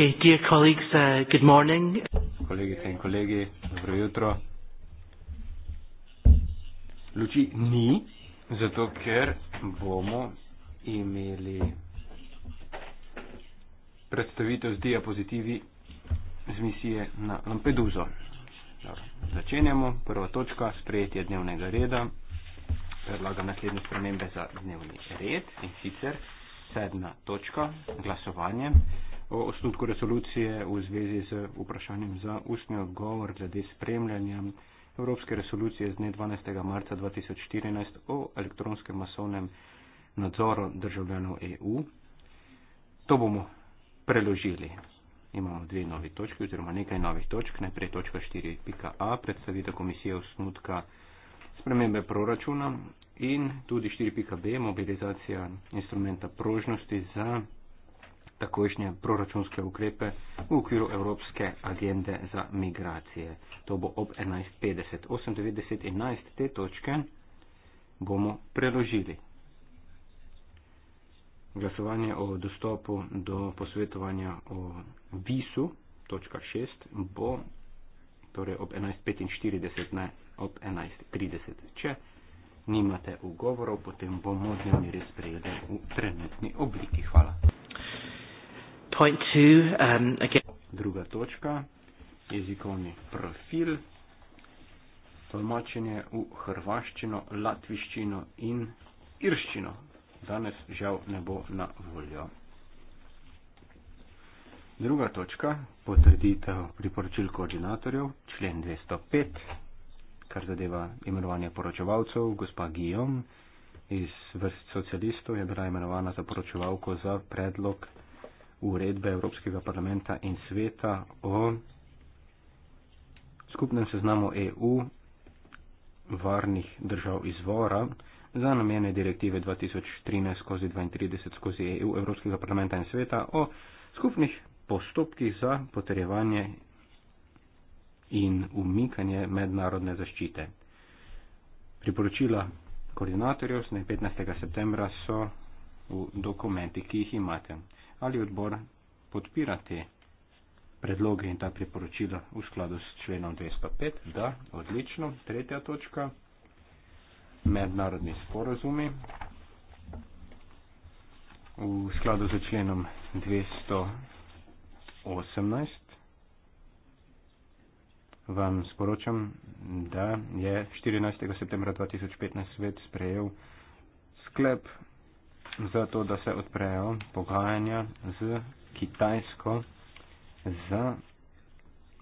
Okay, dear colleagues, uh, good morning. Kolegice in kolegi, dobro jutro. Luči ni, zato ker bomo imeli predstavitev z diapozitivi z misije na Lampeduzo. Dobro, začenjamo. Prva točka, sprejetje dnevnega reda. Predlagam naslednje spremembe za dnevni red in sicer sedma točka, glasovanje o osnutku resolucije v zvezi z vprašanjem za ustni odgovor glede spremljanja Evropske resolucije z dne 12. marca 2014 o elektronskem masovnem nadzoru državljanov EU. To bomo preložili. Imamo dve novi točki oziroma nekaj novih točk. Najprej točka 4.a predstavita komisije osnutka spremembe proračuna in tudi 4.b mobilizacija instrumenta prožnosti za takojšnje proračunske ukrepe v okviru Evropske agende za migracije. To bo ob 11.50. 8.90.11. te točke bomo preložili. Glasovanje o dostopu do posvetovanja o visu, točka 6, bo torej ob 11.45, ne ob 11.30. Če nimate ugovorov, potem bomo dnevni res prejeli v trenutni obliki. Hvala point two, um, again. Druga točka, jezikovni profil, tolmačenje v hrvaščino, latviščino in irščino. Danes žal ne bo na voljo. Druga točka, potreditev priporočil koordinatorjev, člen 205, kar zadeva imenovanje poročevalcev, gospa Gijom iz vrst socialistov je bila imenovana za poročevalko za predlog uredbe Evropskega parlamenta in sveta o skupnem seznamu EU varnih držav izvora za namene direktive 2013-32-EU e Evropskega parlamenta in sveta o skupnih postopkih za potrjevanje in umikanje mednarodne zaščite. Priporočila koordinatorjev z 15. septembra so v dokumenti, ki jih imate ali odbor podpira te predloge in ta priporočila v skladu s členom 205. Da, odlično. Tretja točka. Mednarodni sporozumi. V skladu z členom 218 vam sporočam, da je 14. septembra 2015 svet sprejel sklep zato, da se odprejo pogajanja z Kitajsko za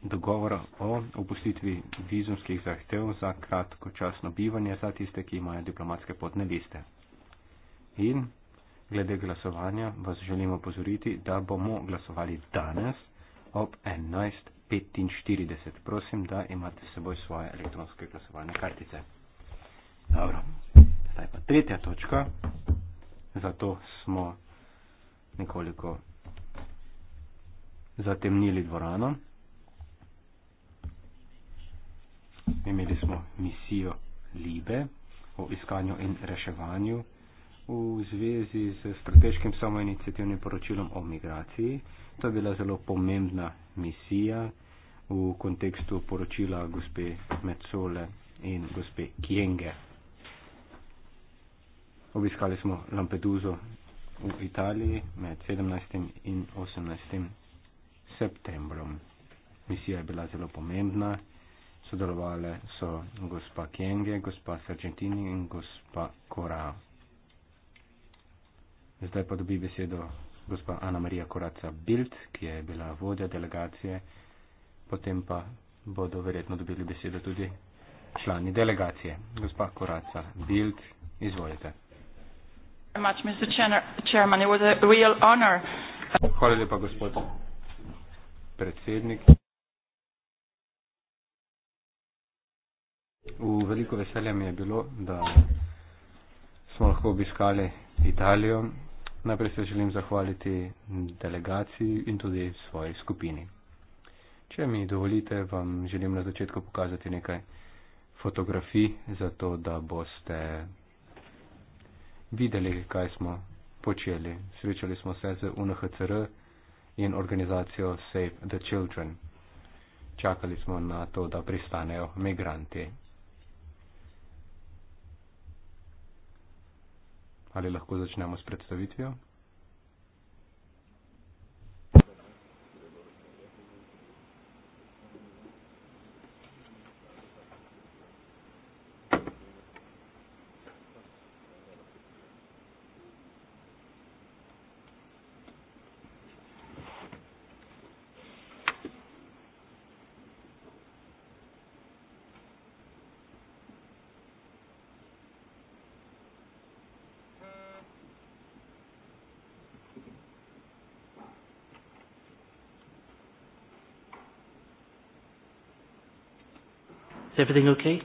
dogovor o opustitvi vizumskih zahtev za kratkočasno bivanje za tiste, ki imajo diplomatske potne liste. In glede glasovanja vas želim opozoriti, da bomo glasovali danes ob 11.45. Prosim, da imate s seboj svoje elektronske glasovalne kartice. Dobro. Zdaj pa tretja točka. Zato smo nekoliko zatemnili dvorano. Imeli smo misijo Libe o iskanju in reševanju v zvezi s strateškim samoinicijativnim poročilom o migraciji. To je bila zelo pomembna misija v kontekstu poročila gospe Metsole in gospe Kienge obiskali smo Lampeduzo v Italiji med 17. in 18. septembrom. Misija je bila zelo pomembna, sodelovali so gospa Kenge, gospa Sargentini in gospa Kora. Zdaj pa dobi besedo gospa Ana Marija Koraca Bild, ki je bila vodja delegacije, potem pa bodo verjetno dobili besedo tudi člani delegacije. Gospa Koraca Bild, izvolite much, Mr. Chairman. It was a real honor. Hvala lepa, gospod predsednik. V veliko veselje mi je bilo, da smo lahko obiskali Italijo. Najprej se želim zahvaliti delegaciji in tudi svoji skupini. Če mi dovolite, vam želim na začetku pokazati nekaj fotografij, zato da boste videli, kaj smo počeli. Srečali smo se z UNHCR in organizacijo Save the Children. Čakali smo na to, da pristanejo migranti. Ali lahko začnemo s predstavitvijo? Is everything okay?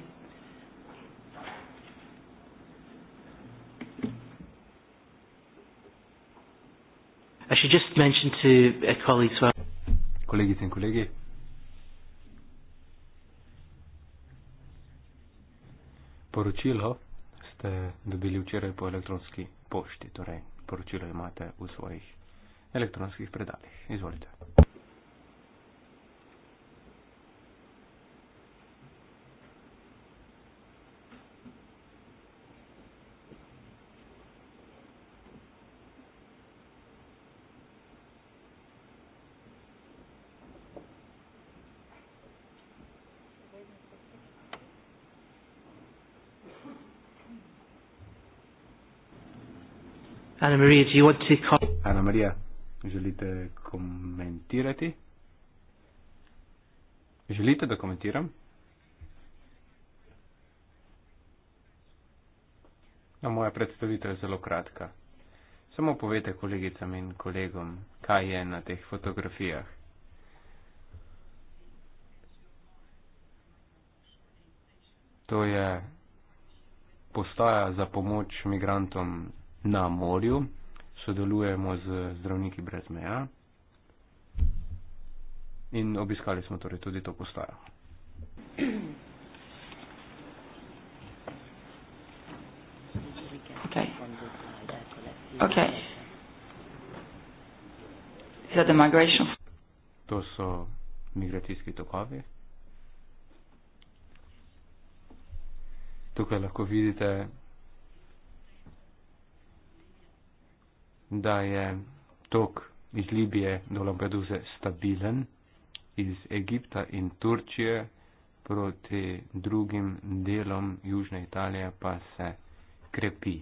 I should just mention to a uh, colleague as well. Colleagues and colleagues. Poročilo ste dobili včeraj po elektronski pošti, torej poročilo imate v svojih elektronskih predalih. Izvolite. Ana Maria, do you want to co- Ana Maria, želite komentirati? Želite, da komentiram? No, moja predstavitev je zelo kratka. Samo povete kolegicam in kolegom, kaj je na teh fotografijah. To je postaja za pomoč migrantom na morju, sodelujemo z zdravniki brez meja in obiskali smo torej tudi to postajo. Okay. Okay. To so migracijski tokovi. Tukaj lahko vidite da je tok iz Libije do Lampeduze stabilen, iz Egipta in Turčije proti drugim delom Južne Italije pa se krepi.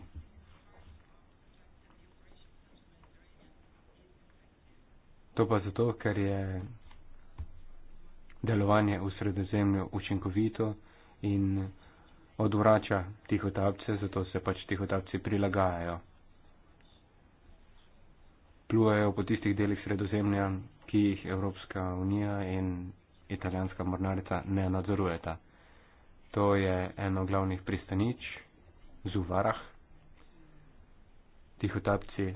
To pa zato, ker je delovanje v sredozemlju učinkovito in odvrača tihotapce, zato se pač tihotapci prilagajajo plujejo po tistih delih sredozemlja, ki jih Evropska unija in italijanska mornarica ne nadzorujeta. To je eno glavnih pristanič, Zuvarah. Tihotapci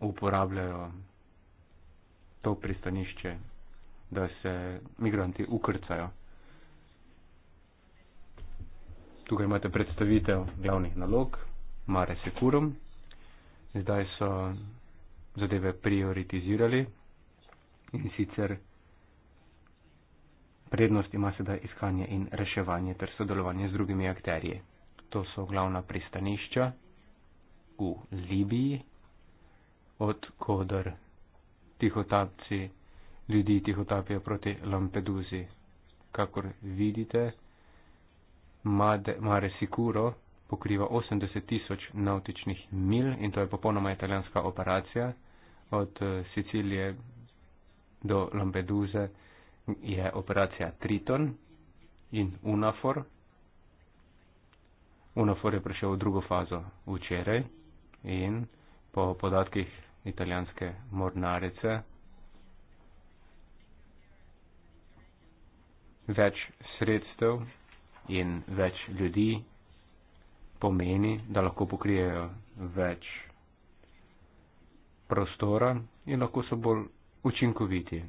uporabljajo to pristanišče, da se migranti ukrcajo. Tukaj imate predstavitev glavnih nalog, Mare Securum. Zdaj so zadeve prioritizirali in sicer prednost ima sedaj iskanje in reševanje ter sodelovanje z drugimi akterji. To so glavna pristanišča v Libiji, odkudar tihotapci ljudi tihotapijo proti Lampeduzi. Kakor vidite, Made, Mare Sicuro pokriva 80 tisoč nautičnih mil in to je popolnoma italijanska operacija od eh, Sicilije do Lampeduze je operacija Triton in Unafor. Unafor je prišel v drugo fazo včeraj in po podatkih italijanske mornarice več sredstev in več ljudi pomeni, da lahko pokrijejo več prostora in lahko so bolj učinkoviti.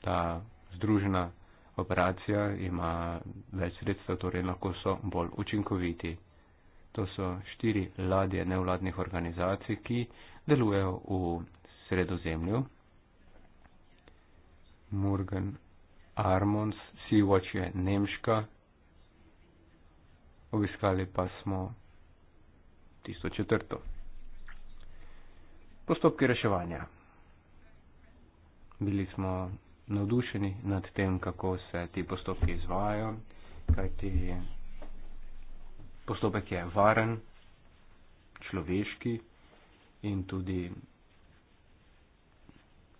Ta združena operacija ima več sredstva, torej lahko so bolj učinkoviti. To so štiri ladje nevladnih organizacij, ki delujejo v sredozemlju. Morgan Armons, Sea-Watch je nemška. Obiskali pa smo tisto četrto postopki reševanja. Bili smo navdušeni nad tem, kako se ti postopki izvajo, kajti postopek je varen, človeški in tudi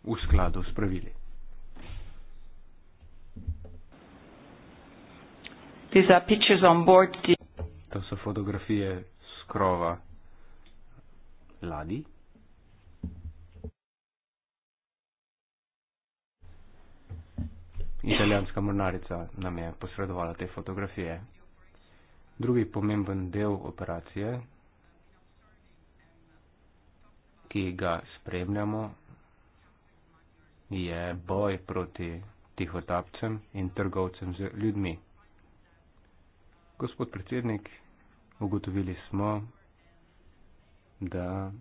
v skladu s pravili. These are pictures on board the... To so fotografije skrova ladi. italijanska mornarica nam je posredovala te fotografije. Drugi pomemben del operacije, ki ga spremljamo, je boj proti tihotapcem in trgovcem z ljudmi. Gospod predsednik, ugotovili smo, da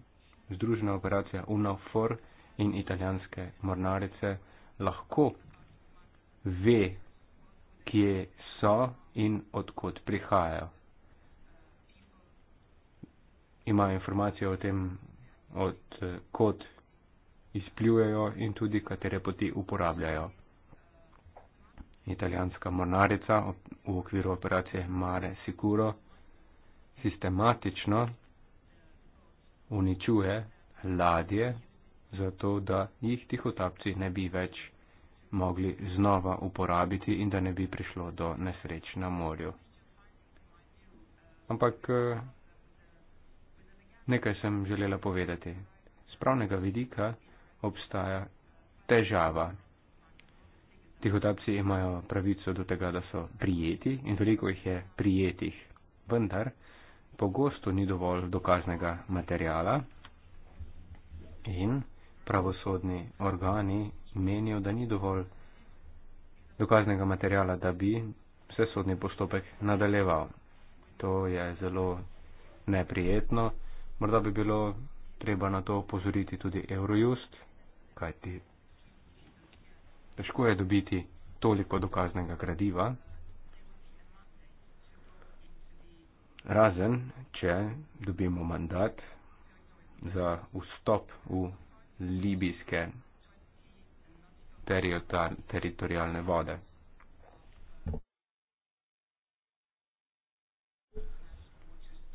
združena operacija UNAFOR in italijanske mornarice lahko ve, kje so in odkot prihajajo. Ima informacije o tem, odkot izpljujejo in tudi katere poti uporabljajo. Italijanska mornarica v okviru operacije Mare Sicuro sistematično uničuje ladje, zato da jih tihotapci ne bi več mogli znova uporabiti in da ne bi prišlo do nesreč na morju. Ampak eh, nekaj sem želela povedati. Z pravnega vidika obstaja težava. Tihotapci imajo pravico do tega, da so prijeti in veliko jih je prijetih, vendar pogosto ni dovolj dokaznega materijala in pravosodni organi menijo, da ni dovolj dokaznega materijala, da bi vse sodni postopek nadaljeval. To je zelo neprijetno. Morda bi bilo treba na to opozoriti tudi Eurojust, kajti težko je dobiti toliko dokaznega gradiva, razen če dobimo mandat za vstop v libijske teritorijalne vode.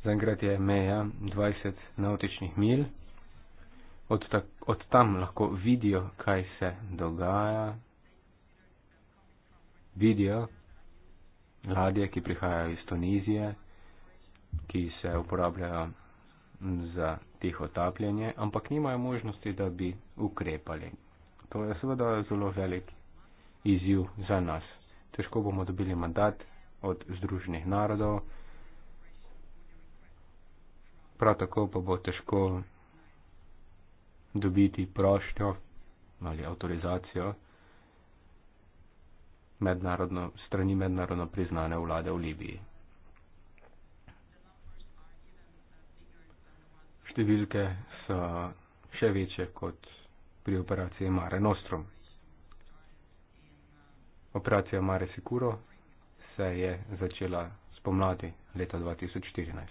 Zaenkrat je meja 20 nautičnih mil. Od, ta, od tam lahko vidijo, kaj se dogaja. Vidijo ladje, ki prihajajo iz Tunizije, ki se uporabljajo za tiho tapljanje, ampak nimajo možnosti, da bi ukrepali. To je seveda zelo velik izziv za nas. Težko bomo dobili mandat od Združenih narodov, prav tako pa bo težko dobiti prošljo ali avtorizacijo mednarodno, strani mednarodno priznane vlade v Libiji. Številke so še večje kot pri operaciji Mare Nostrum. Operacija Mare Sicuro se je začela spomladi leta 2014.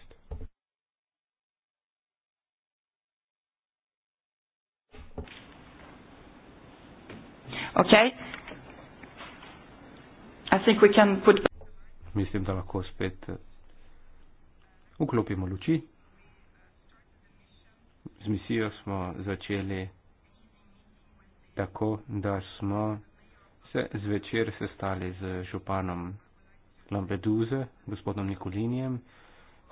Okay. I think we can put... Mislim, da lahko spet uklopimo luči. Z misijo smo začeli tako, da smo se zvečer sestali z županom Lampeduze, gospodom Nikolinijem.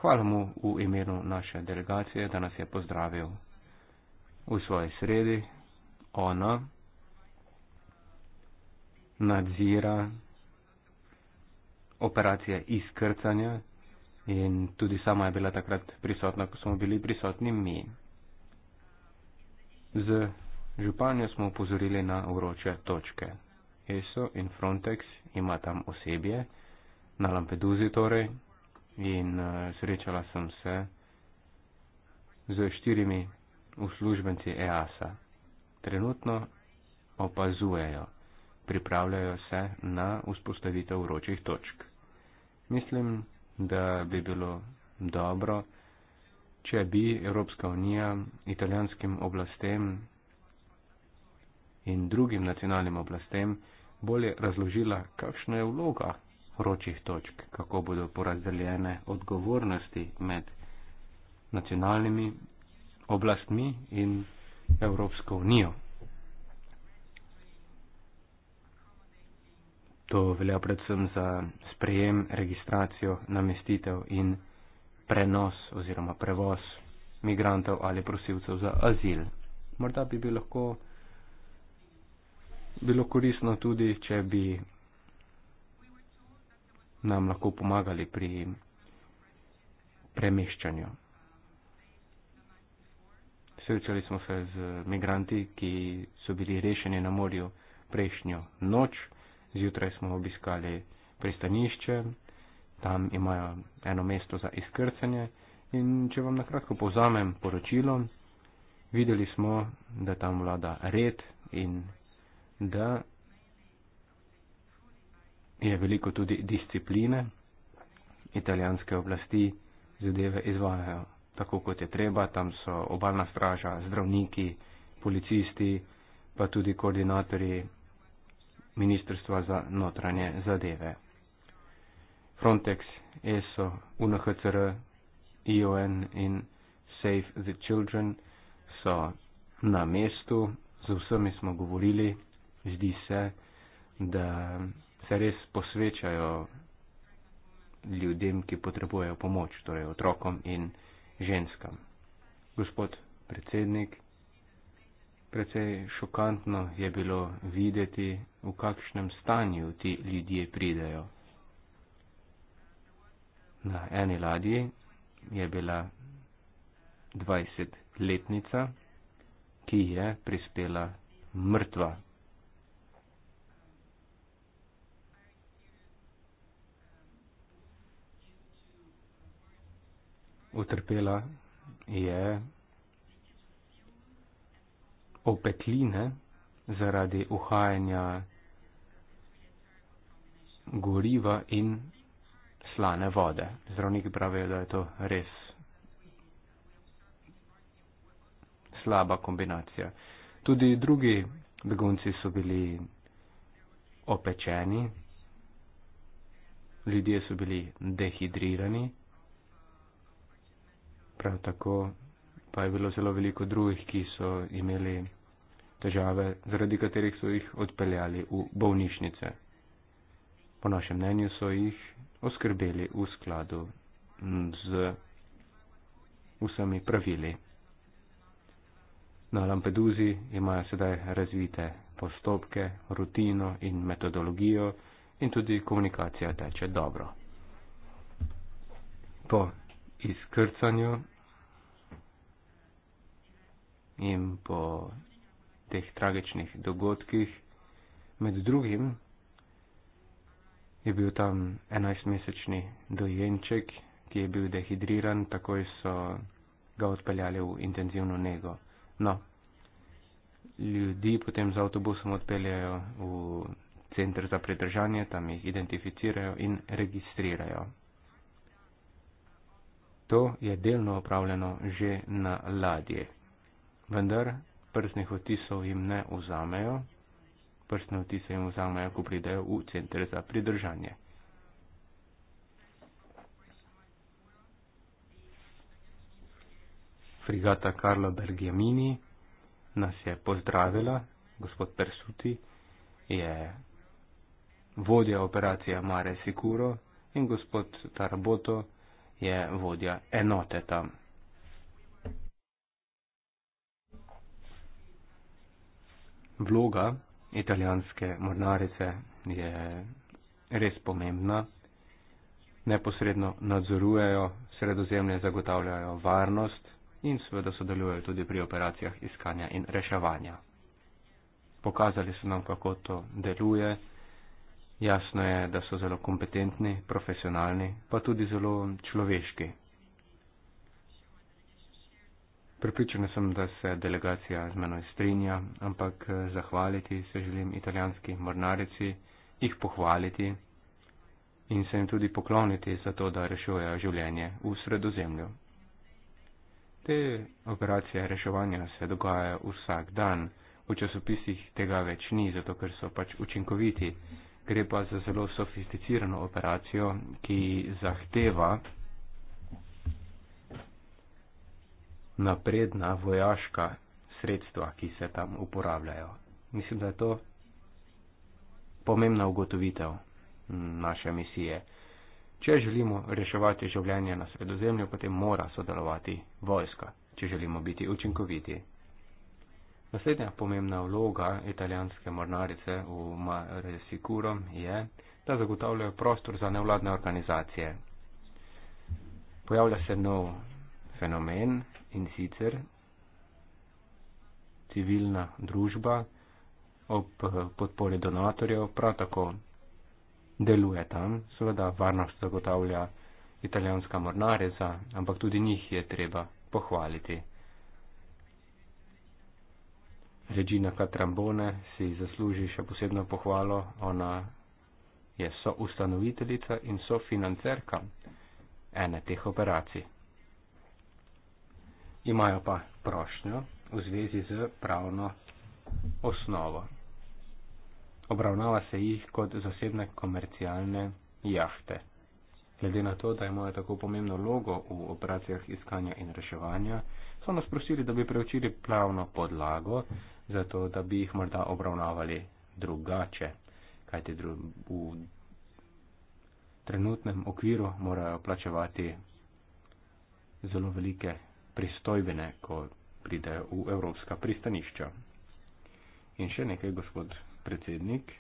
Hvala mu v imenu naše delegacije, da nas je pozdravil v svoji sredi. Ona nadzira operacije izkrcanja in tudi sama je bila takrat prisotna, ko smo bili prisotni mi. Z Županjo smo upozorili na vroče točke. ESO in Frontex ima tam osebje, na Lampeduzi torej, in eh, srečala sem se z štirimi uslužbenci EASA. Trenutno opazujejo, pripravljajo se na vzpostavitev vročih točk. Mislim, da bi bilo dobro, če bi Evropska unija italijanskim oblastem in drugim nacionalnim oblastem bolje razložila, kakšna je vloga ročih točk, kako bodo porazdeljene odgovornosti med nacionalnimi oblastmi in Evropsko unijo. To velja predvsem za sprejem, registracijo, namestitev in prenos oziroma prevoz migrantov ali prosilcev za azil. Morda bi bil lahko bilo koristno tudi, če bi nam lahko pomagali pri premeščanju. Srečali smo se z migranti, ki so bili rešeni na morju prejšnjo noč. Zjutraj smo obiskali pristanišče, tam imajo eno mesto za izkrcanje. In če vam nakratko povzamem poročilo, videli smo, da tam vlada red in da je veliko tudi discipline. Italijanske oblasti zadeve izvajajo tako, kot je treba. Tam so obalna straža, zdravniki, policisti, pa tudi koordinatorji Ministrstva za notranje zadeve. Frontex, ESO, UNHCR, ION in Save the Children so na mestu, z vsemi smo govorili, zdi se, da se res posvečajo ljudem, ki potrebujejo pomoč, torej otrokom in ženskam. Gospod predsednik, precej šokantno je bilo videti, v kakšnem stanju ti ljudje pridejo. Na eni ladji je bila 20-letnica, ki je prispela mrtva utrpela, je opekline zaradi uhajanja goriva in slane vode. Zdravniki pravijo, da je to res slaba kombinacija. Tudi drugi begunci so bili opečeni, ljudje so bili dehidrirani prav tako pa je bilo zelo veliko drugih, ki so imeli težave, zaradi katerih so jih odpeljali v bolnišnice. Po našem mnenju so jih oskrbeli v skladu z vsemi pravili. Na Lampeduzi imajo sedaj razvite postopke, rutino in metodologijo in tudi komunikacija teče dobro. Po izkrcanju in po teh tragičnih dogodkih. Med drugim je bil tam 11-mesečni dojenček, ki je bil dehidriran, takoj so ga odpeljali v intenzivno nego. No, ljudi potem z avtobusom odpeljajo v center za pridržanje, tam jih identificirajo in registrirajo to je delno opravljeno že na ladje. Vendar prstnih otisov jim ne vzamejo, prstne otise jim vzamejo, ko pridejo v center za pridržanje. Frigata Karlo Bergiamini nas je pozdravila, gospod Persuti je vodja operacije Mare Sicuro in gospod Taraboto je vodja enote tam. Vloga italijanske mornarice je res pomembna. Neposredno nadzorujejo sredozemlje, zagotavljajo varnost in seveda sodelujejo tudi pri operacijah iskanja in reševanja. Pokazali so nam, kako to deluje. Jasno je, da so zelo kompetentni, profesionalni, pa tudi zelo človeški. Pripričana sem, da se delegacija z menoj strinja, ampak eh, zahvaliti se želim italijanski mornarici, jih pohvaliti in se jim tudi pokloniti za to, da rešujejo življenje v sredozemlju. Te operacije reševanja se dogajajo vsak dan, v časopisih tega več ni, zato ker so pač učinkoviti gre pa za zelo sofisticirano operacijo, ki zahteva napredna vojaška sredstva, ki se tam uporabljajo. Mislim, da je to pomembna ugotovitev naše misije. Če želimo reševati življenje na sredozemlju, potem mora sodelovati vojska, če želimo biti učinkoviti. Naslednja pomembna vloga italijanske mornarice v Mare Sicuro je, da zagotavljajo prostor za nevladne organizacije. Pojavlja se nov fenomen in sicer civilna družba ob podpori donatorjev prav tako deluje tam, seveda varnost zagotavlja italijanska mornarica, ampak tudi njih je treba pohvaliti. Regina Katrambone si zasluži še posebno pohvalo. Ona je soustanoviteljica in sofinancerka ene teh operacij. Imajo pa prošnjo v zvezi z pravno osnovo. Obravnava se jih kot zasebne komercialne jahte. Glede na to, da imajo tako pomembno logo v operacijah iskanja in reševanja, so nas prosili, da bi preučili pravno podlago, zato da bi jih morda obravnavali drugače, kajti dru v trenutnem okviru morajo plačevati zelo velike pristojbine, ko pridejo v evropska pristanišča. In še nekaj, gospod predsednik.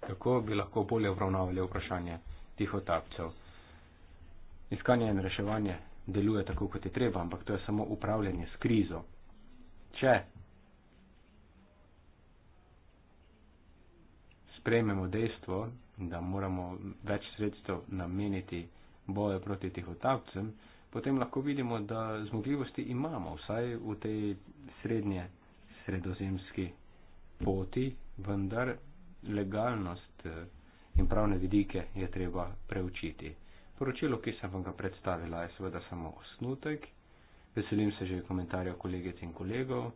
Kako bi lahko bolje obravnavali vprašanje tihotapcev? Iskanje in reševanje deluje tako, kot je treba, ampak to je samo upravljanje s krizo. Če sprejmemo dejstvo, da moramo več sredstev nameniti boju proti tihotapcem, potem lahko vidimo, da zmogljivosti imamo, vsaj v tej srednje sredozemski poti, vendar legalnost eh, in pravne vidike je treba preučiti. Poročilo, ki sem vam ga predstavila, je seveda samo osnutek. Veselim se že komentarjev kolegic in kolegov.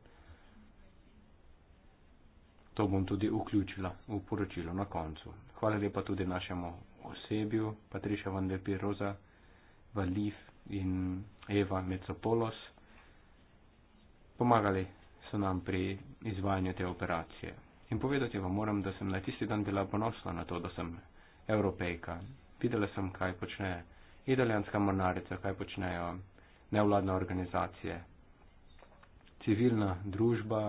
To bom tudi vključila v poročilo na koncu. Hvala lepa tudi našemu osebju, Patricia Van der Piroza, Valif in Eva Mecopolos. Pomagali so nam pri izvajanju te operacije. In povedati vam moram, da sem na tisti dan bila ponosna na to, da sem evropejka videla sem, kaj počne italijanska mornarica, kaj počnejo nevladne organizacije, civilna družba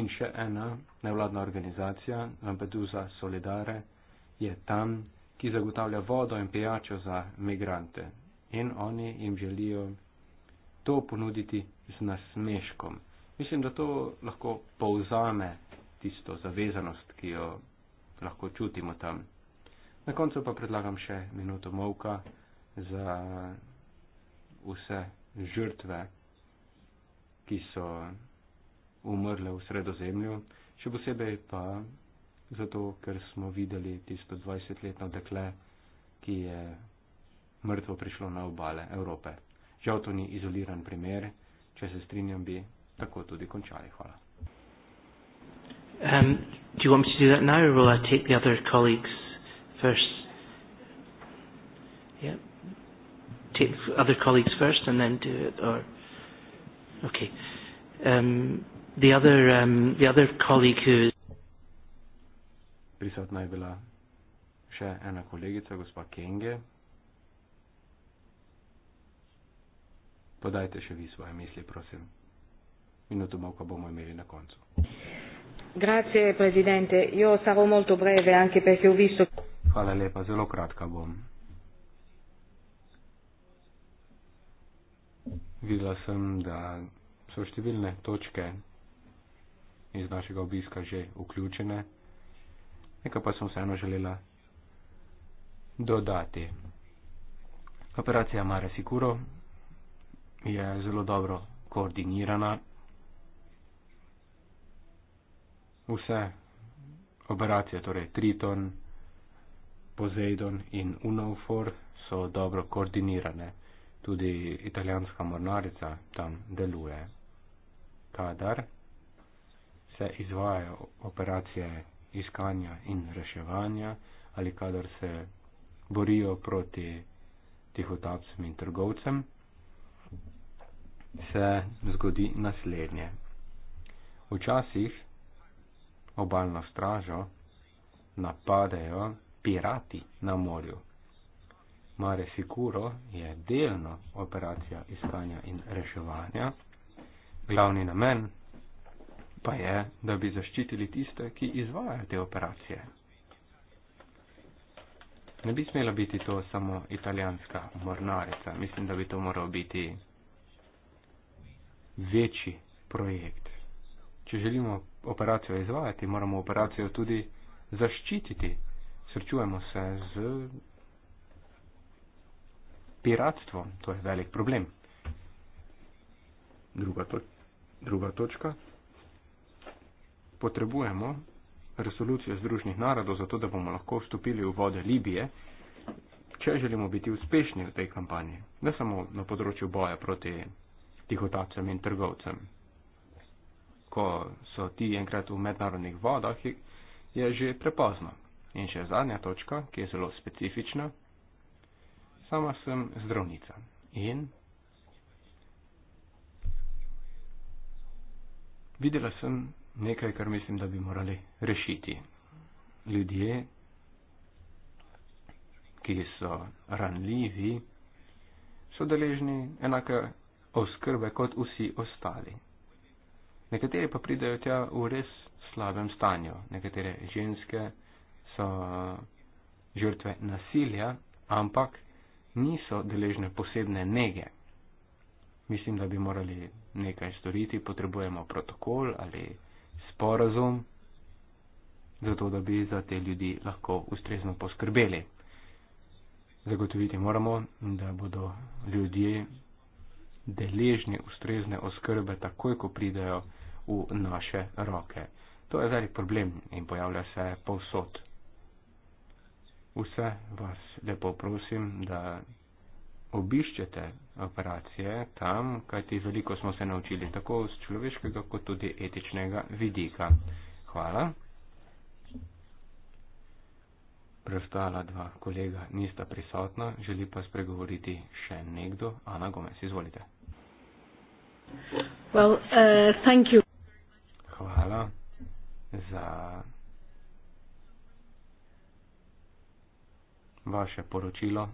in še ena nevladna organizacija, Lampedusa Solidare, je tam, ki zagotavlja vodo in pijačo za migrante. In oni jim želijo to ponuditi z nasmeškom. Mislim, da to lahko povzame tisto zavezanost, ki jo lahko čutimo tam. Na koncu pa predlagam še minuto molka za vse žrtve, ki so umrle v sredozemlju, še posebej pa zato, ker smo videli tisto 20-letno dekle, ki je mrtvo prišlo na obale Evrope. Žal to ni izoliran primer, če se strinjam, bi tako tudi končali. Hvala. Um. Do you want me to do that now, or will I take the other colleagues first? Yeah. Take other colleagues first and then do it, or. Okay. Um, the, other, um, the other colleague who is. Prisotna je bila še ena kolegica, gospa Kenge. Podajte še vi svoje misli, prosim. Minuto malo bomo imeli na koncu. Grazie Presidente, io sarò molto breve anche perché ho visto. Hvala lepa, zelo kratka bom. Videla sem, da so številne točke iz našega obiska že vključene, nekaj pa sem vseeno želela dodati. Operacija Mare Sikuro je zelo dobro koordinirana vse operacije, torej Triton, Poseidon in Unofor so dobro koordinirane. Tudi italijanska mornarica tam deluje. Kadar se izvajajo operacije iskanja in reševanja ali kadar se borijo proti tihotapcem in trgovcem, se zgodi naslednje. Včasih obalno stražo napadejo pirati na morju. Mare Sicuro je delno operacija iskanja in reševanja. Glavni namen pa je, da bi zaščitili tiste, ki izvajajo te operacije. Ne bi smela biti to samo italijanska mornarica, mislim, da bi to moral biti večji projekt. Če želimo operacijo izvajati, moramo operacijo tudi zaščititi. Srečujemo se z piratstvom, to je velik problem. Druga, to, druga točka. Potrebujemo resolucijo Združenih narodov, zato da bomo lahko vstopili v vode Libije, če želimo biti uspešni v tej kampanji, ne samo na področju boja proti tihotacem in trgovcem ko so ti enkrat v mednarodnih vodah, je že prepozno. In še zadnja točka, ki je zelo specifična. Sama sem zdravnica in videla sem nekaj, kar mislim, da bi morali rešiti. Ljudje, ki so ranljivi, so deležni enake oskrbe kot vsi ostali. Nekateri pa pridejo tja v res slabem stanju. Nekatere ženske so žrtve nasilja, ampak niso deležne posebne nege. Mislim, da bi morali nekaj storiti, potrebujemo protokol ali sporazum, zato da bi za te ljudi lahko ustrezno poskrbeli. Zagotoviti moramo, da bodo ljudje deležni ustrezne oskrbe takoj, ko pridejo v naše roke. To je velik problem in pojavlja se povsod. Vse vas lepo prosim, da obiščete operacije tam, kajti veliko smo se naučili tako z človeškega kot tudi etičnega vidika. Hvala. Preostala dva kolega nista prisotna, želi pa spregovoriti še nekdo. Ana Gomez, izvolite. Well, uh, hvala za vaše poročilo.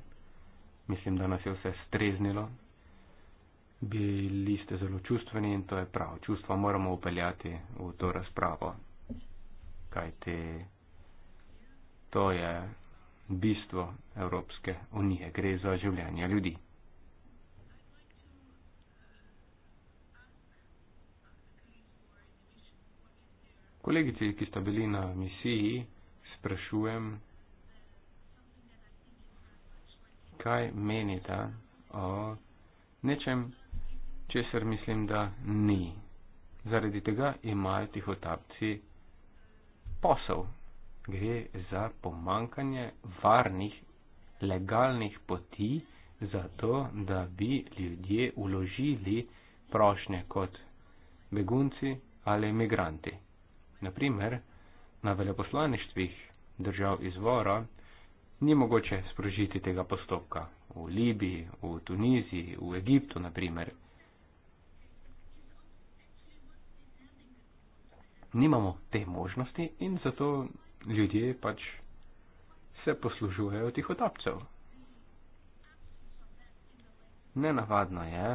Mislim, da nas je vse streznilo. Bili ste zelo čustveni in to je prav. Čustva moramo upeljati v to razpravo, kajti to je bistvo Evropske unije. Gre za življenje ljudi. Kolegici, ki sta bili na misiji, sprašujem, kaj menite o nečem, česar mislim, da ni. Zaradi tega imajo tihotapci posel. Gre za pomankanje varnih, legalnih poti, zato da bi ljudje uložili prošnje kot begunci ali imigranti. Naprimer, na veleposlaništvih držav izvora ni mogoče sprožiti tega postopka. V Libiji, v Tuniziji, v Egiptu, naprimer. Nimamo te možnosti in zato ljudje pač se poslužujejo tih otapcev. Nenavadno je,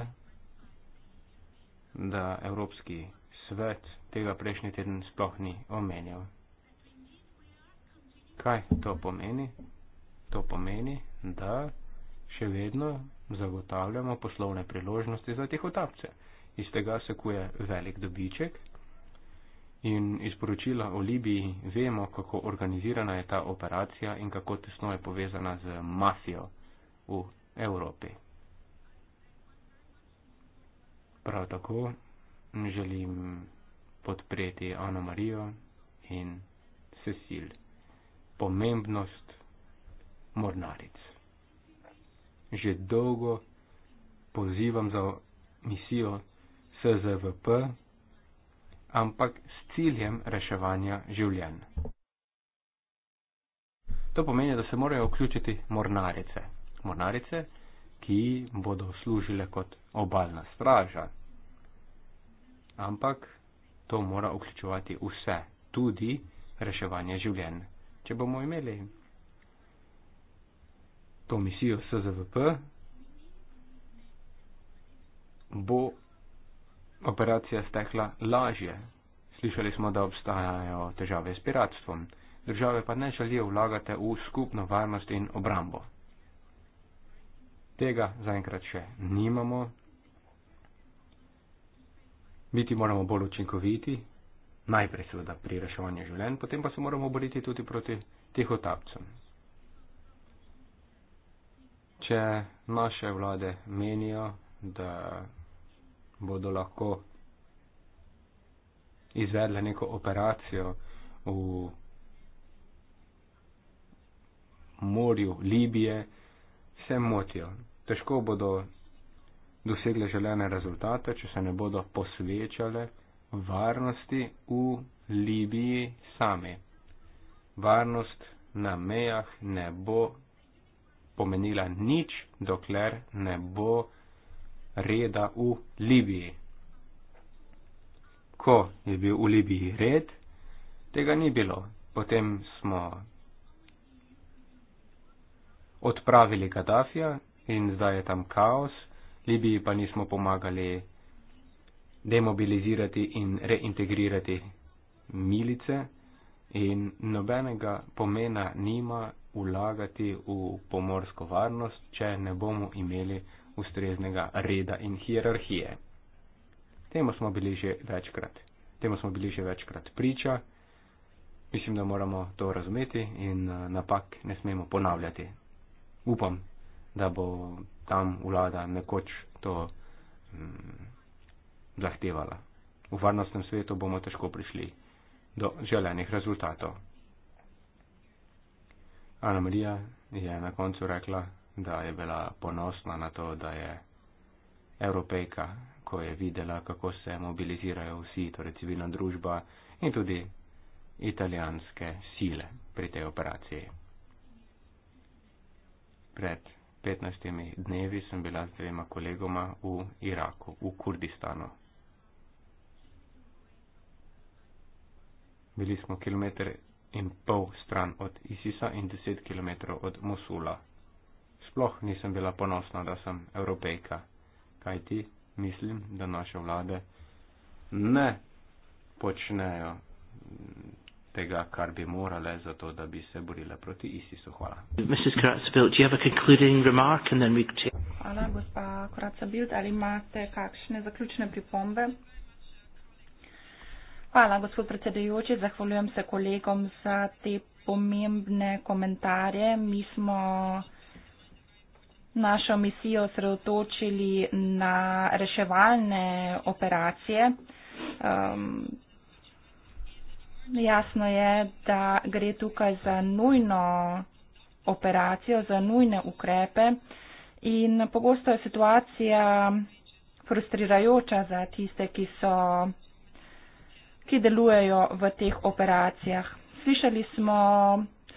da Evropski svet tega prejšnji teden sploh ni omenjal. Kaj to pomeni? To pomeni, da še vedno zagotavljamo poslovne priložnosti za teh otapce. Iz tega se kuje velik dobiček in iz poročila o Libiji vemo, kako organizirana je ta operacija in kako tesno je povezana z mafijo v Evropi. Prav tako želim podpreti Ano Marijo in Cecil, pomembnost mornaric. Že dolgo pozivam za misijo SZVP, ampak s ciljem reševanja življenj. To pomeni, da se morajo vključiti mornarice. Mornarice, ki bodo služile kot obaljna straža. Ampak to mora vključovati vse, tudi reševanje življenj. Če bomo imeli to misijo SZVP, bo operacija stekla lažje. Slišali smo, da obstajajo težave s piratstvom. Države pa ne želijo vlagati v skupno varnost in obrambo. Tega zaenkrat še nimamo, biti moramo bolj učinkoviti, najprej seveda pri reševanju življenj, potem pa se moramo boriti tudi proti tih otapcem. Če naše vlade menijo, da bodo lahko izvedle neko operacijo v morju Libije, se motijo. Težko bodo dosegle želene rezultate, če se ne bodo posvečale varnosti v Libiji sami. Varnost na mejah ne bo pomenila nič, dokler ne bo reda v Libiji. Ko je bil v Libiji red, tega ni bilo. Potem smo odpravili Gaddafija in zdaj je tam kaos Libiji pa nismo pomagali demobilizirati in reintegrirati milice in nobenega pomena nima vlagati v pomorsko varnost, če ne bomo imeli ustreznega reda in hierarhije. Temu smo bili že večkrat. Temu smo bili že večkrat priča. Mislim, da moramo to razumeti in eh, napak ne smemo ponavljati. Upam, da bo tam vlada nekoč to um, zahtevala. V varnostnem svetu bomo težko prišli do želenih rezultatov. Ana Marija je na koncu rekla, da je bila ponosna na to, da je evropejka, ko je videla, kako se mobilizirajo vsi, torej civilna družba in tudi italijanske sile pri tej operaciji. Pred 15 dnevi sem bila z dvema kolegoma v Iraku, v Kurdistanu. Bili smo kilometr in pol stran od ISISA in 10 km od Mosula. Sploh nisem bila ponosna, da sem evropejka, kajti mislim, da naše vlade ne počnejo tega, kar bi morale za to, da bi se borile proti ISIS-u. Hvala. Hvala, gospa Kratzabild. Ali imate kakšne zaključne pripombe? Hvala, gospod predsedujoči. Zahvaljujem se kolegom za te pomembne komentarje. Mi smo našo misijo sredotočili na reševalne operacije. Um, Jasno je, da gre tukaj za nujno operacijo, za nujne ukrepe in pogosto je situacija frustrirajoča za tiste, ki, so, ki delujejo v teh operacijah. Slišali smo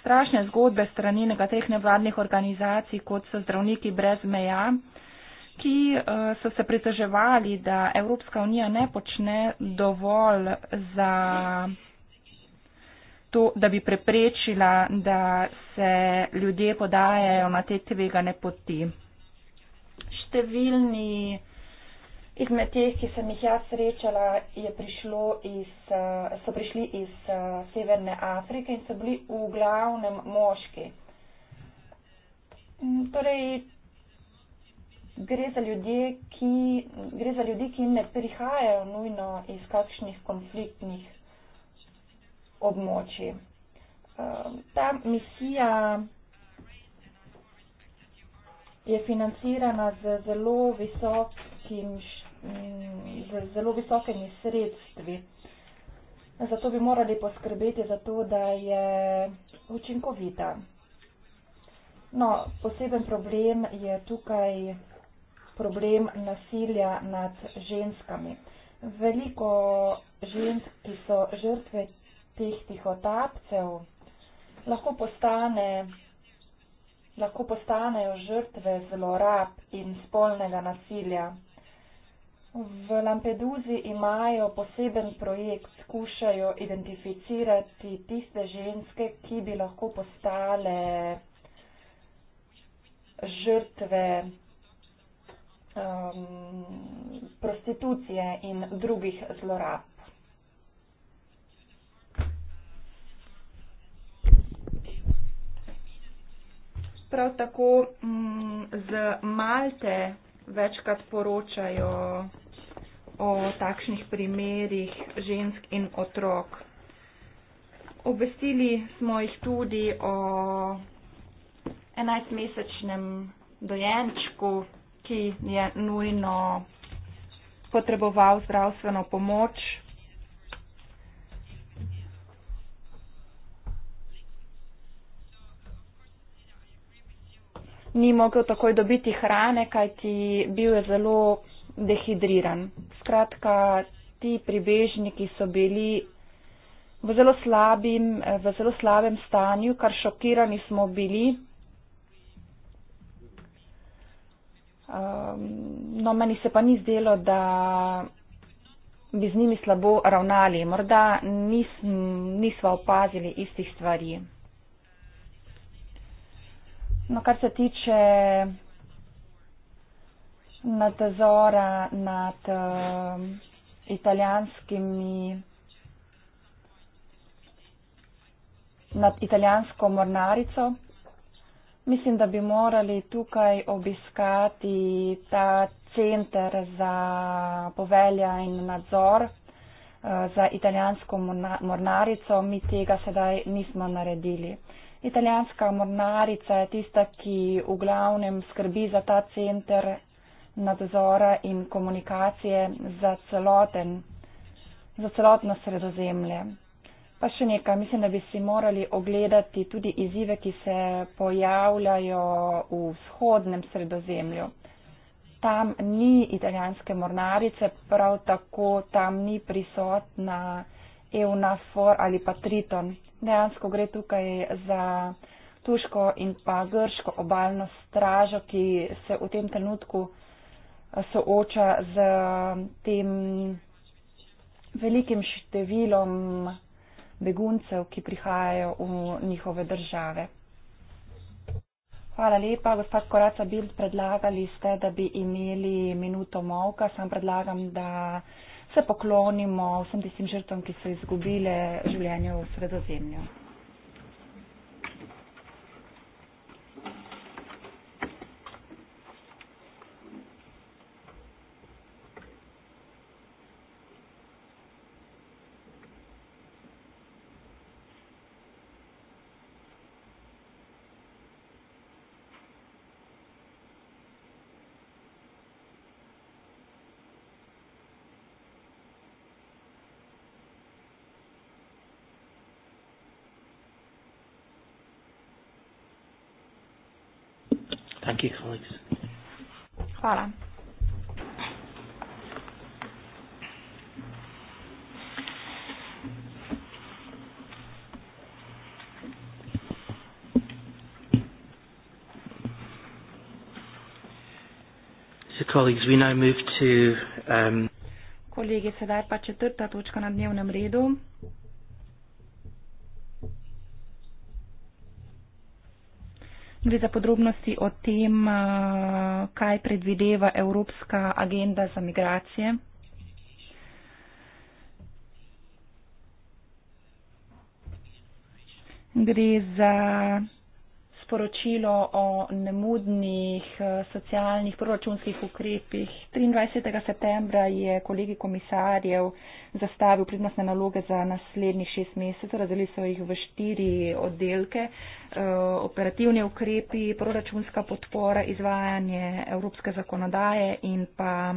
strašne zgodbe strani nekaterih nevladnih organizacij, kot so zdravniki brez meja, ki eh, so se pritoževali, da Evropska unija ne počne dovolj za to, da bi preprečila, da se ljudje podajajo na te tvegane poti. Številni izmed teh, ki sem jih jaz srečala, prišlo iz, so prišli iz Severne Afrike in so bili v glavnem moški. Mm, torej, gre za, ljudje, ki, gre za ljudi, ki ne prihajajo nujno iz kakšnih konfliktnih območij. Ehm, ta misija je financirana z zelo visokim, z zelo visokimi sredstvi. Zato bi morali poskrbeti za to, da je učinkovita. No, poseben problem je tukaj problem nasilja nad ženskami. Veliko žensk, ki so žrtve teh tihotapcev lahko, postane, lahko postanejo žrtve zlorab in spolnega nasilja. V Lampeduzi imajo poseben projekt, skušajo identificirati tiste ženske, ki bi lahko postale žrtve um, prostitucije in drugih zlorab. Prav tako m, mm, z Malte večkrat poročajo o takšnih primerih žensk in otrok. Obvestili smo jih tudi o 11-mesečnem dojenčku, ki je nujno potreboval zdravstveno pomoč ni mogel takoj dobiti hrane, kajti bil je zelo dehidriran. Skratka, ti pribežniki so bili v zelo, slabim, v zelo slabem stanju, kar šokirani smo bili. Um, no, meni se pa ni zdelo, da bi z njimi slabo ravnali. Morda nismo opazili istih stvari. No, kar se tiče nadzora nad um, italijanskimi, nad italijansko mornarico, mislim, da bi morali tukaj obiskati ta center za povelja in nadzor uh, za italijansko mornarico. Mi tega sedaj nismo naredili. Uh, italijanska mornarica je tista, ki v glavnem skrbi za ta center nadzora in komunikacije za, celoten, za celotno sredozemlje. Pa še nekaj, mislim, da bi si morali ogledati tudi izzive, ki se pojavljajo v vzhodnem sredozemlju. Tam ni italijanske mornarice, prav tako tam ni prisotna. EUNAFOR ali pa Triton. Dejansko gre tukaj za tuško in pa grško obaljno stražo, ki se v tem trenutku eh, sooča z eh, tem velikim številom beguncev, ki prihajajo v njihove države. Hvala lepa, gospod Koraca Bild, predlagali ste, da bi imeli minuto molka, sam predlagam, da se poklonimo vsem tistim žrtvam, ki so izgubile življenje v sredozemlju. Thank you, colleagues. Hvala. Colleagues, we now move to, um, Kolegi, sedaj pa četrta točka na dnevnem redu. Gre za podrobnosti o tem, eh, kaj predvideva Evropska agenda za migracije. Gre za poročilo o nemudnih eh, socialnih proračunskih ukrepih. 23. septembra je kolegi komisarjev zastavil prednostne naloge za naslednjih šest mesecev, razdelili so jih v štiri oddelke. Eh, operativni ukrepi, proračunska podpora, izvajanje evropske zakonodaje in pa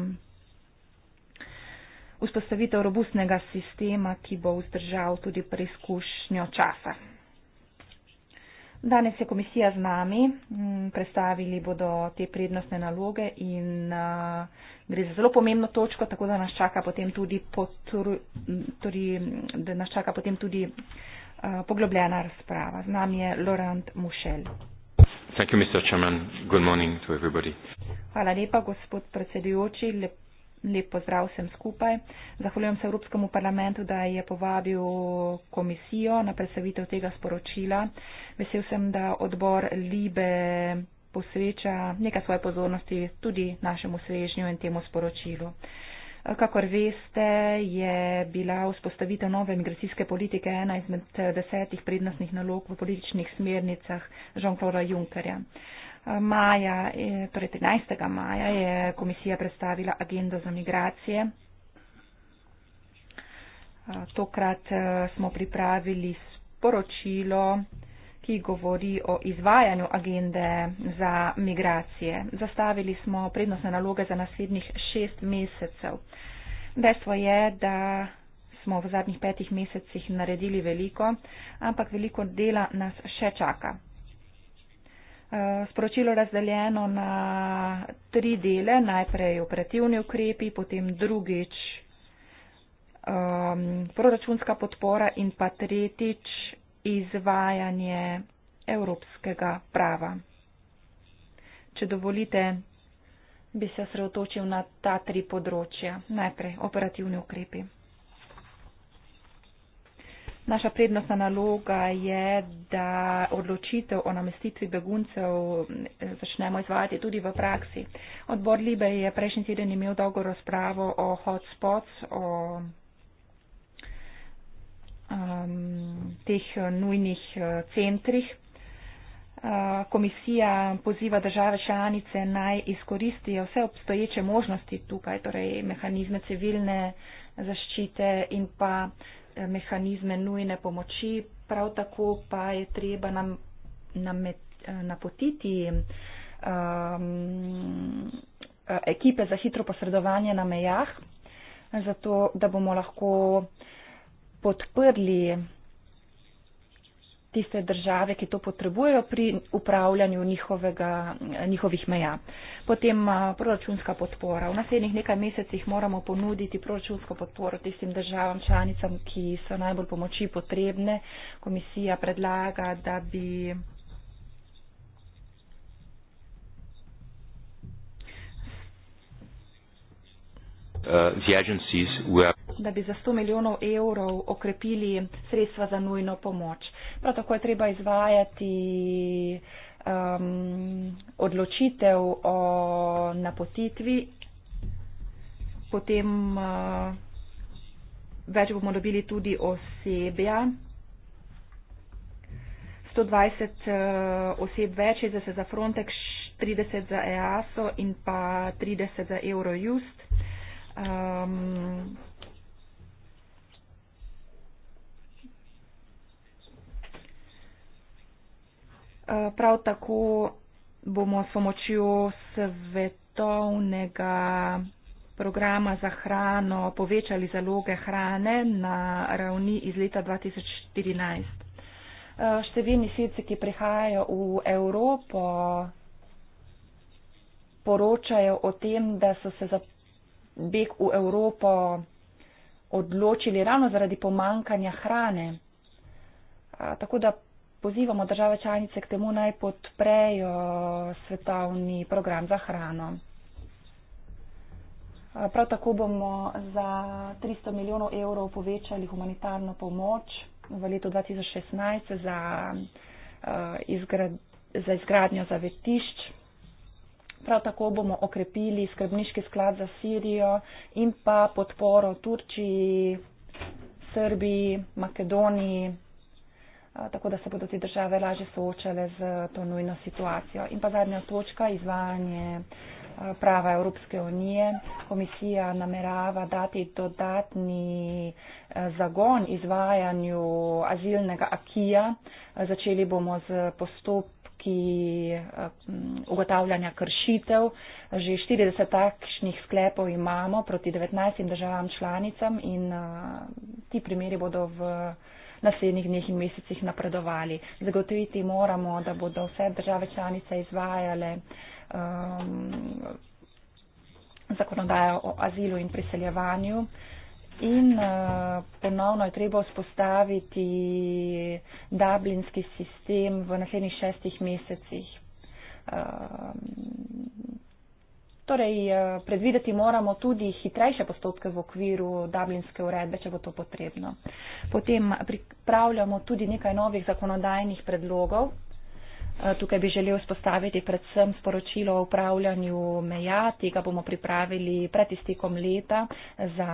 vzpostavitev robustnega sistema, ki bo vzdržal tudi preizkušnjo časa. Danes je komisija z nami, mm, predstavili bodo te prednostne naloge in uh, gre za zelo pomembno točko, tako da nas čaka potem tudi, potru, tudi, nas čaka potem tudi uh, poglobljena razprava. Z nami je Laurent Mušel. Hvala lepa, gospod predsedujoči. Lep Lep pozdrav vsem skupaj. Zahvaljujem se Evropskemu parlamentu, da je povabil komisijo na predstavitev tega sporočila. Vesel sem, da odbor Libe posveča nekaj svoje pozornosti tudi našemu svežnju in temu sporočilu. Kakor veste, je bila vzpostavitev nove migracijske politike ena izmed desetih prednostnih nalog v političnih smernicah Jean-Claude Junckerja maja, eh, torej 13. maja, je komisija predstavila agendo za migracije. Eh, tokrat eh, smo pripravili sporočilo, ki govori o izvajanju agende za migracije. Zastavili smo prednostne naloge za naslednjih šest mesecev. Dejstvo je, da smo v zadnjih petih mesecih naredili veliko, ampak veliko dela nas še čaka. Eh, sporočilo razdeljeno na tri dele, najprej operativni ukrepi, potem drugič um, proračunska podpora in pa tretjič izvajanje evropskega prava. Če dovolite, bi se sredotočil na ta tri področja. Najprej operativni ukrepi. Naša prednostna naloga je, da odločitev o namestitvi beguncev eh, začnemo izvajati tudi v praksi. Odbor Libe je prejšnji teden imel dolgo razpravo o hotspots, o um, teh nujnih eh, centrih. Eh, komisija poziva države članice naj izkoristijo vse obstoječe možnosti tukaj, torej mehanizme civilne zaščite in pa mehanizme nujne pomoči, prav tako pa je treba nam, nam met, napotiti um, ekipe za hitro posredovanje na mejah, zato da bomo lahko podprli tiste države, ki to potrebujejo pri upravljanju njihovega, njihovih meja. Potem proračunska podpora. V naslednjih nekaj mesecih moramo ponuditi proračunsko podporo tistim državam članicam, ki so najbolj pomoči potrebne. Komisija predlaga, da bi Uh, da bi za 100 milijonov evrov okrepili sredstva za nujno pomoč. Prav tako je treba izvajati um, odločitev o napotitvi, potem uh, več bomo dobili tudi osebja. 120 uh, oseb več je zase za Frontex, 30 za EASO in pa 30 za Eurojust. Um, prav tako bomo s pomočjo svetovnega programa za hrano povečali zaloge hrane na ravni iz leta 2014. Eh, številni sirci, ki prihajajo v Evropo, poročajo o tem, da so se zaprli beg v Evropo odločili ravno zaradi pomankanja hrane. A, tako da pozivamo države članice k temu naj podprejo svetovni program za hrano. A, prav tako bomo za 300 milijonov evrov povečali humanitarno pomoč v letu 2016 za, a, izgrad, za izgradnjo zavetišč. Prav tako bomo okrepili skrbniški sklad za Sirijo in pa podporo Turčiji, Srbiji, Makedoniji, tako da se bodo te države lažje soočale z to nujno situacijo. In pa zadnja točka, izvajanje prava Evropske unije. Komisija namerava dati dodatni zagon izvajanju azilnega akija. Začeli bomo z postop postopki ugotavljanja kršitev. Že 40 takšnih sklepov imamo proti 19 državam članicam in ti primeri bodo v naslednjih dneh in mesecih napredovali. Zagotoviti moramo, da bodo vse države članice izvajale um, zakonodajo o azilu in priseljevanju. Uh, In uh, ponovno je treba vzpostaviti dublinski sistem v naslednjih šestih mesecih. Uh, torej, uh, predvideti moramo tudi hitrejše postopke v okviru dublinske uredbe, če bo to potrebno. Potem pripravljamo tudi nekaj novih zakonodajnih predlogov, Eh, tukaj bi želel spostaviti predvsem sporočilo o upravljanju meja, tega bomo pripravili pred istekom leta za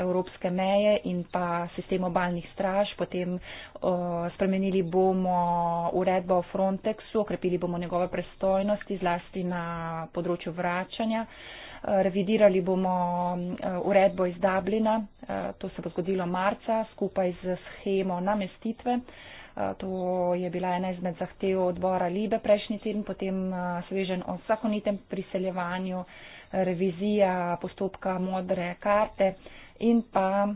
evropske meje in pa sistem obalnih straž. Potem eh, spremenili bomo uredbo o Frontexu, okrepili bomo njegove prestojnosti zlasti na področju vračanja. Eh, revidirali bomo uredbo iz Dublina, to se bo zgodilo marca, skupaj z schemo namestitve. To je bila ena izmed zahtev odbora Libe prejšnji teden, potem svežen o zakonitem priseljevanju, revizija postopka modre karte in pa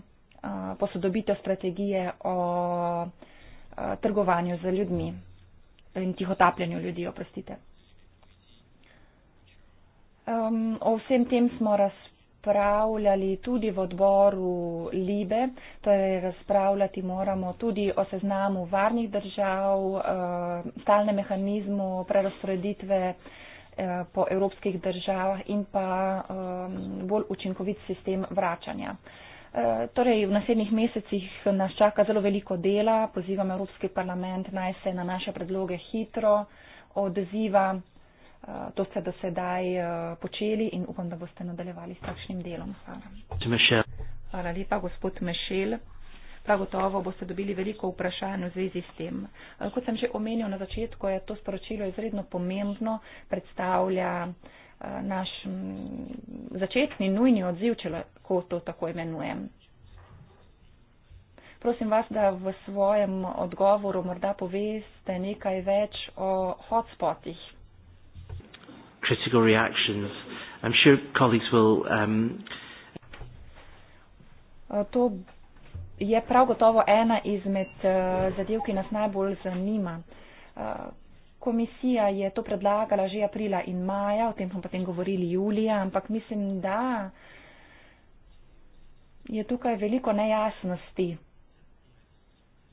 posodobitev strategije o trgovanju z ljudmi in tihotapljanju ljudi, oprostite. O vsem tem smo razpravljali razpravljali tudi v odboru Libe, torej razpravljati moramo tudi o seznamu varnih držav, eh, stalne mehanizmu prerasporeditve eh, po evropskih državah in pa eh, bolj učinkovit sistem vračanja. Torej, v naslednjih mesecih nas čaka zelo veliko dela, pozivam Evropski parlament naj se na naše predloge hitro odziva. Eh, to ste do sedaj eh, počeli in upam, da boste nadaljevali s takšnim delom. Hvala. Hvala lepa, gospod Mešel. Prav gotovo boste dobili veliko vprašanj v zvezi s tem. Eh, kot sem že omenil na začetku, je to sporočilo izredno pomembno, predstavlja naš začetni nujni odziv, če lahko to tako imenujem. Prosim vas, da v svojem odgovoru morda poveste nekaj več o hotspotih critical reactions. I'm sure colleagues will. Um, uh, to je prav gotovo ena izmed uh, zadev, ki nas najbolj zanima. Uh, komisija je to predlagala že aprila in maja, o tem smo potem govorili julija, ampak mislim, da je tukaj veliko nejasnosti.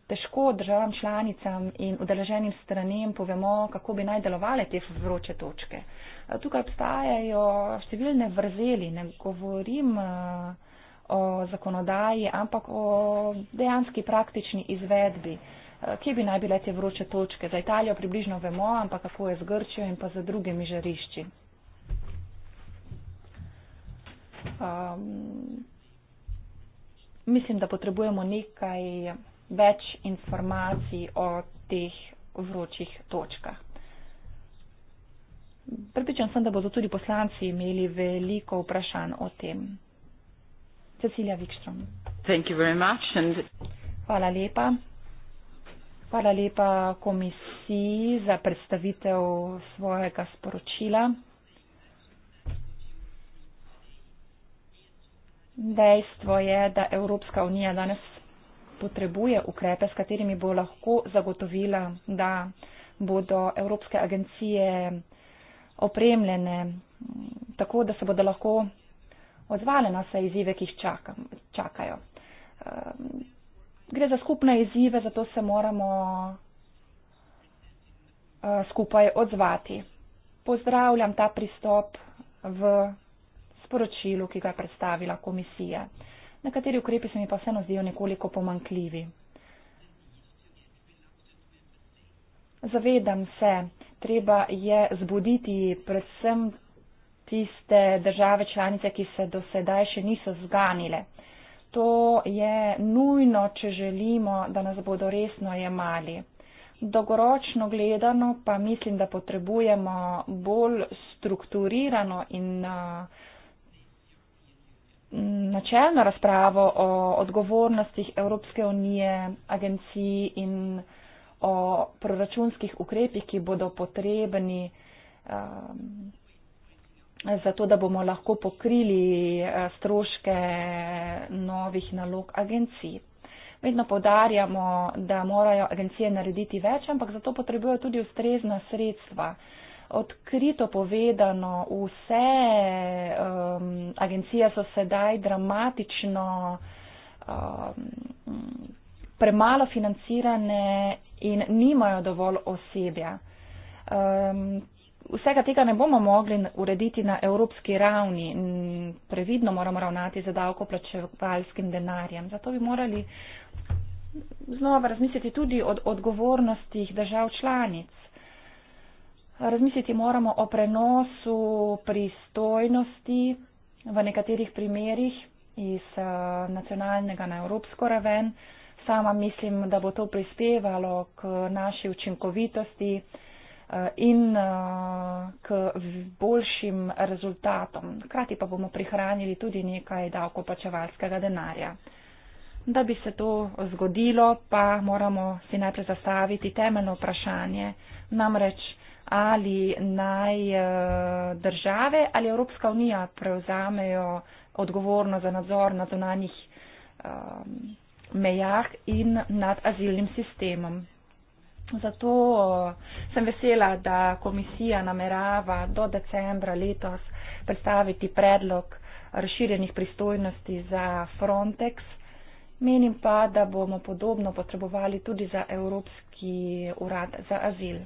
Težko državam članicam in udeleženim stranem povemo, kako bi naj delovale te vroče točke. Uh, Tukaj obstajajo številne vrzeli, ne govorim eh, o zakonodaji, ampak o dejanski praktični izvedbi. Eh, kje bi naj bile te vroče točke? Za Italijo približno vemo, ampak kako je z Grčijo in pa za drugimi žarišči. Um, mislim, da potrebujemo nekaj več informacij o teh vročih točkah. Pripričan sem, da bodo tudi poslanci imeli veliko vprašanj o tem. Cecilija Vikstrom. Hvala lepa. Hvala lepa komisiji za predstavitev svojega sporočila. Dejstvo je, da Evropska unija danes potrebuje ukrepe, s katerimi bo lahko zagotovila, da bodo evropske agencije opremljene tako, da se bodo lahko odzvale na vse izzive, ki jih čaka, čakajo. Ehm, gre za skupne izzive, zato se moramo e, skupaj odzvati. Pozdravljam ta pristop v sporočilu, ki ga je predstavila komisija. Nekateri ukrepi se mi pa vseeno zdijo nekoliko pomankljivi. Zavedam se, treba je zbuditi predvsem tiste države članice, ki se do sedaj še niso zganile. To je nujno, če želimo, da nas bodo resno jemali. Dolgoročno gledano pa mislim, da potrebujemo bolj strukturirano in načelno razpravo o odgovornostih Evropske unije, agenciji in o proračunskih ukrepih, ki bodo potrebni um, za to, da bomo lahko pokrili eh, stroške novih nalog agencij. Vedno povdarjamo, da morajo agencije narediti več, ampak zato potrebujo tudi ustrezna sredstva. Odkrito povedano, vse um, agencije so sedaj dramatično um, premalo financirane in nimajo dovolj osebja. Um, vsega tega ne bomo mogli urediti na evropski ravni. Previdno moramo ravnati za davkoplačevalskim denarjem. Zato bi morali znova razmisliti tudi o od odgovornostih držav članic. Razmisliti moramo o prenosu pristojnosti v nekaterih primerjih iz eh, nacionalnega na evropsko raven. Uh, sama mislim, da bo to prispevalo k naši učinkovitosti eh, in eh, k boljšim rezultatom. Hkrati pa bomo prihranili tudi nekaj davkoplačevalskega denarja. Da bi se to zgodilo, pa moramo si najprej zastaviti temeljno vprašanje, namreč ali naj eh, države ali Evropska unija prevzamejo odgovorno za nadzor nad zunanjih um, mejah in nad azilnim sistemom. Zato sem vesela, da komisija namerava do decembra letos predstaviti predlog razširjenih pristojnosti za Frontex. Menim pa, da bomo podobno potrebovali tudi za Evropski urad za azil.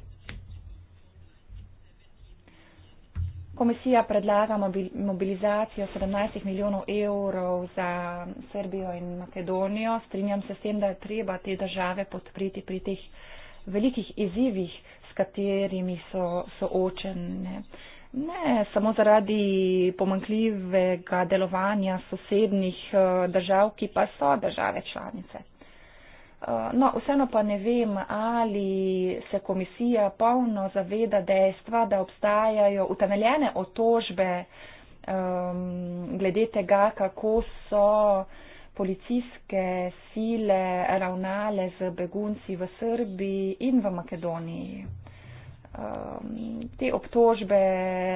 komisija predlaga mobilizacijo 17 milijonov evrov za Srbijo in Makedonijo. Strinjam se s tem, da je treba te države podpreti pri teh velikih izzivih, s katerimi so soočene. Ne samo zaradi pomankljivega delovanja sosednjih eh, držav, ki pa so države članice. Eh, no, vseeno pa ne vem, ali se komisija polno zaveda dejstva, da obstajajo utemeljene otožbe um, glede tega, kako so policijske sile ravnale z begunci v Srbiji in v Makedoniji um, te obtožbe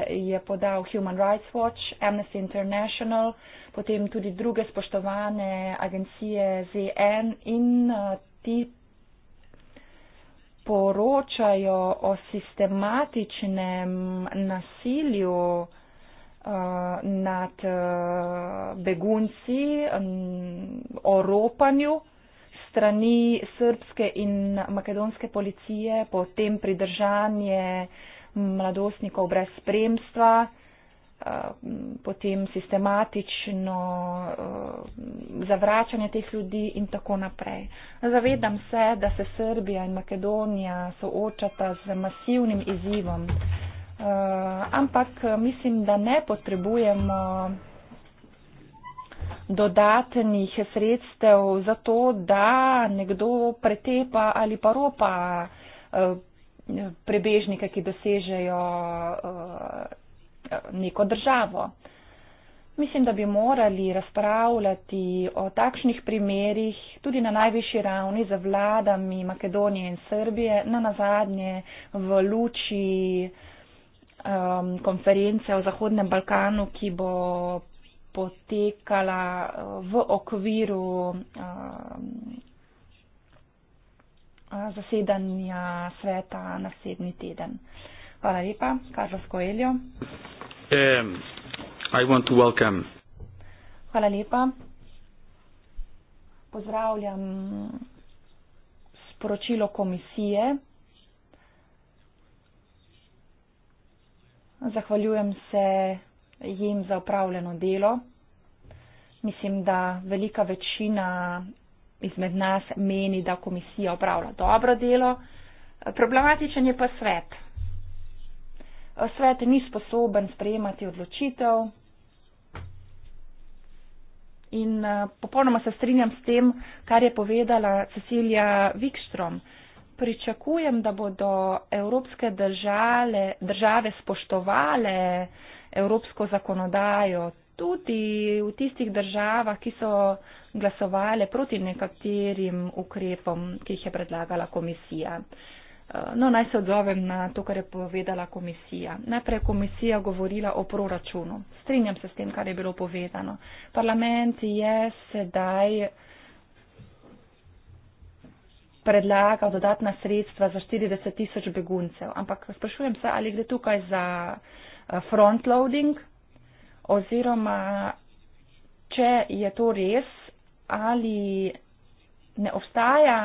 je podal Human Rights Watch, Amnesty International, potem tudi druge spoštovane agencije ZN in uh, ti poročajo o sistematičnem nasilju uh, nad uh, begunci, um, o ropanju strani srpske in makedonske policije, potem pridržanje mladostnikov brez spremstva, eh, potem sistematično eh, zavračanje teh ljudi in tako naprej. Zavedam se, da se Srbija in Makedonija soočata z masivnim izzivom, eh, ampak mislim, da ne potrebujemo dodatnih sredstev za to, da nekdo pretepa ali pa ropa eh, prebežnike, ki dosežejo eh, neko državo. Mislim, da bi morali razpravljati o takšnih primerjih tudi na najvišji ravni za vladami Makedonije in Srbije, na nazadnje v luči um, konference o Zahodnem Balkanu, ki bo potekala eh, v okviru eh, eh, zasedanja sveta naslednji teden. Hvala lepa, Karlo Skoeljo. Um, Hvala lepa. Pozdravljam sporočilo komisije. Zahvaljujem se jim za upravljeno delo. Mislim, da velika večina izmed nas meni, da komisija upravlja dobro delo. Problematičen je pa svet. Svet ni sposoben sprejemati odločitev. In eh, popolnoma se strinjam s tem, kar je povedala Cecilija Wikstrom. Pričakujem, da bodo evropske države, države spoštovale evropsko zakonodajo, tudi v tistih državah, ki so glasovali proti nekaterim ukrepom, ki jih je predlagala komisija. Eh, no, naj se odzovem na to, kar je povedala komisija. Najprej je komisija govorila o proračunu. Strinjam se s tem, kar je bilo povedano. Parlament je sedaj predlagal dodatna sredstva za 40 tisoč beguncev. Ampak sprašujem se, ali gre tukaj za frontloading, oziroma če je to res, ali ne obstaja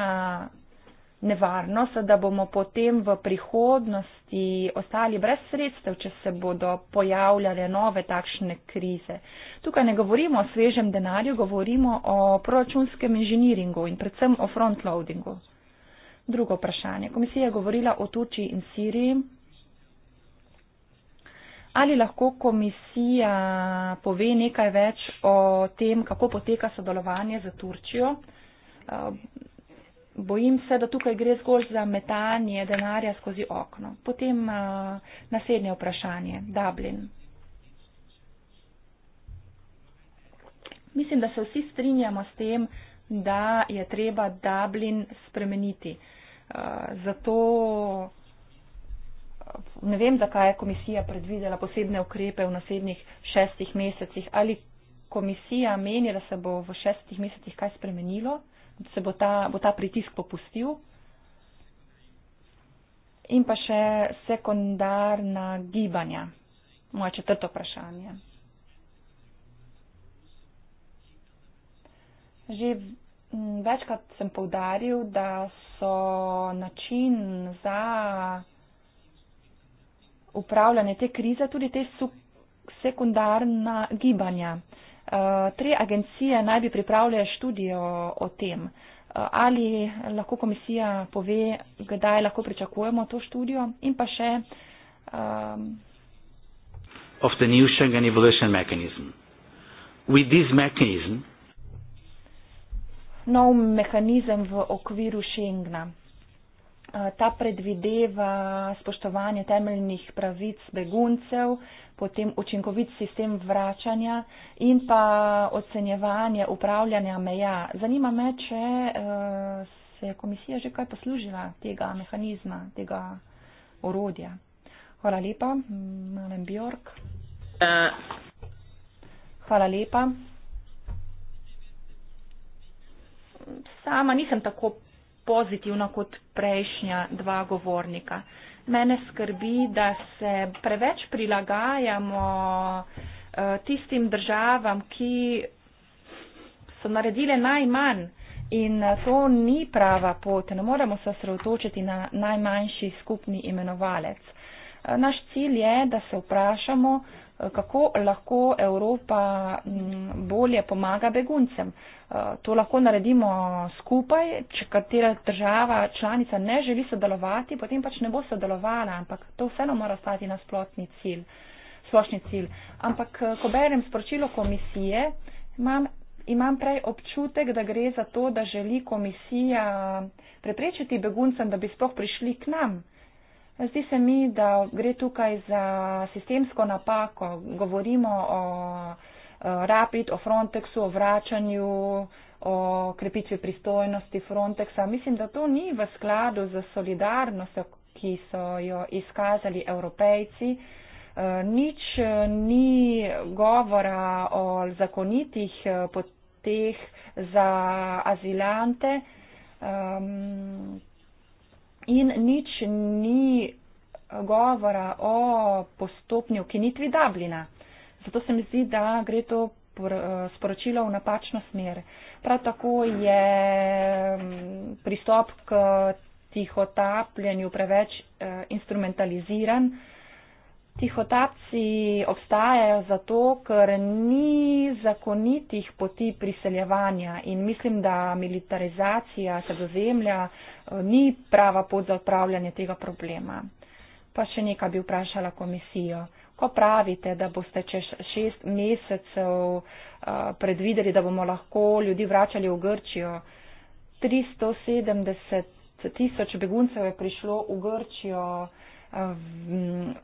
nevarnost, da bomo potem v prihodnosti ostali brez sredstev, če se bodo pojavljale nove takšne krize. Tukaj ne govorimo o svežem denarju, govorimo o proračunskem inženiringu in predvsem o frontloadingu. Drugo vprašanje. Komisija je govorila o Turčiji in Siriji. Ali lahko komisija pove nekaj več o tem, kako poteka sodelovanje za Turčijo? Eh, bojim se, da tukaj gre zgolj za metanje denarja skozi okno. Potem eh, naslednje vprašanje. Dublin. Mislim, da se vsi strinjamo s tem, da je treba Dublin spremeniti. Eh, zato ne vem, zakaj je komisija predvidela posebne ukrepe v naslednjih šestih mesecih. Ali komisija meni, da se bo v šestih mesecih kaj spremenilo, da se bo ta, bo ta pritisk popustil? In pa še sekundarna gibanja, moje četrto vprašanje. Že večkrat sem povdaril, da so način za upravljanje te krize, tudi te sekundarna gibanja. Eh, tri agencije naj bi pripravile študijo o tem. Eh, ali lahko komisija pove, kdaj lahko pričakujemo to študijo in pa še. Um, of the new Schengen evolution mechanism. With this mechanism. Nov mehanizem v okviru Schengna. Eh, ta predvideva spoštovanje temeljnih pravic beguncev, potem učinkovit sistem vračanja in pa ocenjevanje upravljanja meja. Zanima me, če eh, se je komisija že kaj poslužila tega mehanizma, tega orodja. Hvala lepa, Malen Bjork. Hvala lepa. Sama nisem tako pozitivna kot prejšnja dva govornika. Mene skrbi, da se preveč prilagajamo eh, tistim državam, ki so naredile najmanj in eh, to ni prava pot. Ne moremo se sredotočiti na najmanjši skupni imenovalec. Eh, naš cilj je, da se vprašamo, kako lahko Evropa bolje pomaga beguncem. E, to lahko naredimo skupaj, če katera država članica ne želi sodelovati, potem pač ne bo sodelovala, ampak to vseeno mora stati na splošni cilj. Splošni cilj. Ampak, e, ko berem sporočilo komisije, imam, imam prej občutek, da gre za to, da želi komisija preprečiti beguncem, da bi sploh prišli k nam. Zdi se mi, da gre tukaj za sistemsko napako. Govorimo o eh, Rapid, o Frontexu, o vračanju, o krepitvi pristojnosti Frontexa. Mislim, da to ni v skladu z solidarnostjo, ki so jo izkazali evropejci. Eh, nič eh, ni govora o zakonitih poteh za azilante. Ehm, in nič ni govora o postopni ukinitvi Dublina. Zato se mi zdi, da gre to sporočilo v napačno smer. Prav tako je mm, pristop k tihotapljenju preveč eh, instrumentaliziran. Tihotapci obstajajo zato, ker ni zakonitih poti priseljevanja in mislim, da militarizacija sredozemlja eh, ni prava pot za odpravljanje tega problema. Pa še nekaj bi vprašala komisijo. Ko pravite, da boste čez šest mesecev eh, predvideli, da bomo lahko ljudi vračali v Grčijo, 370 tisoč beguncev je prišlo v Grčijo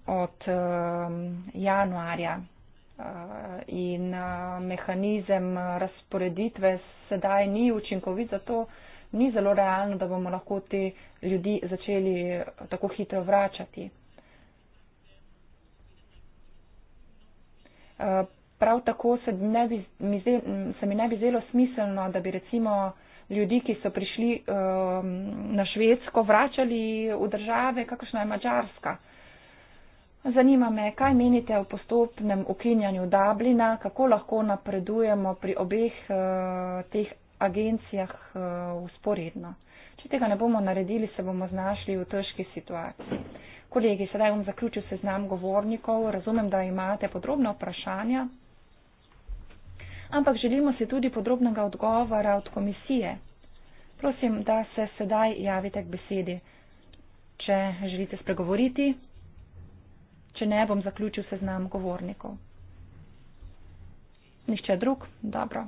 od um, januarja uh, in uh, mehanizem uh, razporeditve sedaj ni učinkovit, zato ni zelo realno, da bomo lahko te ljudi začeli tako hitro vračati. Prav tako se, ne bi, se mi ne bi zelo smiselno, da bi recimo ljudi, ki so prišli um, na Švedsko, vračali v države, kakšna je Mačarska. Zanima me, kaj menite o postopnem ukinjanju Dublina, kako lahko napredujemo pri obeh uh, teh agencijah uh, usporedno. Če tega ne bomo naredili, se bomo znašli v težki situaciji. Kolegi, sedaj bom zaključil seznam govornikov. Razumem, da imate podrobna vprašanja ampak želimo si tudi podrobnega odgovora od komisije. Prosim, da se sedaj javite k besedi, če želite spregovoriti. Če ne, bom zaključil seznam govornikov. Nihče drug? Dobro.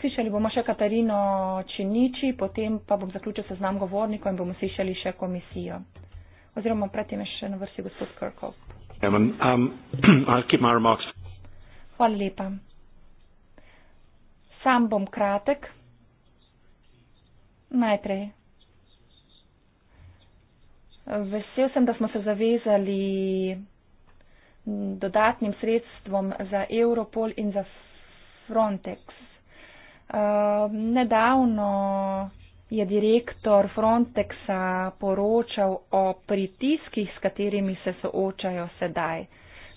Slišali bomo še Katarino Činiči, potem pa bom zaključil seznam govornikov in bomo slišali še komisijo oziroma predtem je še na vrsti gospod Krkov. Um, um, Hvala lepa. Sam bom kratek. Najprej. Vesel sem, da smo se zavezali dodatnim sredstvom za Europol in za Frontex. Uh, nedavno je direktor Frontexa poročal o pritiskih, s katerimi se soočajo sedaj.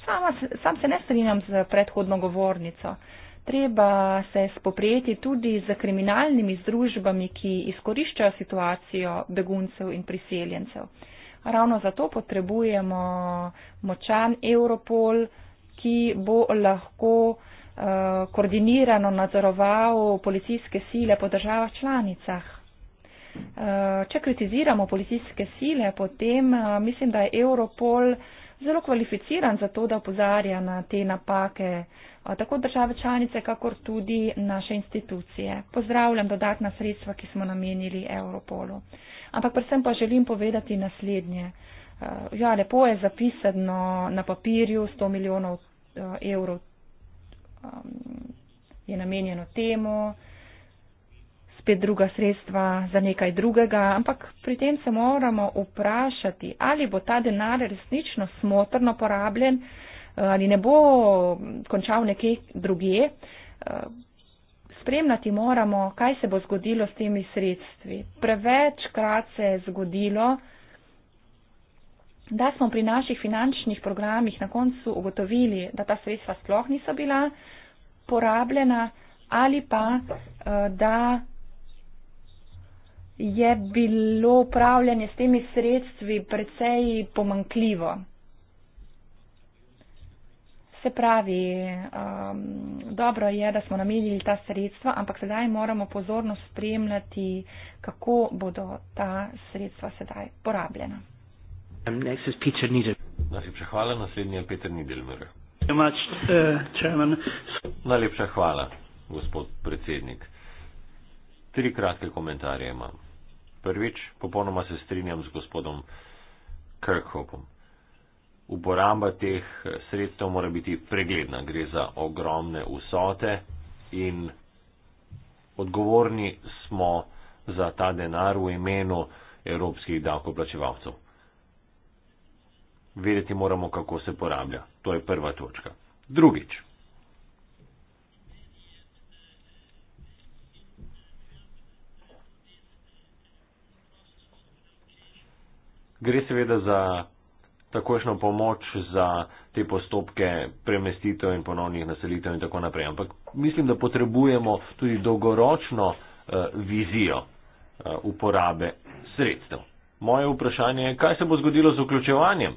Sama, sam se ne strinjam z predhodno govornico. Treba se spoprijeti tudi z kriminalnimi združbami, ki izkoriščajo situacijo beguncev in priseljencev. Ravno zato potrebujemo močan Europol, ki bo lahko uh, koordinirano nadzoroval policijske sile po državah članicah. Eh, če kritiziramo policijske sile, potem eh, mislim, da je Europol zelo kvalificiran za to, da opozarja na te napake eh, tako države članice, kakor tudi naše institucije. Pozdravljam dodatna sredstva, ki smo namenili Europolu. Ampak predvsem pa želim povedati naslednje. Ja, lepo je zapisano na papirju 100 milijonov evrov je namenjeno temu spet druga sredstva za nekaj drugega, ampak pri tem se moramo vprašati, ali bo ta denar resnično smotrno porabljen, eh, ali ne bo končal nekje drugje. Eh, spremljati moramo, kaj se bo zgodilo s temi sredstvi. Prevečkrat se je zgodilo, da smo pri naših finančnih programih na koncu ugotovili, da ta sredstva sploh niso bila porabljena ali pa eh, da je bilo upravljanje s temi sredstvi precej pomankljivo. Se pravi, um, dobro je, da smo namenili ta sredstva, ampak sedaj moramo pozorno spremljati, kako bodo ta sredstva sedaj porabljena. Um, Najlepša hvala, naslednji je Peter Nidelmer. Uh, Najlepša hvala, gospod predsednik. Tri kratke komentarje imam. Prvič, popolnoma se strinjam z gospodom Kirkhopom. Uporaba teh sredstev mora biti pregledna, gre za ogromne vsote in odgovorni smo za ta denar v imenu evropskih davkoplačevalcev. Vedeti moramo, kako se porablja. To je prva točka. Drugič. Gre seveda za takošno pomoč za te postopke premestitev in ponovnih naselitev in tako naprej. Ampak mislim, da potrebujemo tudi dolgoročno uh, vizijo uh, uporabe sredstev. Moje vprašanje je, kaj se bo zgodilo z vključevanjem,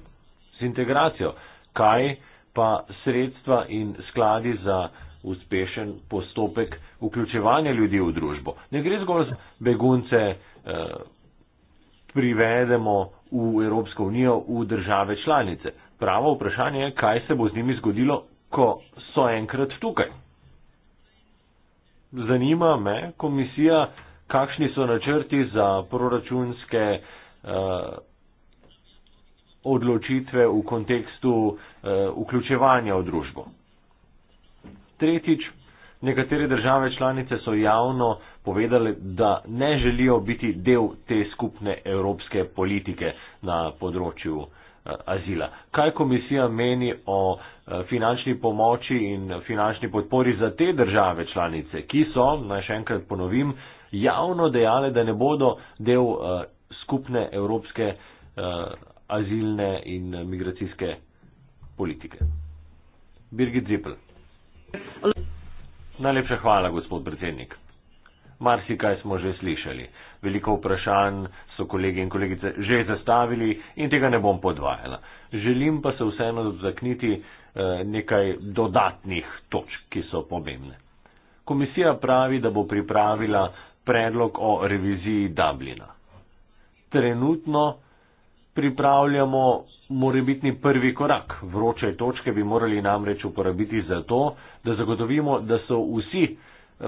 z integracijo, kaj pa sredstva in skladi za uspešen postopek vključevanja ljudi v družbo. Ne gre zgolj za begunce, eh, privedemo v Evropsko unijo v države članice. Pravo vprašanje je, kaj se bo z njimi zgodilo, ko so enkrat tukaj. Zanima me komisija, kakšni so načrti za proračunske eh, odločitve v kontekstu eh, vključevanja v družbo. Tretjič, Nekatere države članice so javno povedali, da ne želijo biti del te skupne evropske politike na področju eh, azila. Kaj komisija meni o eh, finančni pomoči in finančni podpori za te države članice, ki so, naj še enkrat ponovim, javno dejale, da ne bodo del eh, skupne evropske azilne in migracijske politike? Birgit Zippel. Hello. Najlepša hvala, gospod predsednik. Marsi kaj smo že slišali. Veliko vprašanj so kolegi in kolegice že zastavili in tega ne bom podvajala. Želim pa se vseeno zakniti eh, nekaj dodatnih točk, ki so pomembne. Komisija pravi, da bo pripravila predlog o reviziji Dublina. Trenutno pripravljamo morebitni prvi korak. Vroče točke bi morali namreč uporabiti za to, da zagotovimo, da so vsi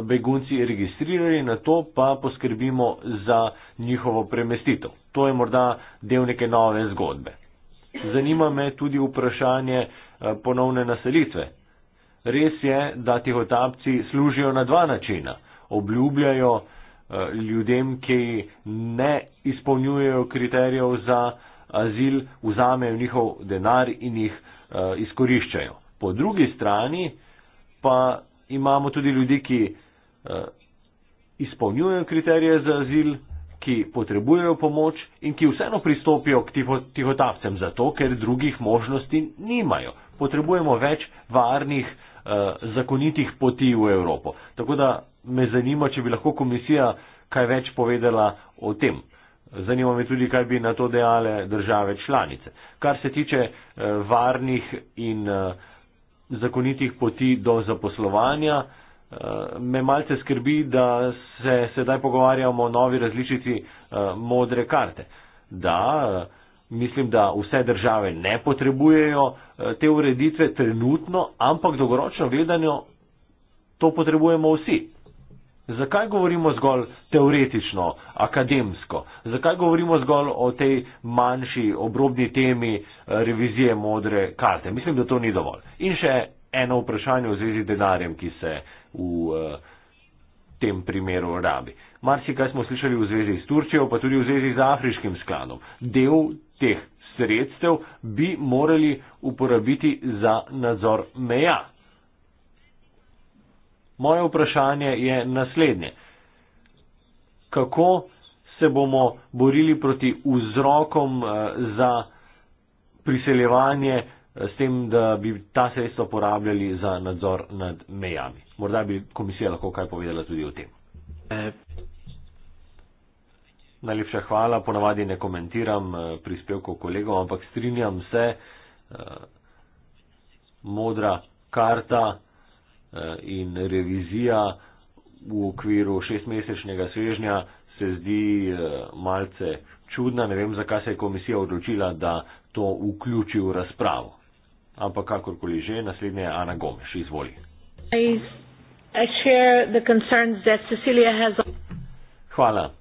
begunci registrirani, na to pa poskrbimo za njihovo premestitev. To je morda del neke nove zgodbe. Zanima me tudi vprašanje eh, ponovne naselitve. Res je, da tih otapci služijo na dva načina. Obljubljajo eh, ljudem, ki ne izpolnjujejo kriterijev za azil, vzamejo njihov denar in jih uh, izkoriščajo. Po drugi strani pa imamo tudi ljudi, ki uh, izpolnjujejo kriterije za azil, ki potrebujejo pomoč in ki vseeno pristopijo k tiho, tihotapcem, zato ker drugih možnosti nimajo. Potrebujemo več varnih, uh, zakonitih poti v Evropo. Tako da me zanima, če bi lahko komisija kaj več povedala o tem. Zanima me tudi, kaj bi na to dejale države članice. Kar se tiče eh, varnih in eh, zakonitih poti do zaposlovanja, eh, me malce skrbi, da se sedaj pogovarjamo o novi različici modre karte. Da, mislim, da vse države ne potrebujejo te ureditve trenutno, ampak dolgoročno gledanje to potrebujemo vsi. Zakaj govorimo zgolj teoretično, akademsko? Zakaj govorimo zgolj o tej manjši obrobni temi eh, revizije modre karte? Mislim, da to ni dovolj. In še eno vprašanje v zvezi z denarjem, ki se v eh, tem primeru rabi. Marsikaj smo slišali v zvezi s Turčijo, pa tudi v zvezi z afriškim skladom. Del teh sredstev bi morali uporabiti za nadzor meja. Moje vprašanje je naslednje. Kako se bomo borili proti vzrokom eh, za priseljevanje eh, s tem, da bi ta sredstva porabljali za nadzor nad mejami? Morda bi komisija lahko kaj povedala tudi o tem. E Najlepša hvala, ponavadi ne komentiram eh, prispevkov kolegov, ampak strinjam se, modra karta Eh, in revizija v okviru šestmesečnega svežnja se zdi eh, malce čudna. Ne vem, zakaj se je komisija odločila, da to vključi v razpravo. Ampak kakorkoli že, naslednje je Ana Gomeš. Izvoli. Hvala.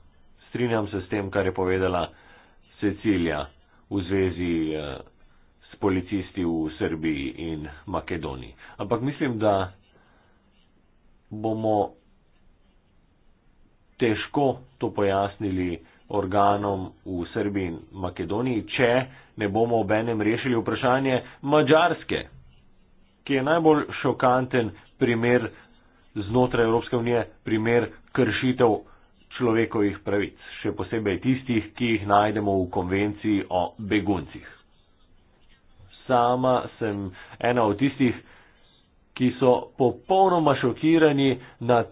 Strinjam se s tem, kar je povedala Cecilija v zvezi eh, s policisti v Srbiji in Makedoniji. Ampak mislim, da bomo težko to pojasnili organom v Srbiji in Makedoniji, če ne bomo ob enem rešili vprašanje Mačarske, ki je najbolj šokanten primer znotraj Evropske unije, primer kršitev človekovih pravic, še posebej tistih, ki jih najdemo v konvenciji o beguncih. Sama sem ena od tistih, ki so popolnoma šokirani nad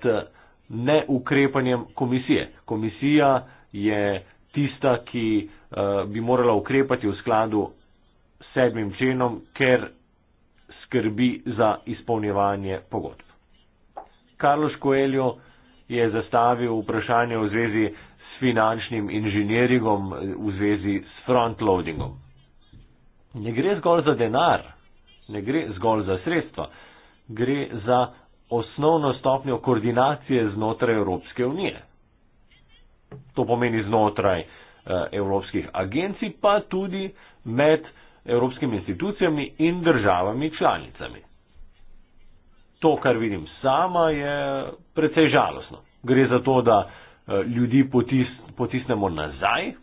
neukrepanjem komisije. Komisija je tista, ki uh, bi morala ukrepati v skladu s sedmim členom, ker skrbi za izpolnjevanje pogodb. Karloš Koeljo je zastavil vprašanje v zvezi s finančnim inženjeringom, eh, v zvezi s frontloadingom. Ne gre zgolj za denar, ne gre zgolj za sredstva gre za osnovno stopnjo koordinacije znotraj Evropske unije. To pomeni znotraj eh, evropskih agencij, pa tudi med evropskimi institucijami in državami članicami. To, kar vidim sama, je precej žalostno. Gre za to, da eh, ljudi potis, potisnemo nazaj.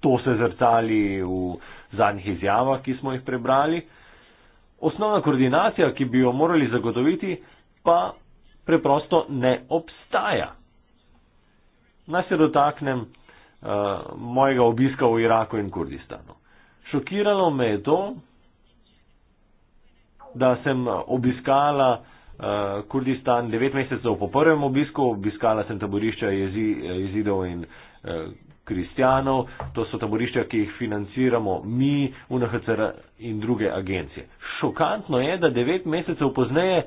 To se zrcali v zadnjih izjavah, ki smo jih prebrali. Osnovna koordinacija, ki bi jo morali zagotoviti, pa preprosto ne obstaja. Naj se dotaknem uh, mojega obiska v Iraku in Kurdistanu. Šokiralo me je to, da sem eh, obiskala uh, Kurdistan devet mesecev po prvem obisku, obiskala sem taborišča jezi, jezidov in uh, kristjanov, to so taborišča, ki jih financiramo mi, UNHCR in druge agencije. Šokantno je, da devet mesecev pozneje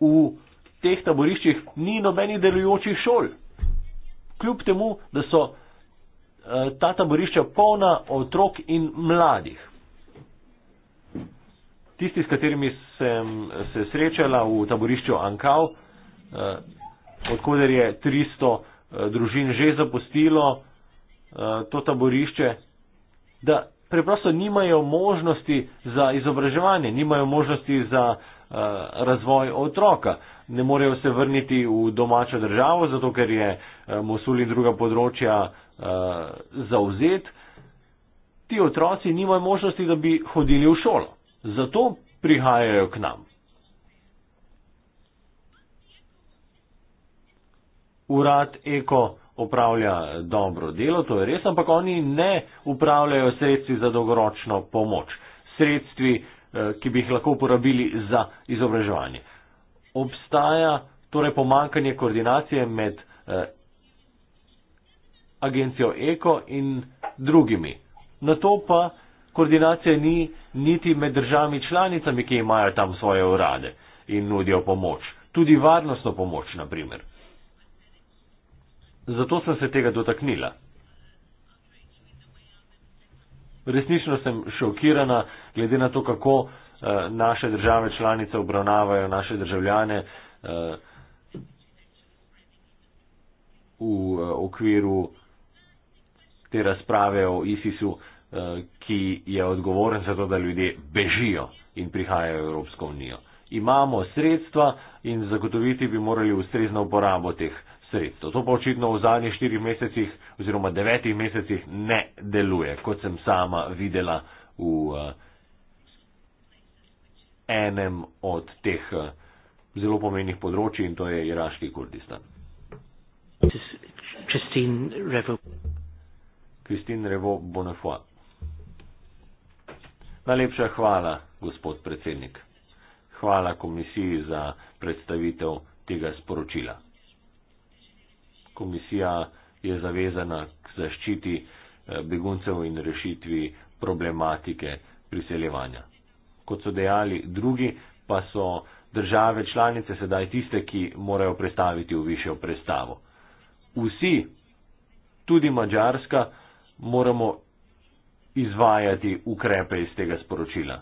v teh taboriščih ni nobenih delujočih šol. Kljub temu, da so eh, ta taborišča polna otrok in mladih. Tisti, s katerimi sem se srečala v taborišču Ankav, eh, odkuder je 300 eh, družin že zapustilo, Eh, to taborišče, da preprosto nimajo možnosti za izobraževanje, nimajo možnosti za eh, razvoj otroka. Ne morejo se vrniti v domačo državo, zato ker je eh, Mosul in druga področja zauzet. Ti otroci nimajo možnosti, da bi hodili v šolo. Zato prihajajo k nam. Urad Eko opravlja dobro delo, to je res, ampak oni ne upravljajo sredstvi za dolgoročno pomoč, sredstvi, eh, ki bi jih lahko uporabili za izobraževanje. Obstaja torej pomankanje koordinacije med eh, agencijo Eko in drugimi. Na to pa koordinacija ni niti med državami članicami, ki imajo tam svoje urade in nudijo pomoč. Tudi varnostno pomoč, na primer. Zato sem se tega dotaknila. Resnično sem šokirana, glede na to, kako eh, naše države članice obravnavajo naše državljane eh, v eh, okviru te razprave o ISIS-u, eh, ki je odgovoren za to, da ljudje bežijo in prihajajo v Evropsko unijo. Imamo sredstva in zagotoviti bi morali ustrezno uporabo teh sredstev sredstev. To pa očitno v zadnjih štirih mesecih oziroma devetih mesecih ne deluje, kot sem sama videla v eh, enem od teh eh, zelo pomenih področji in to je iraški Kurdistan. Kristin Revo Bonafua. Najlepša hvala, gospod predsednik. Hvala komisiji za predstavitev tega sporočila komisija je zavezana k zaščiti eh, beguncev in rešitvi problematike priseljevanja. Kot so dejali drugi, pa so države članice sedaj tiste, ki morajo predstaviti v višjo predstavo. Vsi, tudi Mačarska, moramo izvajati ukrepe iz tega sporočila.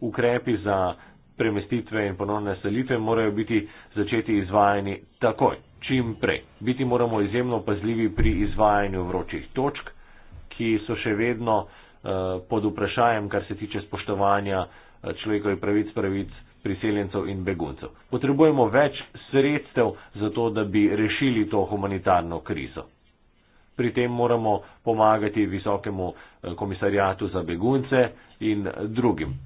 Ukrepi za premestitve in ponovne selitve morajo biti začeti izvajani takoj čim prej. Biti moramo izjemno pazljivi pri izvajanju vročih točk, ki so še vedno eh, pod vprašanjem, kar se tiče spoštovanja eh, človekovih pravic, pravic priseljencev in beguncev. Potrebujemo več sredstev za to, da bi rešili to humanitarno krizo. Pri tem moramo pomagati visokemu eh, komisarjatu za begunce in drugim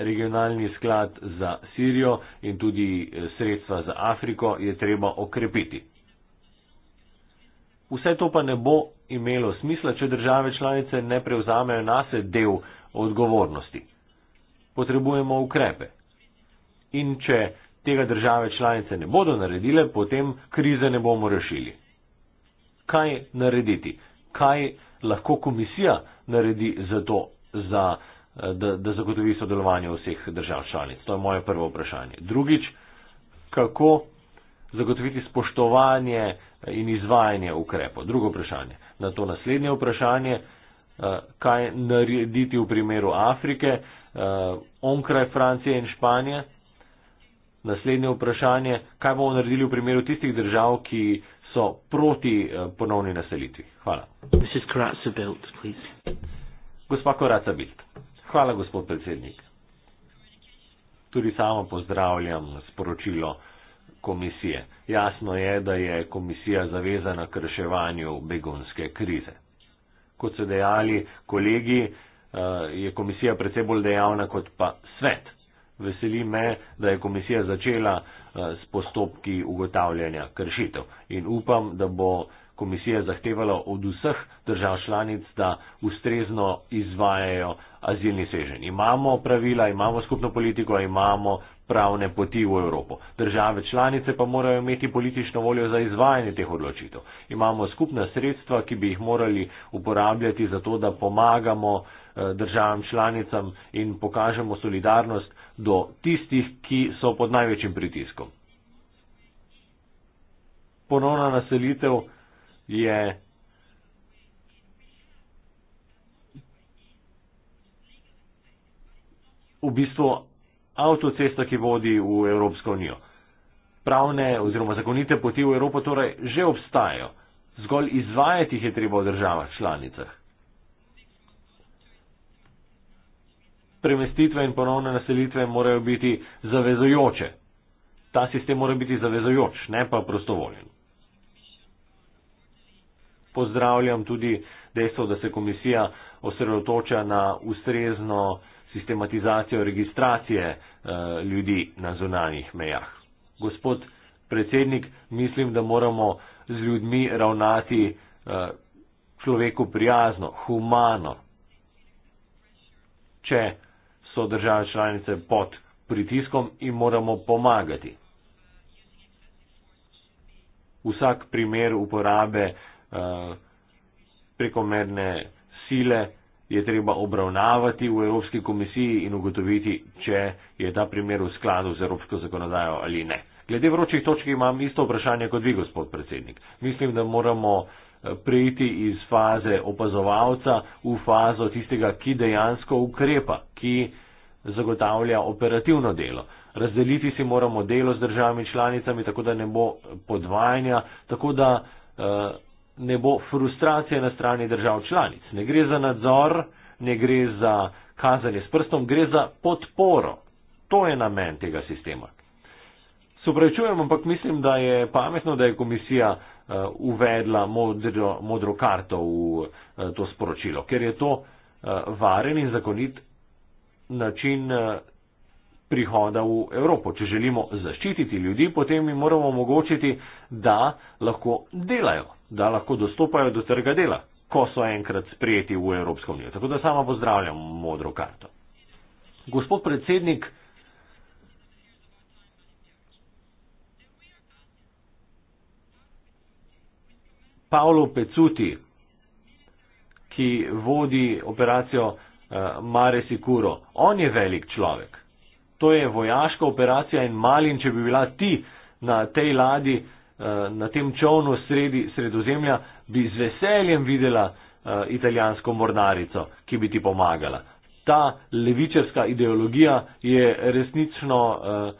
regionalni sklad za Sirijo in tudi eh, sredstva za Afriko je treba okrepiti. Vse to pa ne bo imelo smisla, če države članice ne prevzamejo nase del odgovornosti. Potrebujemo ukrepe. In če tega države članice ne bodo naredile, potem krize ne bomo rešili. Kaj narediti? Kaj lahko komisija naredi za to? za da, da zagotovi sodelovanje vseh držav članic. To je moje prvo vprašanje. Drugič, kako zagotoviti spoštovanje in izvajanje ukrepov? Drugo vprašanje. Na to naslednje vprašanje, eh, kaj narediti v primeru Afrike, eh, onkraj Francije in Španije? Naslednje vprašanje, kaj bomo naredili v primeru tistih držav, ki so proti eh, ponovni naselitvi. Hvala. Gospa Koraca Bilt. Hvala, gospod predsednik. Tudi samo pozdravljam sporočilo komisije. Jasno je, da je komisija zavezana k reševanju begonske krize. Kot so dejali kolegi, eh, je komisija predvsej bolj dejavna kot pa svet. Veseli me, da je komisija začela eh, s postopki ugotavljanja kršitev in upam, da bo komisija zahtevala od vseh držav članic, da ustrezno izvajajo azilni sežen. Imamo pravila, imamo skupno politiko, imamo pravne poti v Evropo. Države članice pa morajo imeti politično voljo za izvajanje teh odločitev. Imamo skupna sredstva, ki bi jih morali uporabljati za to, da pomagamo eh, državam članicam in pokažemo solidarnost do tistih, ki so pod največjim pritiskom. Ponovna naselitev je v bistvu avtocesta, ki vodi v Evropsko unijo. Pravne oziroma zakonite poti v Evropo torej že obstajajo, zgolj izvajati jih je treba v državah članicah. Premestitve in ponovne naselitve morajo biti zavezojoče. Ta sistem mora biti zavezojoč, ne pa prostovoljen pozdravljam tudi dejstvo, da se komisija osredotoča na ustrezno sistematizacijo registracije eh, ljudi na zunanjih mejah. Gospod predsednik, mislim, da moramo z ljudmi ravnati eh, človeku prijazno, humano, če so države članice pod pritiskom in moramo pomagati. Vsak primer uporabe Eh, prekomerne sile, je treba obravnavati v Evropski komisiji in ugotoviti, če je ta primer v skladu z Evropsko zakonodajo ali ne. Glede vročih točk imam isto vprašanje kot vi, gospod predsednik. Mislim, da moramo eh, preiti iz faze opazovalca v fazo tistega, ki dejansko ukrepa, ki zagotavlja operativno delo. Razdeliti si moramo delo z državami članicami, tako da ne bo podvajanja, tako da eh, ne bo frustracije na strani držav članic. Ne gre za nadzor, ne gre za kazanje s prstom, gre za podporo. To je namen tega sistema. Supravičujem, ampak mislim, da je pametno, da je komisija eh, uvedla modro, modro karto v eh, to sporočilo, ker je to eh, varen in zakonit način prihoda v Evropo. Če želimo zaščititi ljudi, potem jim moramo omogočiti, da lahko delajo, da lahko dostopajo do trga dela, ko so enkrat sprejeti v Evropsko unijo. Tako da sama pozdravljam modro karto. Gospod predsednik, Paolo Pecuti, ki vodi operacijo eh, Mare Sicuro, on je velik človek to je vojaška operacija in malin, če bi bila ti na tej ladi, eh, na tem čovnu sredi sredozemlja, bi z veseljem videla eh, italijansko mornarico, ki bi ti pomagala. Ta levičarska ideologija je resnično eh,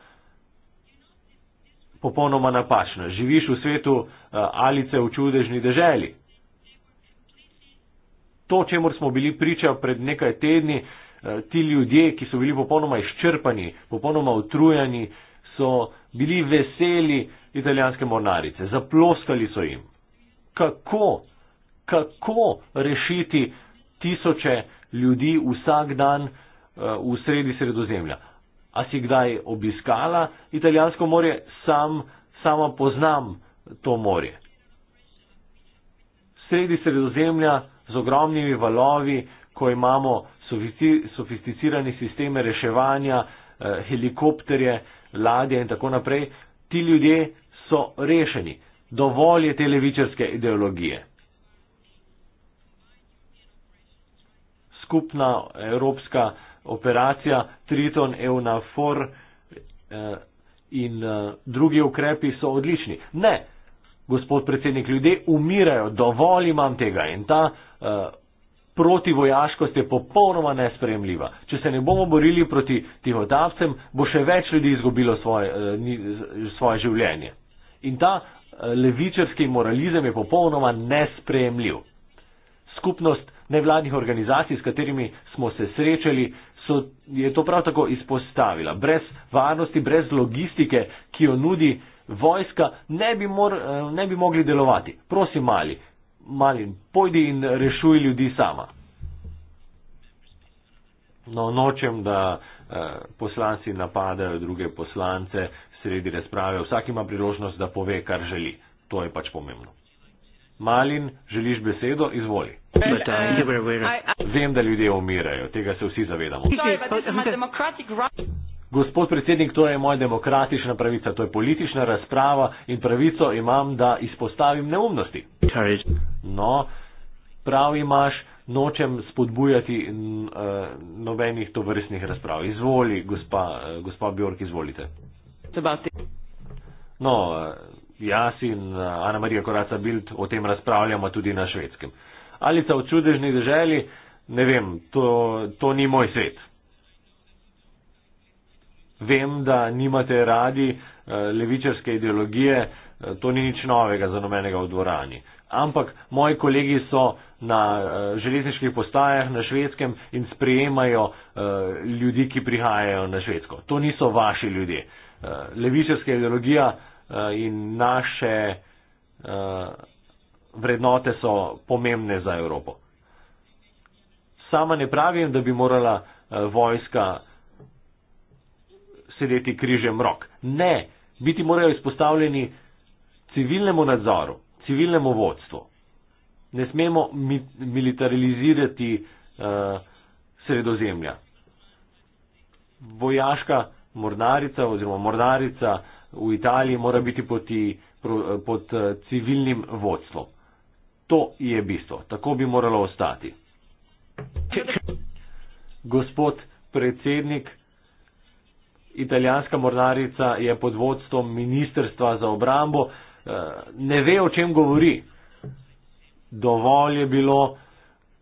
popolnoma napačna. Živiš v svetu alice v čudežni deželi. To, čemu smo bili priča pred nekaj tedni, Eh, ti ljudje, ki so bili popolnoma izčrpani, popolnoma utrujeni, so bili veseli italijanske mornarice, zaploskali so jim. Kako, kako rešiti tisoče ljudi vsak dan eh, v sredi sredozemlja? A si kdaj obiskala italijansko morje? Sam, sama poznam to morje. Sredi sredozemlja z ogromnimi valovi, ko imamo sofisticirane sisteme reševanja, eh, helikopterje, ladje in tako naprej. Ti ljudje so rešeni. Dovolj je te levičarske ideologije. Skupna evropska operacija Triton, Eunafor eh, in eh, drugi ukrepi so odlični. Ne, gospod predsednik, ljudje umirajo, dovolj imam tega in ta proti vojaškosti je popolnoma nespremljiva. Če se ne bomo borili proti tihotapcem, bo še več ljudi izgubilo svoje, eh, svoje življenje. In ta eh, levičarski moralizem je popolnoma nespremljiv. Skupnost nevladnih organizacij, s katerimi smo se srečali, so, je to prav tako izpostavila. Brez varnosti, brez logistike, ki jo nudi vojska, ne bi, mor, eh, ne bi mogli delovati. Prosim, mali, Malin, pojdi in rešuj ljudi sama. No, nočem, da eh, poslanci napadajo druge poslance sredi razprave. Vsak ima priložnost, da pove, kar želi. To je pač pomembno. Malin, želiš besedo? Izvoli. Vem, da ljudje umirajo. Tega se vsi zavedamo. Sorry, Gospod predsednik, to je moja demokratična pravica, to je politična razprava in pravico imam, da izpostavim neumnosti. No, prav imaš, nočem spodbujati eh, nobenih tovrstnih razprav. Izvoli, gospa, eh, gospa Bjork, izvolite. No, eh, jaz in Ana Marija Koraca Bild o tem razpravljamo tudi na švedskem. Ali ta v čudežni državi, ne vem, to, to ni moj svet. Vem, da nimate radi eh, levičarske ideologije, eh, to ni nič novega za nobenega v dvorani. Ampak moji kolegi so na eh, železniških postajah na švedskem in sprejemajo ljudi, ki prihajajo na švedsko. To niso vaši ljudje. Levičarska ideologija in naše vrednote so pomembne za Evropo. Sama ne pravim, da bi morala vojska sedeti križem rok. Ne, biti morajo izpostavljeni civilnemu nadzoru, civilnemu vodstvu. Ne smemo mi militarizirati uh, sredozemlja. Vojaška mornarica oziroma mornarica v Italiji mora biti poti, pro, pod uh, civilnim vodstvom. To je bistvo. Tako bi moralo ostati. Gospod predsednik, uh, italijanska mornarica je pod vodstvom Ministrstva za obrambo, eh, ne ve, o čem govori. Dovolj je bilo,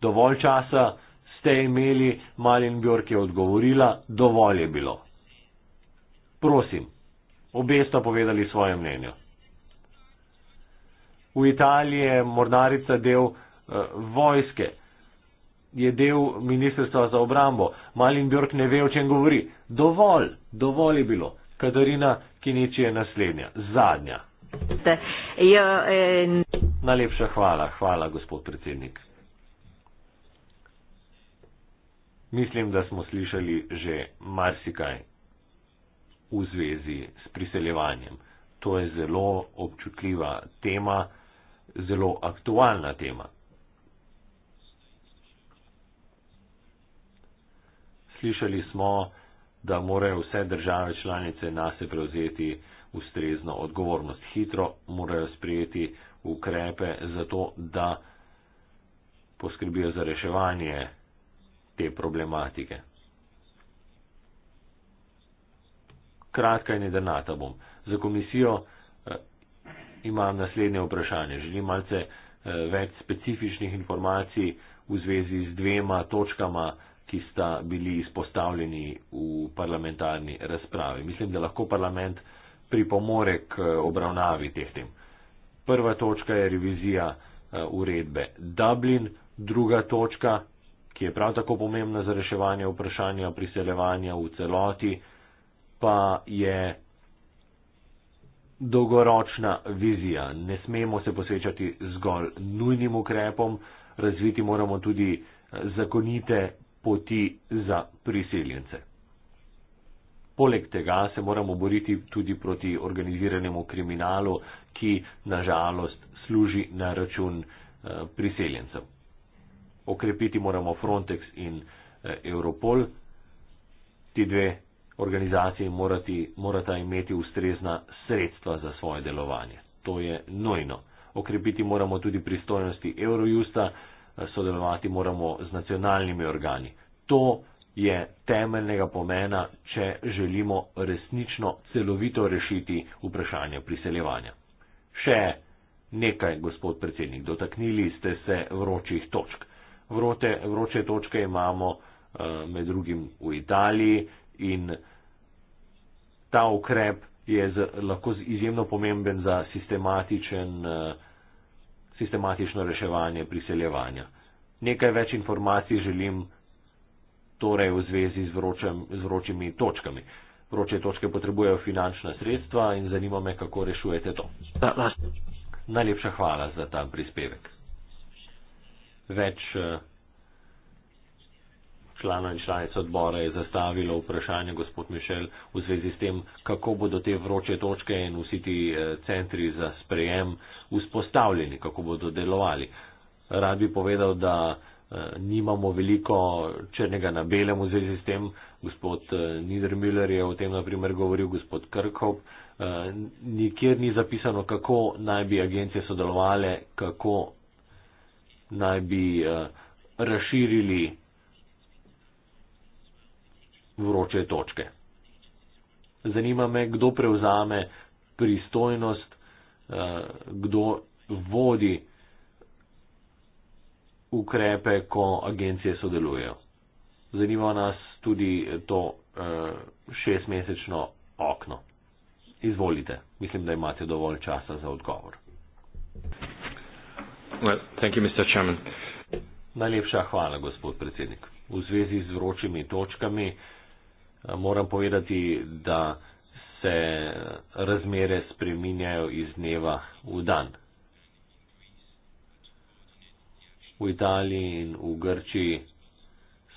dovolj časa ste imeli, Malin Björk je odgovorila, dovolj je bilo. Prosim, obe sta povedali svoje mnenje. V Italiji je mornarica del uh, vojske, je del Ministrstva za obrambo. Malin Björk ne ve, o čem govori. Dovolj. Dovolj je bilo. Katarina Kiniči je naslednja, zadnja. Jo, ja, en... Najlepša hvala, hvala, gospod predsednik. Mislim, da smo slišali že marsikaj v zvezi s priseljevanjem. To je zelo občutljiva tema, zelo aktualna tema. Slišali smo, da morajo vse države članice nase prevzeti ustrezno odgovornost. Hitro morajo sprijeti ukrepe za to, da poskrbijo za reševanje te problematike. Kratka in denata bom. Za komisijo eh, imam naslednje vprašanje. Želim malce eh, več specifičnih informacij v zvezi z dvema točkama ki sta bili izpostavljeni v parlamentarni razpravi. Mislim, da lahko parlament pripomore k eh, obravnavi teh tem. Prva točka je revizija eh, uredbe Dublin, druga točka, ki je prav tako pomembna za reševanje vprašanja priseljevanja v celoti, pa je dolgoročna vizija. Ne smemo se posvečati zgolj nujnim ukrepom, razviti moramo tudi eh, zakonite poti za priseljence. Poleg tega se moramo boriti tudi proti organiziranemu kriminalu, ki nažalost služi na račun eh, priseljencev. Okrepiti moramo Frontex in eh, Europol. Ti dve organizaciji morati, morata imeti ustrezna sredstva za svoje delovanje. To je nojno. Okrepiti moramo tudi pristojnosti Eurojusta, sodelovati moramo z nacionalnimi organi. To je temeljnega pomena, če želimo resnično celovito rešiti vprašanje priseljevanja. Še nekaj, gospod predsednik, dotaknili ste se vročih točk. Vrote, vroče točke imamo eh, med drugim v Italiji in ta ukrep je z, lahko z, izjemno pomemben za sistematičen uh, sistematično reševanje priseljevanja. Nekaj več informacij želim torej v zvezi z, vročem, z vročimi točkami. Vroče točke potrebujejo finančna sredstva in zanima me, kako rešujete to. Najlepša hvala za ta prispevek. Več. Uh, člana in članic odbora je zastavilo vprašanje, gospod Mišel, v zvezi s tem, kako bodo te vroče točke in vsi ti eh, centri za sprejem vzpostavljeni, kako bodo delovali. Rad bi povedal, da eh, nimamo veliko črnega na belem v zvezi s tem. Gospod eh, Niedermüller je o tem naprimer govoril, gospod Krkop. Nikjer ni zapisano, kako naj bi agencije sodelovale, kako naj bi razširili vroče točke. Zanima me, kdo prevzame pristojnost, eh, kdo vodi ukrepe, ko agencije sodelujejo. Zanima nas tudi to eh, šestmesečno okno. Izvolite, mislim, da imate dovolj časa za odgovor. Well, you, Najlepša hvala, gospod predsednik. V zvezi z vročimi točkami. Moram povedati, da se razmere spreminjajo iz dneva v dan. V Italiji in v Grčiji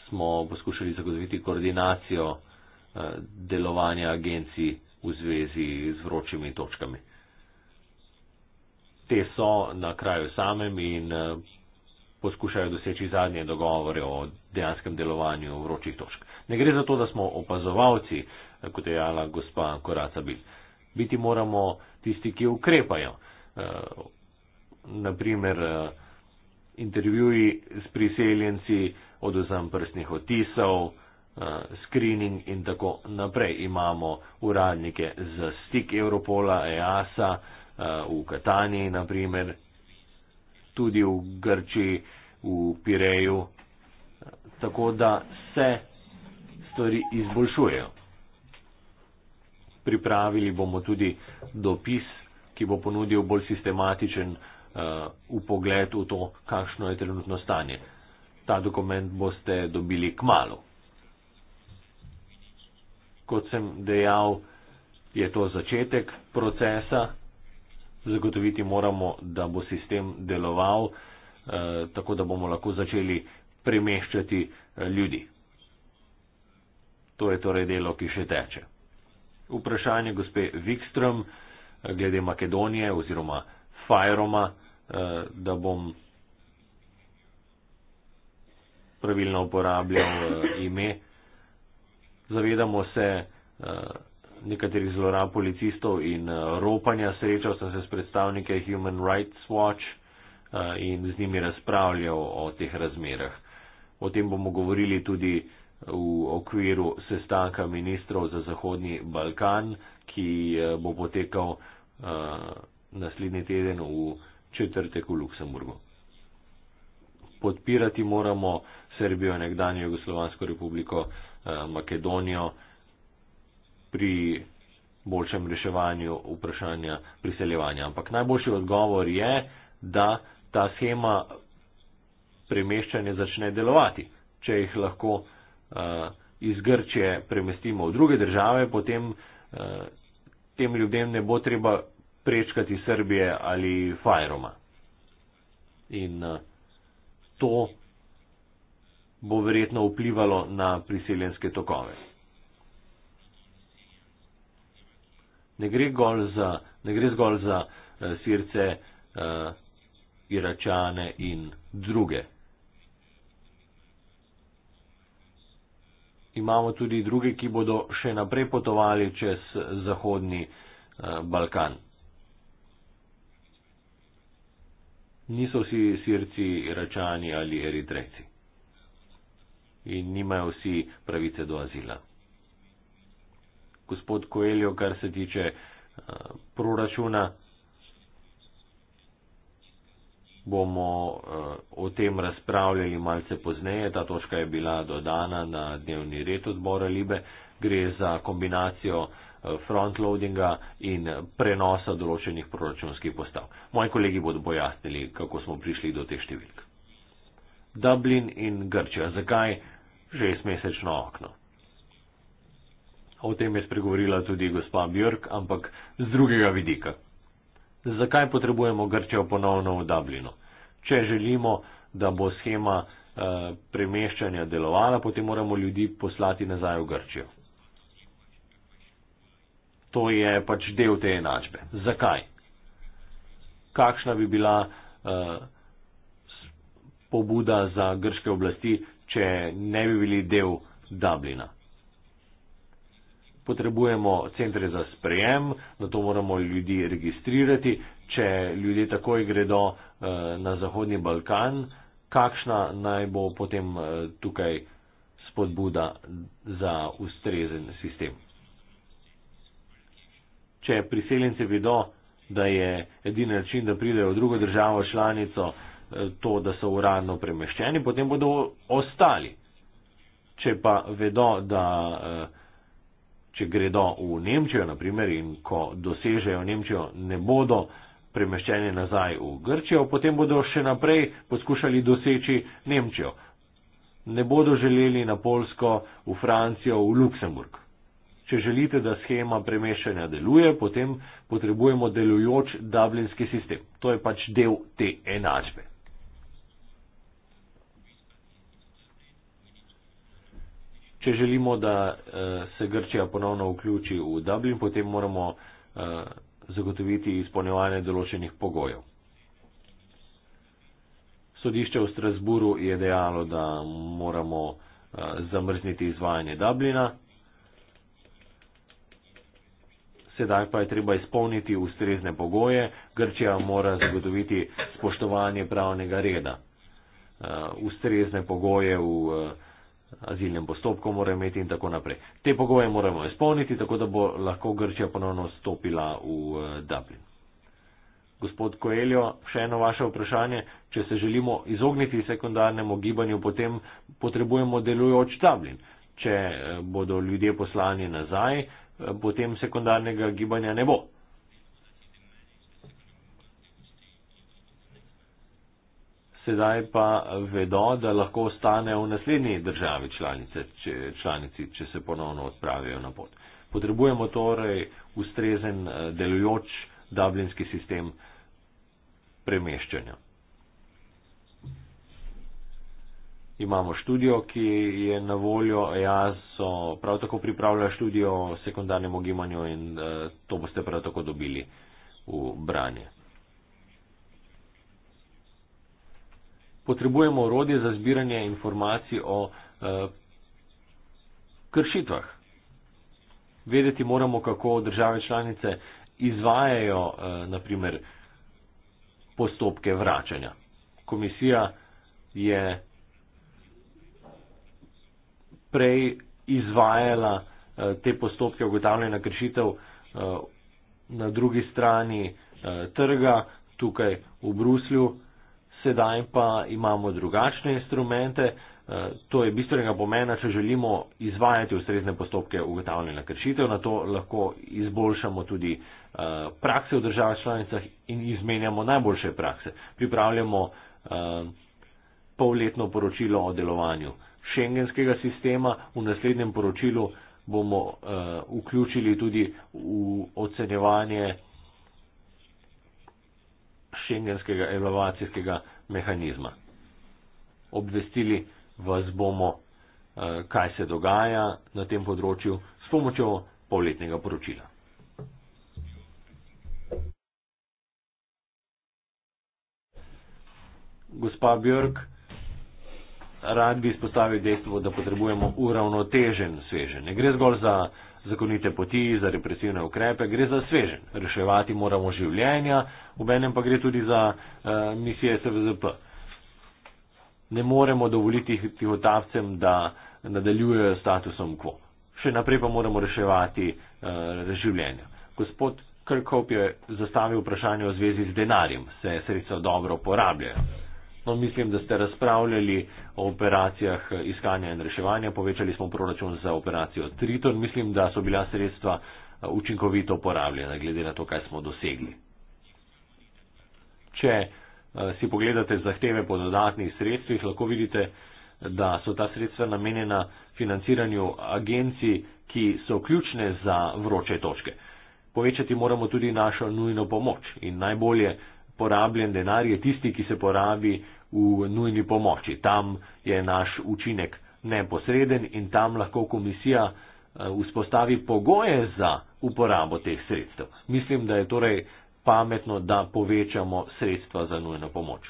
smo poskušali zagotoviti koordinacijo eh, delovanja agencij v zvezi z vročimi točkami. Te so na kraju samem in eh, poskušajo doseči zadnje dogovore o dejanskem delovanju vročih točk. Ne gre za to, da smo opazovalci, kot je jala gospa Koraca Bil. Biti moramo tisti, ki ukrepajo. Eh, naprimer, eh, intervjuji s priseljenci, oduzem prstnih otisov, eh, screening in tako naprej. Imamo uradnike za stik Europola, EASA, v Kataniji, naprimer, tudi v Grčiji, v Pireju, tako da se stvari izboljšujejo. Pripravili bomo tudi dopis, ki bo ponudil bolj sistematičen upogled eh, uh, v, v to, kakšno je trenutno stanje. Ta dokument boste dobili k malu. Kot sem dejal, je to začetek procesa zagotoviti moramo, da bo sistem deloval eh, tako, da bomo lahko začeli premeščati eh, ljudi. To je torej delo, ki še teče. Vprašanje gospe Wikström eh, glede Makedonije oziroma Fajroma, eh, da bom pravilno uporabljal eh, ime. Zavedamo se, eh, nekaterih zlorab policistov in eh, ropanja. Srečal sem se s predstavnike Human Rights Watch eh, in z njimi razpravljal o teh razmerah. O tem bomo govorili tudi eh, v okviru sestanka ministrov za Zahodni Balkan, ki bo potekal naslednji teden v četrtek v Luksemburgu. Podpirati moramo Srbijo, nekdanje Jugoslovansko republiko, Makedonijo, pri boljšem reševanju vprašanja priseljevanja. Ampak najboljši odgovor je, da ta schema premeščanja začne delovati. Če jih lahko uh, iz Grčije premestimo v druge države, potem uh, tem ljudem ne bo treba prečkati Srbije ali Fajroma. In uh, to bo verjetno vplivalo na priseljenske tokove. ne gre, za, ne gre zgolj za uh, sirce, uh, iračane in druge. Imamo tudi druge, ki bodo še naprej potovali čez eh, Zahodni uh, Balkan. Niso vsi sirci, iračani ali eritrejci. In nimajo vsi pravice do azila gospod Koeljo, kar se tiče eh, proračuna. Bomo eh, o tem razpravljali malce pozneje. Ta točka je bila dodana na dnevni red odbora Libe. Gre za kombinacijo eh, frontloadinga in prenosa določenih proračunskih postav. Moji kolegi bodo pojasnili, kako smo prišli do teh številk. Dublin in Grčija. Zakaj? Že je smesečno okno. O tem je spregovorila tudi gospa Björk, ampak z drugega vidika. Zakaj potrebujemo Grčijo ponovno v Dublinu? Če želimo, da bo schema eh, premeščanja delovala, potem moramo ljudi poslati nazaj v Grčijo. To je pač del te enačbe. Zakaj? Kakšna bi bila eh, pobuda za grške oblasti, če ne bi bili del Dublina? potrebujemo centre za sprejem, na to moramo ljudi registrirati. Če ljudje takoj gredo eh, na Zahodni Balkan, kakšna naj bo potem eh, tukaj spodbuda za ustrezen sistem? Če priseljence vedo, da je edini način, da pridejo v drugo državo članico, eh, to, da so uradno premeščeni, potem bodo ostali. Če pa vedo, da uh, če gredo v Nemčijo, naprimer, in ko dosežejo Nemčijo, ne bodo premeščeni nazaj v Grčijo, potem bodo še naprej poskušali doseči Nemčijo. Ne bodo želeli na Polsko, v Francijo, v Luksemburg. Če želite, da schema premeščanja deluje, potem potrebujemo delujoč dublinski sistem. To je pač del te enačbe. Če želimo, da eh, se Grčija ponovno vključi v Dublin, potem moramo eh, zagotoviti izpolnjevanje določenih pogojev. Sodišče v Strasburu je dejalo, da moramo eh, zamrzniti izvajanje Dublina. Sedaj pa je treba izpolniti ustrezne pogoje. Grčija mora zagotoviti spoštovanje pravnega reda. Ustrezne pogoje v Dublinu azilnem postopku mora imeti in tako naprej. Te pogoje moramo izpolniti, tako da bo lahko Grčija ponovno stopila v eh, Dublin. Gospod Koeljo, še eno vaše vprašanje. Če se želimo izogniti sekundarnemu gibanju, potem potrebujemo delujoč Dublin. Če eh, bodo ljudje poslani nazaj, eh, potem sekundarnega gibanja ne bo. sedaj pa vedo, da lahko ostane v naslednji državi članice, če, članici, če se ponovno odpravijo na pot. Potrebujemo torej ustrezen eh, delujoč dublinski sistem premeščanja. Imamo študijo, ki je na voljo, jaz so prav tako pripravlja študijo o sekundarnem ogimanju in eh, to boste prav tako dobili v branje. potrebujemo orodje za zbiranje informacij o eh, kršitvah. Vedeti moramo, kako države članice izvajajo eh, naprimer postopke vračanja. Komisija je prej izvajala eh, te postopke ugotavljanja kršitev na drugi strani trga, tukaj v Bruslju, sedaj pa imamo drugačne instrumente. Eh, to je bistvenega pomena, če želimo izvajati ustrezne postopke ugotavljanja kršitev, na to lahko izboljšamo tudi eh, prakse v državah članicah in izmenjamo najboljše prakse. Pripravljamo eh, polletno poročilo o delovanju šengenskega sistema, v naslednjem poročilu bomo vključili tudi v ocenjevanje šengenskega evalvacijskega sistema mehanizma. Obvestili vas bomo, eh, kaj se dogaja na tem področju s pomočjo polletnega poročila. Gospa Björk, rad bi izpostavil dejstvo, da potrebujemo uravnotežen sveže. Ne gre zgolj za zakonite poti, za represivne ukrepe, gre za svežen. Reševati moramo življenja, v enem pa gre tudi za uh, misije SVZP. Ne moremo dovoliti tihotavcem, da nadaljujejo statusom quo. Še naprej pa moramo reševati uh, življenja. Gospod Krkop je zastavil vprašanje v zvezi z denarjem. Se sredstva dobro porabljajo? No, mislim, da ste razpravljali o operacijah iskanja in reševanja. Povečali smo proračun za operacijo Triton. Mislim, da so bila sredstva eh, učinkovito uporabljena, glede na to, kaj smo dosegli. Če eh, si pogledate zahteve po dodatnih sredstvih, lahko vidite, da so ta sredstva namenjena financiranju agencij, ki so ključne za vroče točke. Povečati moramo tudi našo nujno pomoč in najbolje porabljen denar je tisti, ki se porabi v nujni pomoči. Tam je naš učinek neposreden in tam lahko komisija eh, vzpostavi pogoje za uporabo teh sredstev. Mislim, da je torej pametno, da povečamo sredstva za nujno pomoč.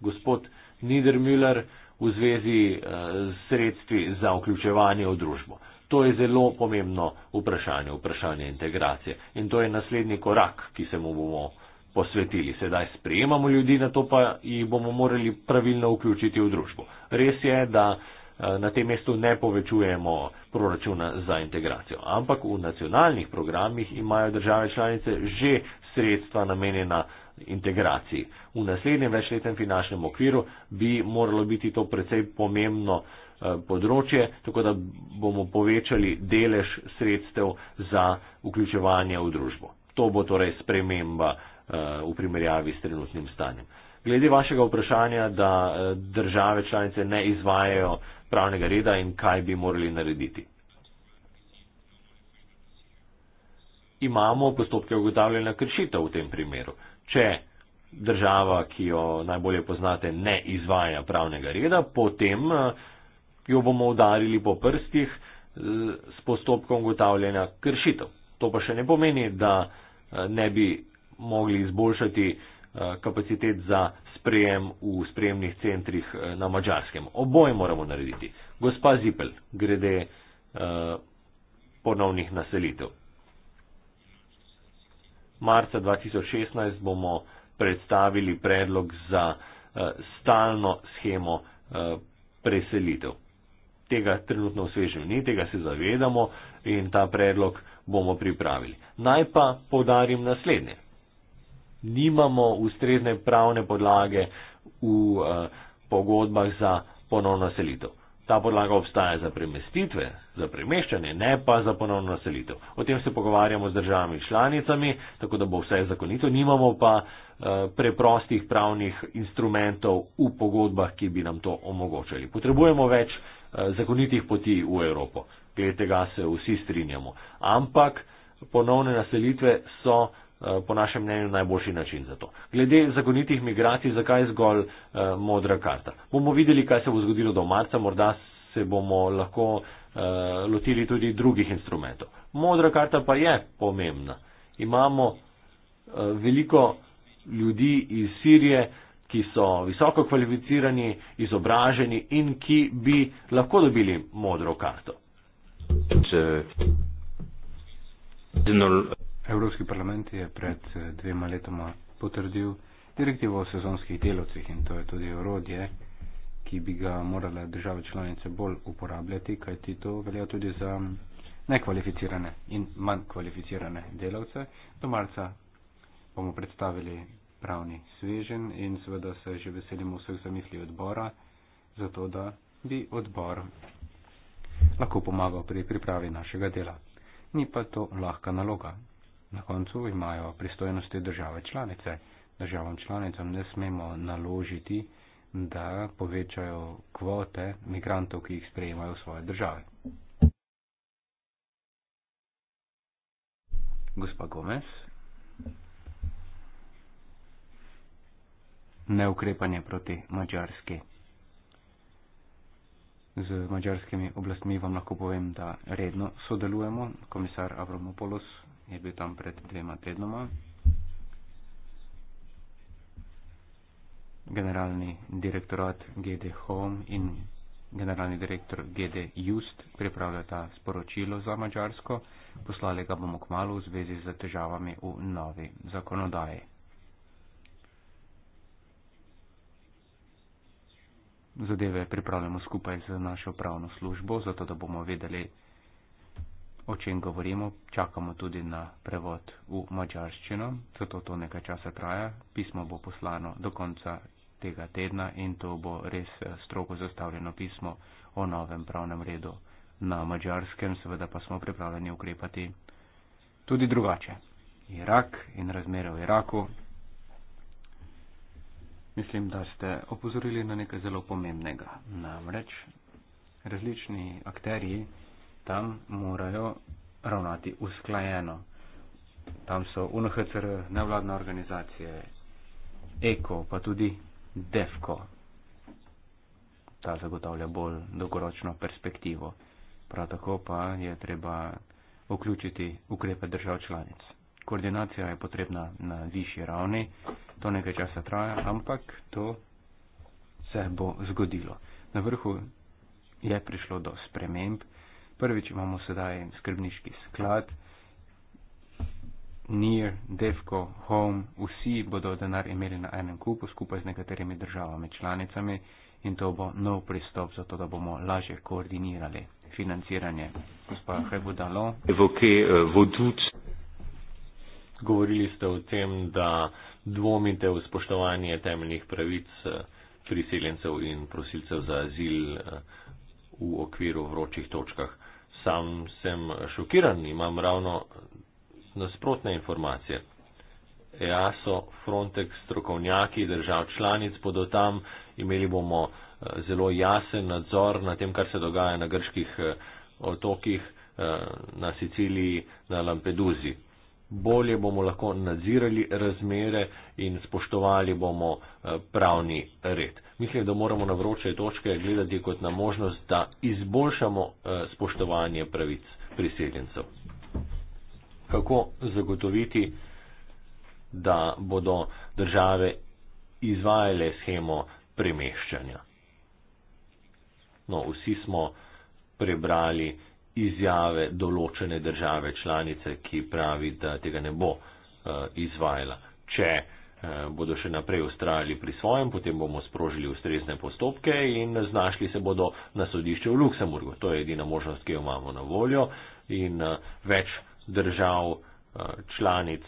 Gospod Niedermüller v zvezi z eh, sredstvi za vključevanje v družbo. To je zelo pomembno vprašanje, vprašanje integracije. In to je naslednji korak, ki se mu bomo posvetili. Sedaj sprejemamo ljudi, na to pa jih bomo morali pravilno vključiti v družbo. Res je, da eh, na tem mestu ne povečujemo proračuna za integracijo, ampak v nacionalnih programih imajo države članice že sredstva namenjena integraciji. V naslednjem večletnem finančnem okviru bi moralo biti to precej pomembno eh, področje, tako da bomo povečali delež sredstev za vključevanje v družbo. To bo torej sprememba uh, Eh, v primerjavi s trenutnim stanjem. Glede vašega vprašanja, da eh, države članice ne izvajajo pravnega reda in kaj bi morali narediti. Imamo postopke ugotavljanja kršitev v tem primeru. Če država, ki jo najbolje poznate, ne izvaja pravnega reda, potem eh, jo bomo udarili po prstih s postopkom ugotavljanja kršitev. To pa še ne pomeni, da ne bi mogli izboljšati eh, kapacitet za sprejem v sprejemnih centrih eh, na Mačarskem. Oboje moramo narediti. Gospa Zipel, grede eh, ponovnih naselitev. Marca 2016 bomo predstavili predlog za stalno schemo preselitev. Tega trenutno v svežem ni, tega se zavedamo in ta predlog bomo pripravili. Naj pa podarim naslednje nimamo ustrezne pravne podlage v eh, pogodbah za ponovno selitev. Ta podlaga obstaja za premestitve, za premeščanje, ne pa za ponovno selitev. O tem se pogovarjamo z državami članicami, tako da bo vse zakonito, nimamo pa eh, preprostih pravnih instrumentov v pogodbah, ki bi nam to omogočali. Potrebujemo več eh, zakonitih poti v Evropo. Glede tega se vsi strinjamo. Ampak ponovne naselitve so Eh, po našem mnenju najboljši način za to. Glede zakonitih migracij, zakaj zgolj uh, modra karta? Bomo videli, kaj se bo zgodilo do marca, morda se bomo lahko uh, lotili tudi drugih instrumentov. Modra karta pa je pomembna. Imamo uh, veliko ljudi iz Sirije, ki so visoko kvalificirani, izobraženi in ki bi lahko dobili modro karto. Zdaj, Evropski parlament je pred eh, dvema letoma potrdil direktivo o sezonskih delovcih in to je tudi orodje, ki bi ga morale države članice bolj uporabljati, kajti to velja tudi za nekvalificirane in manj kvalificirane delavce. Do marca bomo predstavili pravni svežen in seveda se že veselimo vseh zamisli odbora, zato da bi odbor lahko pomagal pri pripravi našega dela. Ni pa to lahka naloga. Na koncu imajo pristojnosti države članice. Državam članicam ne smemo naložiti, da povečajo kvote migrantov, ki jih sprejemajo v svoje države. Gospa Gomez. Neukrepanje proti Mačarski. Z mačarskimi oblastmi vam lahko povem, da redno sodelujemo. Komisar Avramopoulos je bil tam pred dvema tednoma. Generalni direktorat GD Home in generalni direktor GD Just pripravljata sporočilo za Mačarsko, poslali ga bomo k malu v zvezi z težavami v novi zakonodaji. Zadeve pripravljamo skupaj z našo pravno službo, zato da bomo vedeli, o čem govorimo, čakamo tudi na prevod v mačarščino, zato to nekaj časa traja. Pismo bo poslano do konca tega tedna in to bo res eh, strogo zastavljeno pismo o novem pravnem redu na mačarskem, seveda pa smo pripravljeni ukrepati tudi drugače. Irak in razmere v Iraku. Mislim, da ste opozorili na nekaj zelo pomembnega. Namreč različni akteri tam morajo ravnati usklajeno. Tam so UNHCR, nevladne organizacije, ECO, pa tudi DEFCO. Ta zagotavlja bolj dolgoročno perspektivo. Prav tako pa je treba vključiti ukrepe držav članic. Koordinacija je potrebna na višji ravni, to nekaj časa traja, ampak to se bo zgodilo. Na vrhu je prišlo do sprememb. Prvič imamo sedaj skrbniški sklad, NIR, DEFCO, HOME, vsi bodo denar imeli na enem kupu skupaj z nekaterimi državami članicami in to bo nov pristop za to, da bomo lažje koordinirali financiranje. Gospa Hrebudalo. Eh, Govorili ste o tem, da dvomite v spoštovanje temeljnih pravic eh, priseljencev in prosilcev za azil eh, v okviru vročih točkah. Sam sem šokiran, imam ravno nasprotne informacije. EASO, Frontex, strokovnjaki držav članic bodo tam, imeli bomo eh, zelo jasen nadzor na tem, kar se dogaja na grških eh, otokih, eh, na Siciliji, na Lampeduzi bolje bomo lahko nadzirali razmere in spoštovali bomo eh, pravni red. Mislim, da moramo na vroče točke gledati kot na možnost, da izboljšamo eh, spoštovanje pravic priseljencev. Kako zagotoviti, da bodo države izvajale schemo premeščanja? No, vsi smo prebrali izjave določene države članice, ki pravi, da tega ne bo eh, izvajala. Če eh, bodo še naprej ustrajali pri svojem, potem bomo sprožili ustrezne postopke in znašli se bodo na sodišču v Luksemburgu. To je edina možnost, ki jo imamo na voljo in eh, več držav članic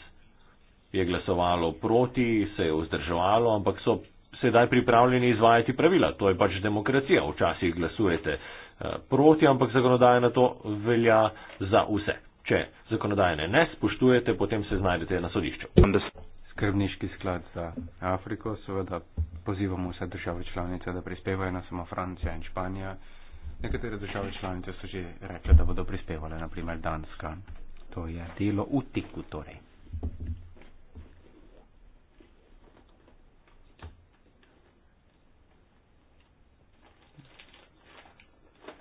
je glasovalo proti, se je vzdrževalo, ampak so sedaj pripravljeni izvajati pravila. To je pač demokracija. Včasih glasujete uh, Eh, proti, ampak zakonodaja na to velja za vse. Če zakonodaje ne spoštujete, potem se znajdete na sodišču. Skrbniški sklad za Afriko, seveda pozivamo vse države članice, da prispevajo, ne samo Francija in Španija. Nekatere države članice so že rekle, da bodo prispevali, naprimer Danska. To je delo v tiku torej.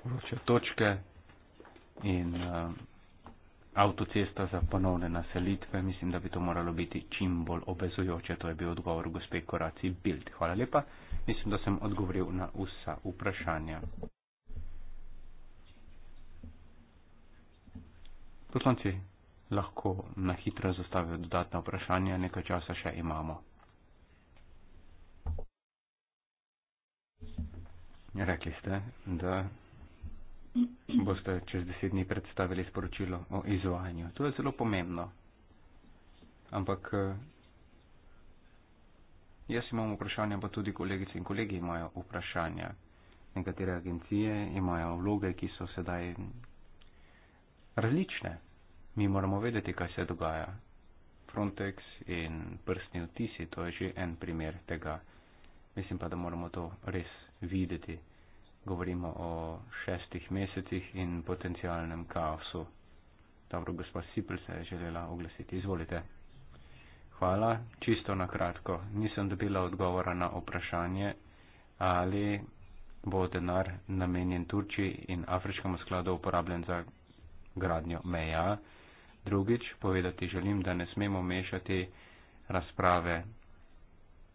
vroče točke in uh, avtocesta za ponovne naselitve. Mislim, da bi to moralo biti čim bolj obezujoče. To je bil odgovor gospe Koraci Bild. Hvala lepa. Mislim, da sem odgovoril na vsa vprašanja. Poslanci lahko na hitro zastavijo dodatna vprašanja, nekaj časa še imamo. Rekli ste, da boste čez deset dni predstavili sporočilo o izvajanju. To je zelo pomembno. Ampak eh, jaz imam vprašanja, pa tudi kolegice in kolegi imajo vprašanja. Nekatere agencije imajo vloge, ki so sedaj različne. Mi moramo vedeti, kaj se dogaja. Frontex in prstni odtisi, to je že en primer tega. Mislim pa, da moramo to res videti govorimo o šestih mesecih in potencijalnem kaosu. Dobro, gospa Sipr se je želela oglasiti. Izvolite. Hvala. Čisto na kratko. Nisem dobila odgovora na vprašanje, ali bo denar namenjen Turčiji in Afriškemu skladu uporabljen za gradnjo meja. Drugič, povedati želim, da ne smemo mešati razprave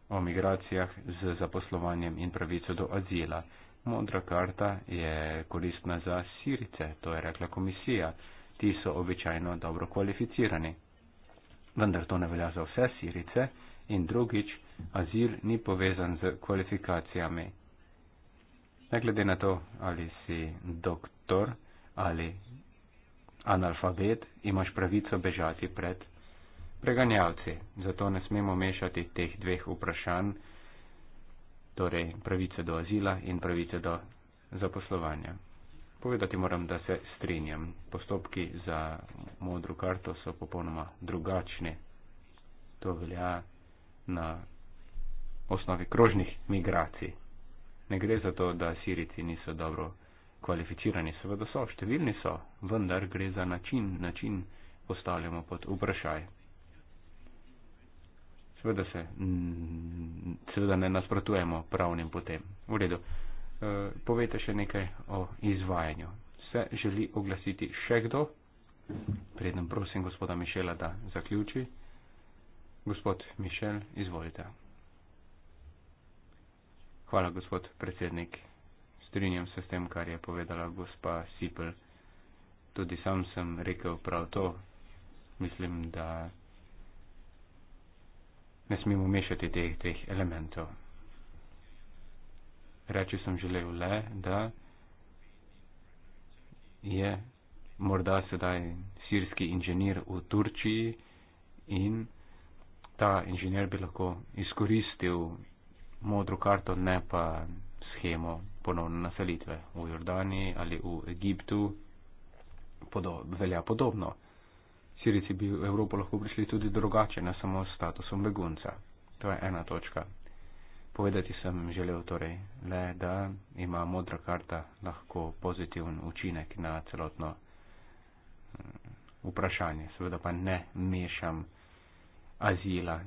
o migracijah z zaposlovanjem in pravico do azila. Modra karta je koristna za sirice, to je rekla komisija. Ti so običajno dobro kvalificirani. Vendar to ne velja za vse sirice in drugič, azil ni povezan z kvalifikacijami. Ne glede na to, ali si doktor ali analfabet, imaš pravico bežati pred preganjavci. Zato ne smemo mešati teh dveh vprašanj torej pravice do azila in pravice do zaposlovanja. Povedati moram, da se strinjam. Postopki za modro karto so popolnoma drugačni. To velja na osnovi krožnih migracij. Ne gre za to, da sirici niso dobro kvalificirani. Seveda so, številni so, vendar gre za način, način postavljamo pod vprašaj. Seveda se, mm, seveda ne nasprotujemo pravnim potem. V redu. E, povejte še nekaj o izvajanju. Se želi oglasiti še kdo? Preden prosim gospoda Mišela, da zaključi. Gospod Mišel, izvolite. Hvala, gospod predsednik. Strinjam se s tem, kar je povedala gospa Sipel. Tudi sam sem rekel prav to. Mislim, da ne smemo mešati teh dveh elementov. Reči sem želel le, da je morda sedaj sirski inženir v Turčiji in ta inženir bi lahko izkoristil modro karto, ne pa schemo ponovne naselitve v Jordani ali v Egiptu. Podo velja podobno. Sirici bi v Evropo lahko prišli tudi drugače, ne samo s statusom begunca. To je ena točka. Povedati sem želel torej le, da ima modra karta lahko pozitiven učinek na celotno mm, vprašanje. Seveda pa ne mešam azila,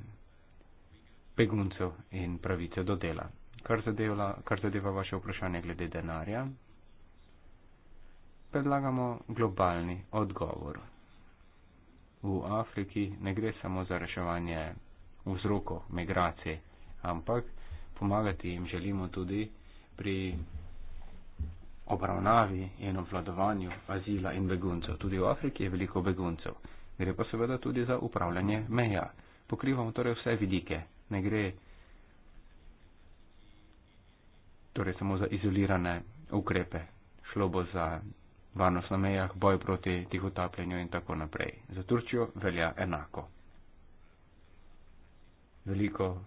beguncev in pravice do dela. Kar zadeva, kar zadeva vaše vprašanje glede denarja, predlagamo globalni odgovor v Afriki ne gre samo za reševanje vzrokov migracij, ampak pomagati jim želimo tudi pri obravnavi in obvladovanju azila in beguncev. Tudi v Afriki je veliko beguncev. Gre pa seveda tudi za upravljanje meja. Pokrivamo torej vse vidike. Ne gre torej samo za izolirane ukrepe. Šlo bo za varnost na mejah, boj proti tihotapljenju in tako naprej. Za Turčijo velja enako. Veliko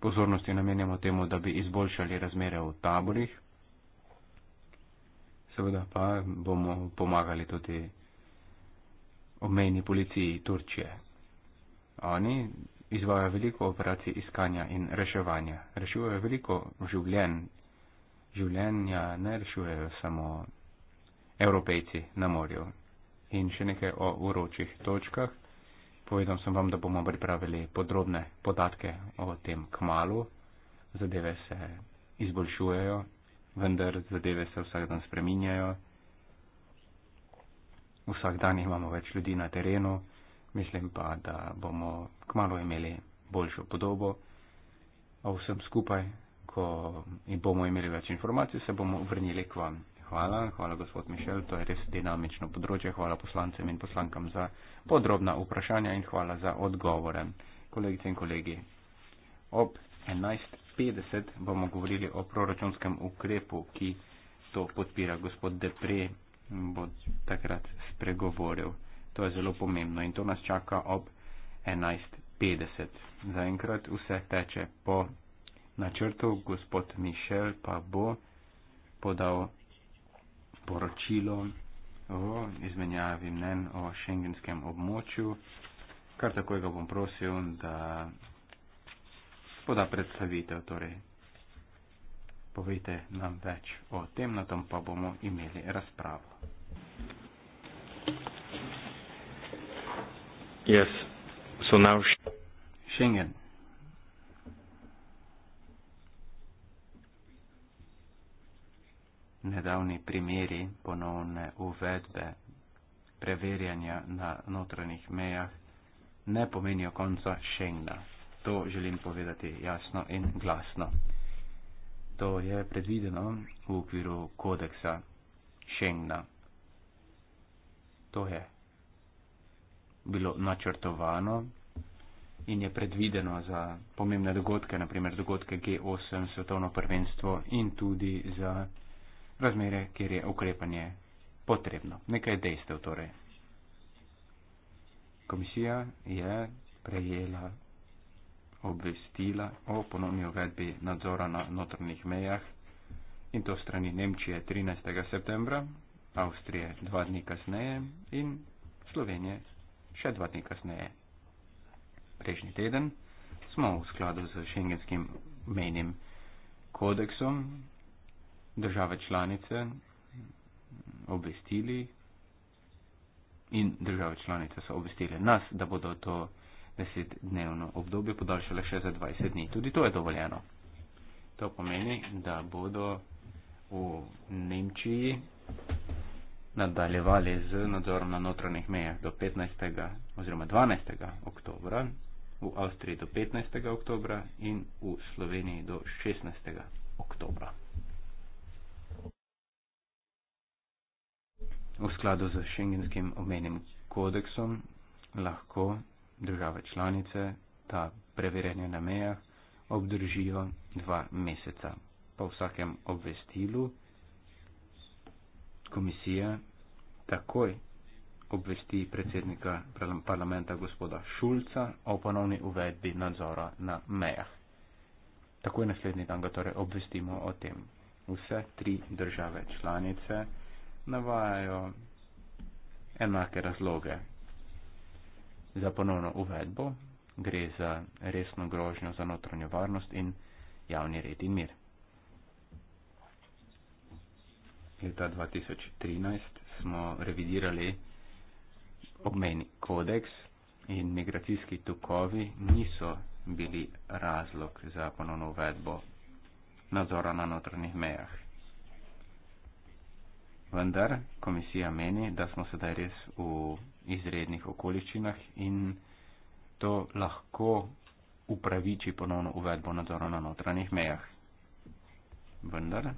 pozornosti namenjamo temu, da bi izboljšali razmere v taborih. Seveda pa bomo pomagali tudi obmejni policiji Turčije. Oni izvajo veliko operacij iskanja in reševanja. Rešujejo veliko življenj življenja ne rešujejo samo evropejci na morju. In še nekaj o uročih točkah. Povedal sem vam, da bomo pripravili podrobne podatke o tem kmalu. Zadeve se izboljšujejo, vendar zadeve se vsak dan spreminjajo. Vsak dan imamo več ljudi na terenu, mislim pa, da bomo kmalo imeli boljšo podobo o vsem skupaj, ko bomo imeli več informacij, se bomo vrnili k vam. Hvala, hvala gospod Mišel, to je res dinamično področje. Hvala poslancem in poslankam za podrobna vprašanja in hvala za odgovore. Kolegice in kolegi, ob 11.50 bomo govorili o proračunskem ukrepu, ki to podpira gospod Depre, bo takrat spregovoril. To je zelo pomembno in to nas čaka ob 11.50. Zaenkrat vse teče po načrtov, gospod Mišel pa bo podal poročilo o izmenjavi mnen o šengenskem območju. Kar takoj ga bom prosil, da poda predstavitev, torej povejte nam več o tem, na tom pa bomo imeli razpravo. Yes. So now Schengen. nedavni primeri ponovne uvedbe preverjanja na notranjih mejah ne pomenijo konca Schengna. To želim povedati jasno in glasno. To je predvideno v okviru kodeksa Schengna. To je bilo načrtovano in je predvideno za pomembne dogodke, naprimer dogodke G8, svetovno prvenstvo in tudi za razmere, kjer je ukrepanje potrebno. Nekaj dejstev torej. Komisija je prejela obvestila o ponovni uvedbi nadzora na notrnih mejah in to strani Nemčije 13. septembra, Avstrije dva dni kasneje in Slovenije še dva dni kasneje. Prejšnji teden smo v skladu z šengenskim menim kodeksom države članice obvestili in države članice so obvestile nas, da bodo to desetdnevno obdobje podaljšale še za 20 dni. Tudi to je dovoljeno. To pomeni, da bodo v Nemčiji nadaljevali z nadzorom na notranjih mejah do 15. oziroma 12. oktobra, v Avstriji do 15. oktobra in v Sloveniji do 16. oktobra. v skladu z šengenskim omenjenim kodeksom lahko države članice ta preverjanja na mejah obdržijo dva meseca. Po vsakem obvestilu komisija takoj obvesti predsednika parlamenta gospoda Šulca o ponovni uvedbi nadzora na mejah. Takoj naslednji dan ga torej obvestimo o tem. Vse tri države članice navajajo enake razloge za ponovno uvedbo, gre za resno grožnjo za notranjo varnost in javni red in mir. Leta 2013 smo revidirali obmejni kodeks in migracijski tukovi niso bili razlog za ponovno uvedbo nadzora na notranjih mejah. Vendar komisija meni, da smo sedaj res v izrednih okoliščinah in to lahko upraviči ponovno uvedbo nadzora na notranjih mejah. Vendar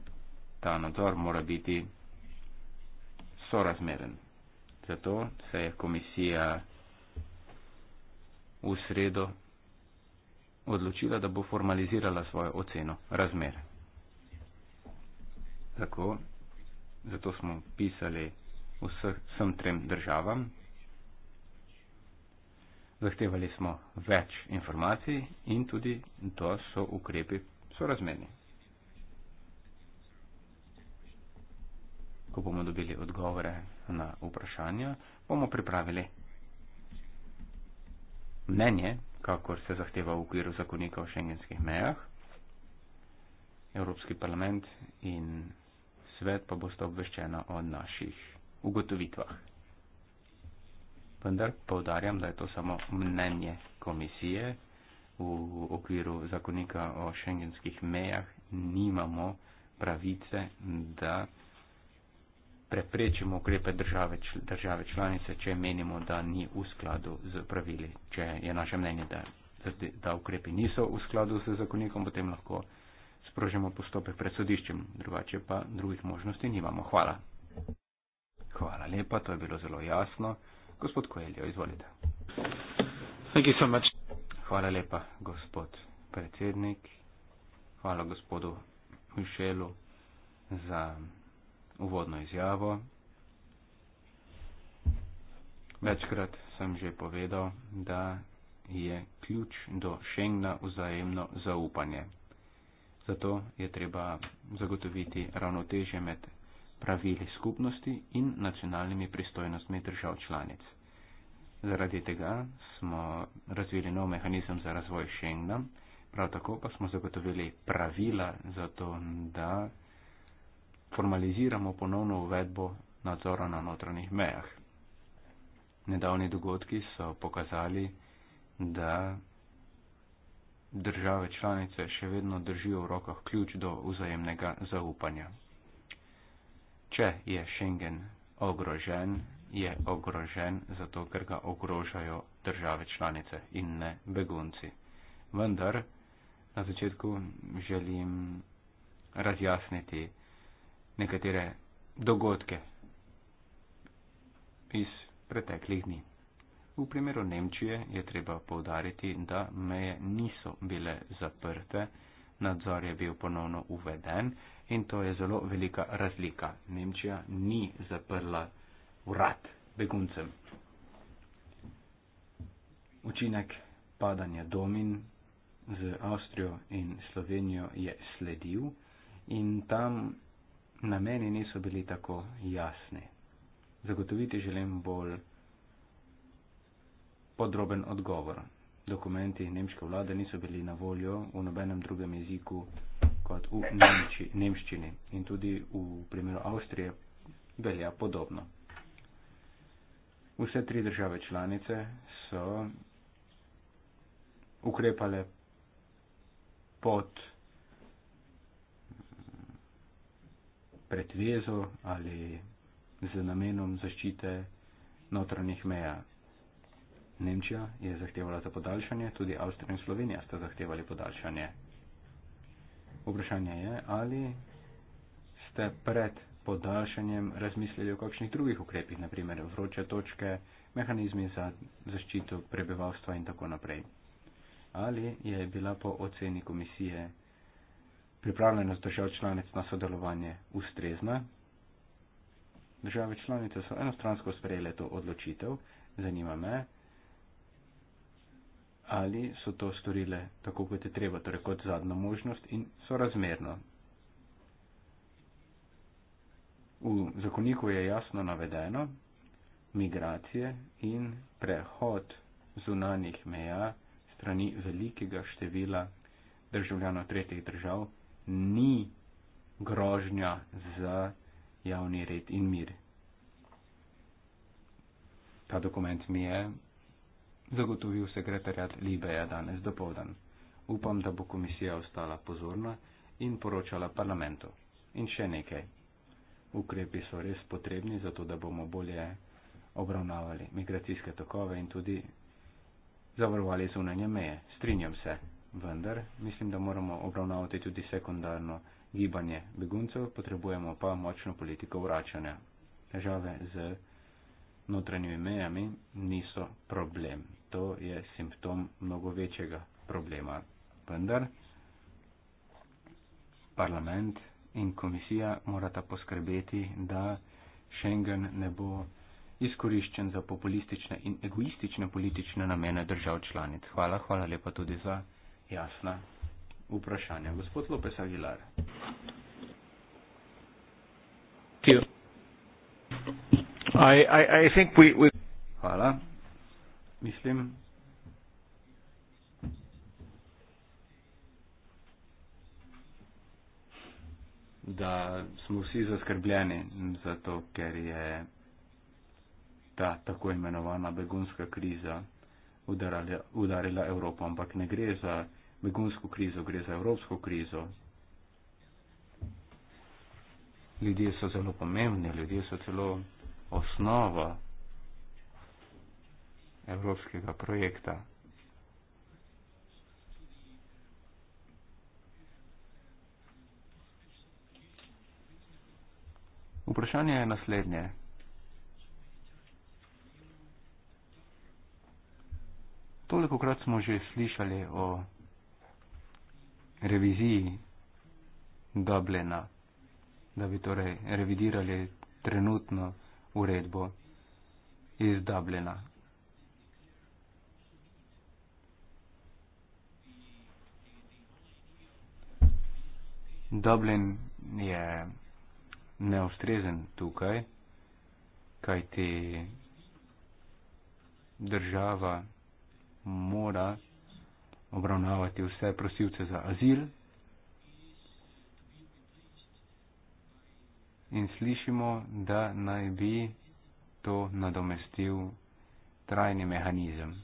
ta nadzor mora biti sorazmeren. Zato se je komisija v sredo odločila, da bo formalizirala svojo oceno razmer. Tako zato smo pisali vsem trem državam. Zahtevali smo več informacij in tudi, da so ukrepi sorazmerni. Ko bomo dobili odgovore na vprašanja, bomo pripravili mnenje, kakor se zahteva v okviru zakonika o šengenskih mejah. Evropski parlament in svet pa boste obveščena o naših ugotovitvah. Vendar povdarjam, da je to samo mnenje komisije v okviru zakonika o šengenskih mejah. Nimamo pravice, da preprečimo ukrepe države, države članice, če menimo, da ni v skladu z pravili. Če je naše mnenje, da, da ukrepi niso v skladu z zakonikom, potem lahko sprožimo postopek pred sodiščem, drugače pa drugih možnosti nimamo. Hvala. Hvala lepa, to je bilo zelo jasno. Gospod Koeljo, izvolite. So much. Hvala lepa, gospod predsednik. Hvala gospodu Mišelu za uvodno izjavo. Večkrat sem že povedal, da je ključ do Schengna vzajemno zaupanje. Zato je treba zagotoviti ravnotežje med pravili skupnosti in nacionalnimi pristojnostmi držav članic. Zaradi tega smo razvili nov mehanizem za razvoj Schengna, prav tako pa smo zagotovili pravila za to, da formaliziramo ponovno uvedbo nadzora na notranjih mejah. Nedavni dogodki so pokazali, da države članice še vedno držijo v rokah ključ do vzajemnega zaupanja. Če je Schengen ogrožen, je ogrožen zato, ker ga ogrožajo države članice in ne begunci. Vendar na začetku želim razjasniti nekatere dogodke iz preteklih dni. V primeru Nemčije je treba povdariti, da meje niso bile zaprte, nadzor je bil ponovno uveden in to je zelo velika razlika. Nemčija ni zaprla vrat beguncem. Učinek padanja domin z Avstrijo in Slovenijo je sledil in tam nameni niso bili tako jasni. Zagotoviti želim bolj podroben odgovor. Dokumenti nemške vlade niso bili na voljo v nobenem drugem jeziku kot v nemči, nemščini in tudi v primeru Avstrije velja podobno. Vse tri države članice so ukrepale pod pretvezo ali z namenom zaščite notranjih meja. Nemčija je zahtevala za podaljšanje, tudi Avstrija in Slovenija sta zahtevali podaljšanje. Vprašanje je, ali ste pred podaljšanjem razmislili o kakšnih drugih ukrepih, naprimer vroče točke, mehanizmi za zaščito prebivalstva in tako naprej. Ali je bila po oceni komisije pripravljenost držav članic na sodelovanje ustrezna? Države članice so enostransko sprejele to odločitev. Zanima me, ali so to storile tako, kot je treba, torej kot zadnjo možnost in sorazmerno. V zakoniku je jasno navedeno, migracije in prehod zunanih meja strani velikega števila državljanov tretjih držav ni grožnja za javni red in mir. Ta dokument mi je zagotovil sekretarjat Libeja danes dopoldan. Upam, da bo komisija ostala pozorna in poročala parlamentu. In še nekaj. Ukrepi so res potrebni, zato da bomo bolje obravnavali migracijske tokove in tudi zavarovali zunanje meje. Strinjam se, vendar mislim, da moramo obravnavati tudi sekundarno gibanje beguncev, potrebujemo pa močno politiko vračanja. Težave z notranjo ime, a mi niso problem. To je simptom mnogo večjega problema. Vendar parlament in komisija morata poskrbeti, da Schengen ne bo izkoriščen za populistične in egoistične politične namene držav članic. Hvala, hvala lepa tudi za jasna vprašanja. Gospod Lopes Aguilar. Thank you. I, I, I think we, we Hvala. Mislim. da smo vsi zaskrbljeni zato, ker je ta tako imenovana begunska kriza udarala, udarila Evropo, ampak ne gre za begunsko krizo, gre za evropsko krizo. Ljudje so zelo pomembni, ljudje so celo osnova evropskega projekta. Vprašanje je naslednje. Toliko krat smo že slišali o reviziji Dublina, da bi torej revidirali trenutno uredbo iz Dublina. Dublin je neustrezen tukaj, kajti država mora obravnavati vse prosilce za azil in slišimo, da naj bi to nadomestil trajni mehanizem.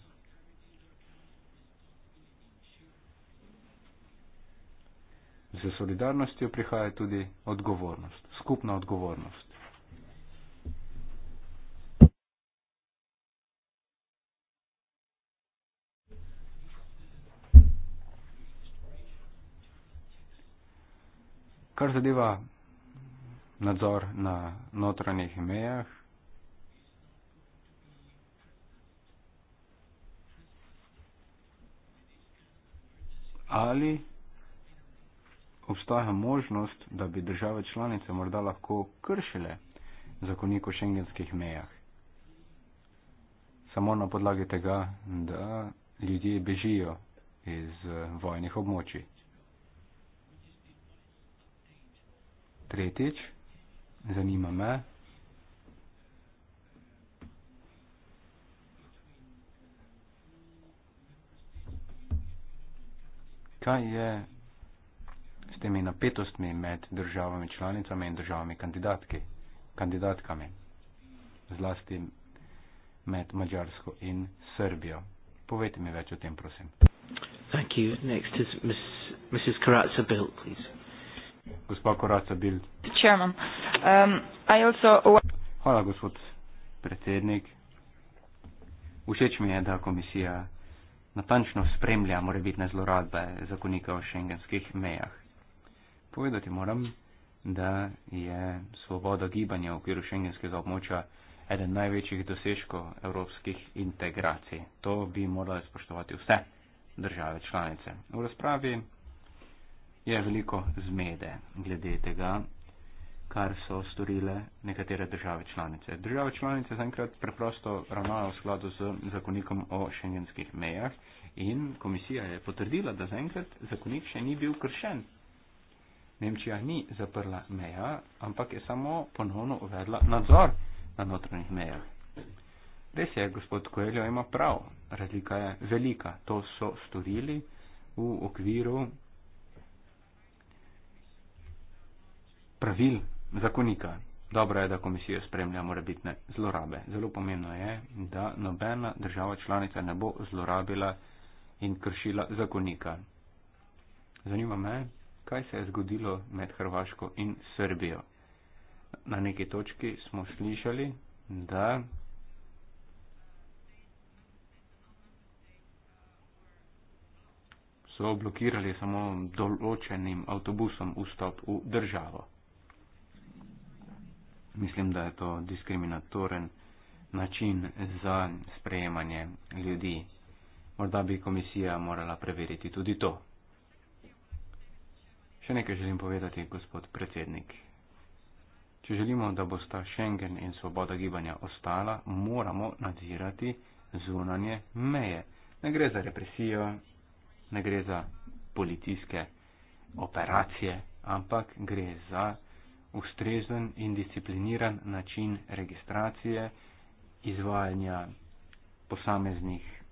Za solidarnostjo prihaja tudi odgovornost, skupna odgovornost. Kar zadeva nadzor na notranjih mejah. Ali obstaja možnost, da bi države članice morda lahko kršile zakonik o šengenskih mejah? Samo na podlagi tega, da ljudje bežijo iz vojnih območij. Tretjič, zanima me. Kaj je s temi napetostmi med državami članicami in državami kandidatki, kandidatkami, zlasti med Mađarsko in Srbijo? Povejte mi več o tem, prosim. Thank you. Next is Ms. Mrs. Karatza Bill, please. Gospa Koraca Bild. Chairman, um, I also... Hvala, gospod predsednik. Všeč mi je, da komisija natančno spremlja morebitne zlorabe zakonika o šengenskih mejah. Povedati moram, da je svoboda gibanja v okviru šengenskega območja eden največjih dosežkov evropskih integracij. To bi morali spoštovati vse države članice. V razpravi je veliko zmede glede tega, kar so storile nekatere države članice. Države članice zaenkrat preprosto ravnajo v skladu z zakonikom o šengenskih mejah in komisija je potrdila, da zaenkrat zakonik še ni bil kršen. Nemčija ni zaprla meja, ampak je samo ponovno uvedla nadzor na notranjih mejah. Res je, gospod Koeljo ima prav, razlika je velika. To so storili v okviru pravil, zakonika. Dobro je, da komisija spremlja morebitne zlorabe. Zelo pomembno je, da nobena država članica ne bo zlorabila in kršila zakonika. Zanima me, kaj se je zgodilo med Hrvaško in Srbijo. Na neki točki smo slišali, da so blokirali samo določenim avtobusom vstop v državo. Mislim, da je to diskriminatoren način za sprejemanje ljudi. Morda bi komisija morala preveriti tudi to. Še nekaj želim povedati, gospod predsednik. Če želimo, da bosta Schengen in svoboda gibanja ostala, moramo nadzirati zunanje meje. Ne gre za represijo, ne gre za policijske operacije, ampak gre za ustrezen in discipliniran način registracije, izvajanja posameznih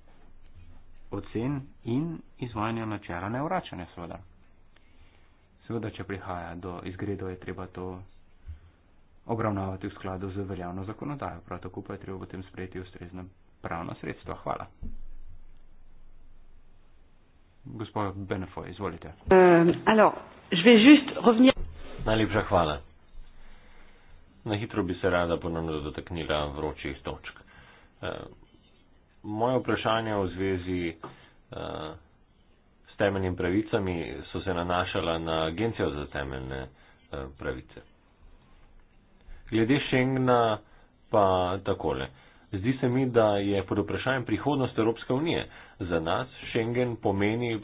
ocen in izvajanja načela nevračanja, seveda. Seveda, če prihaja do izgredov, je treba to obravnavati v skladu z veljavno zakonodajo, prav tako pa je treba potem sprejeti ustrezna pravna sredstva. Hvala. Gospod Benefoy, izvolite. Um, alors, Najlepša hvala. Na hitro bi se rada ponovno dotaknila vročih točk. Eh, moje vprašanje v zvezi eh, s temeljnim pravicami so se nanašala na Agencijo za temeljne eh, pravice. Glede Schengna pa takole. Zdi se mi, da je pod vprašanjem prihodnost Evropske unije. Za nas Schengen pomeni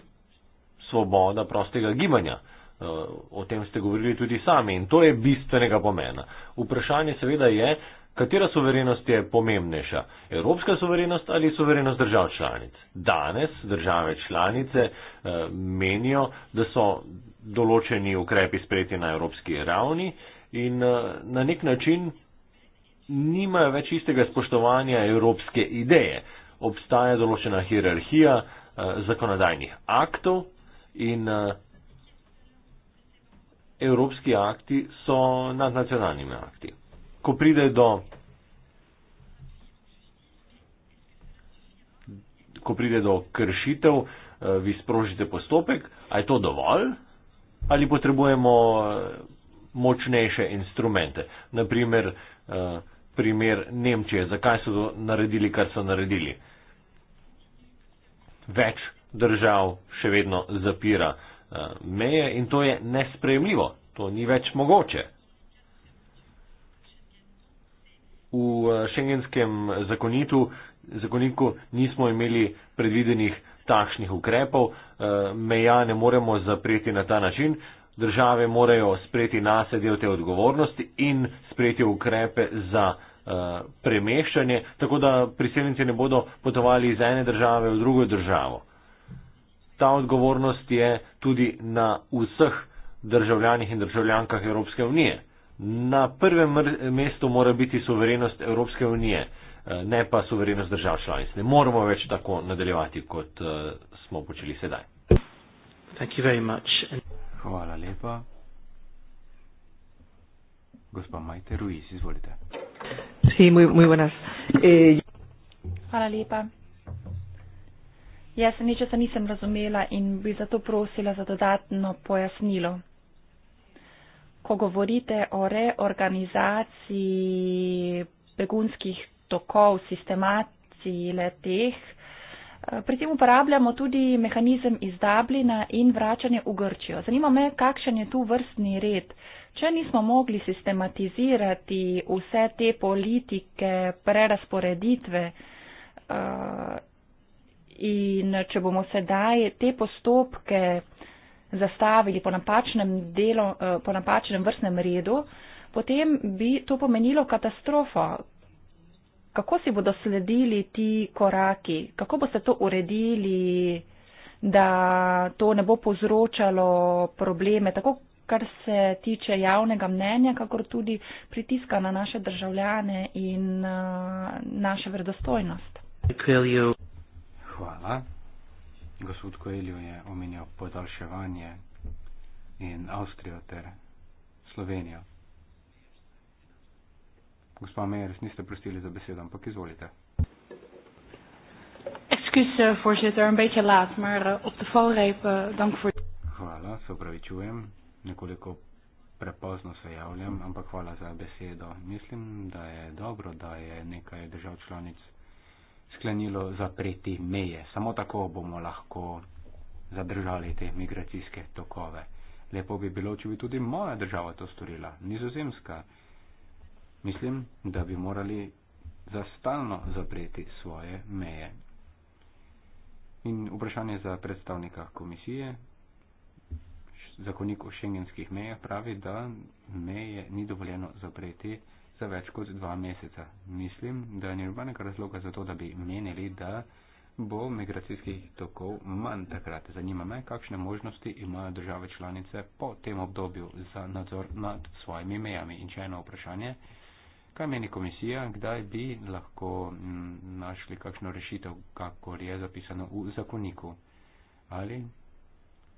svoboda prostega gibanja. Eh, o tem ste govorili tudi sami in to je bistvenega pomena. Vprašanje seveda je, katera suverenost je pomembnejša, evropska suverenost ali suverenost držav članic. Danes države članice eh, menijo, da so določeni ukrepi sprejeti na evropski ravni in eh, na nek način nimajo več istega spoštovanja evropske ideje. Obstaja določena hierarhija zakonodajnih aktov in evropski akti so nad nacionalnimi akti. Ko pride do, ko pride do kršitev, eh, vi sprožite postopek, a je to dovolj ali potrebujemo eh, močnejše instrumente. Naprimer, eh, primer Nemčije, zakaj so naredili, kar so naredili. Več držav še vedno zapira uh, Eh, meje in to je nespremljivo, to ni več mogoče. V eh, šengenskem zakonitu, zakoniku nismo imeli predvidenih takšnih ukrepov, eh, meja ne moremo zapreti na ta način, države morajo sprejeti nase del te odgovornosti in sprejeti ukrepe za premeščanje, tako da priseljenci ne bodo potovali iz ene države v drugo državo ta odgovornost je tudi na vseh državljanih in državljankah Evropske unije. Na prvem mestu mora biti suverenost Evropske unije, eh, ne pa suverenost držav članic. Ne moramo več tako nadaljevati, kot eh, smo počeli sedaj. Hvala lepa. Gospa Majte Ruiz, izvolite. Sí, muy, muy eh... Hvala lepa. Jaz se ničesa nisem razumela in bi zato prosila za dodatno pojasnilo. Ko govorite o reorganizaciji begunskih tokov, sistemaciji leteh, eh, pri tem uporabljamo tudi mehanizem izdabljena in vračanje v Grčijo. Zanima me, kakšen je tu vrstni red. Če nismo mogli sistematizirati vse te politike prerasporeditve eh, In če bomo sedaj te postopke zastavili po napačnem, delo, eh, po napačnem vrstnem redu, potem bi to pomenilo katastrofo. Kako si bodo sledili ti koraki, kako boste to uredili, da to ne bo povzročalo probleme, tako kar se tiče javnega mnenja, kakor tudi pritiska na naše državljane in uh, naše verodostojnost hvala. Gospod Koeljo je omenjal podaljševanje in Avstrijo ter Slovenijo. Gospa Mejers, niste prosili za besedo, ampak izvolite. Excuse, voorzitter, een beetje laat, maar eh, op de valreep, eh, dank voor... Hvala, se opravičujem, nekoliko prepozno se javljam, ampak hvala za besedo. Mislim, da je dobro, da je nekaj držav članic sklenilo zapreti meje. Samo tako bomo lahko zadržali te migracijske tokove. Lepo bi bilo, če bi tudi moja država to storila, nizozemska. Mislim, da bi morali za stalno zapreti svoje meje. In vprašanje za predstavnika komisije. Zakonik o šengenskih mejah pravi, da meje ni dovoljeno zapreti za več kot dva meseca. Mislim, da ni nobenega razloga za to, da bi menili, da bo migracijskih tokov manj takrat. Zanima me, kakšne možnosti imajo države članice po tem obdobju za nadzor nad svojimi mejami. In če eno vprašanje, kaj meni komisija, kdaj bi lahko mm, našli kakšno rešitev, kakor je zapisano v zakoniku? Ali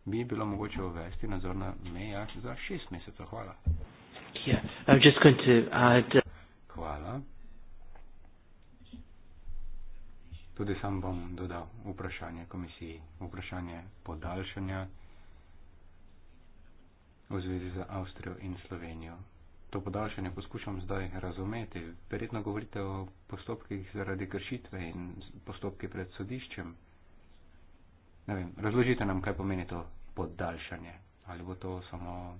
bi bilo mogoče uvesti nadzor na mejah za šest mesecev? Hvala. Thank you. I'm just going to add. Uh, Hvala. Tudi sam bom dodal vprašanje komisiji, vprašanje podaljšanja v zvezi z Avstrijo in Slovenijo. To podaljšanje poskušam zdaj razumeti. Verjetno govorite o postopkih zaradi kršitve in postopki pred sodiščem. Ne vem, razložite nam, kaj pomeni to podaljšanje. Ali bo to samo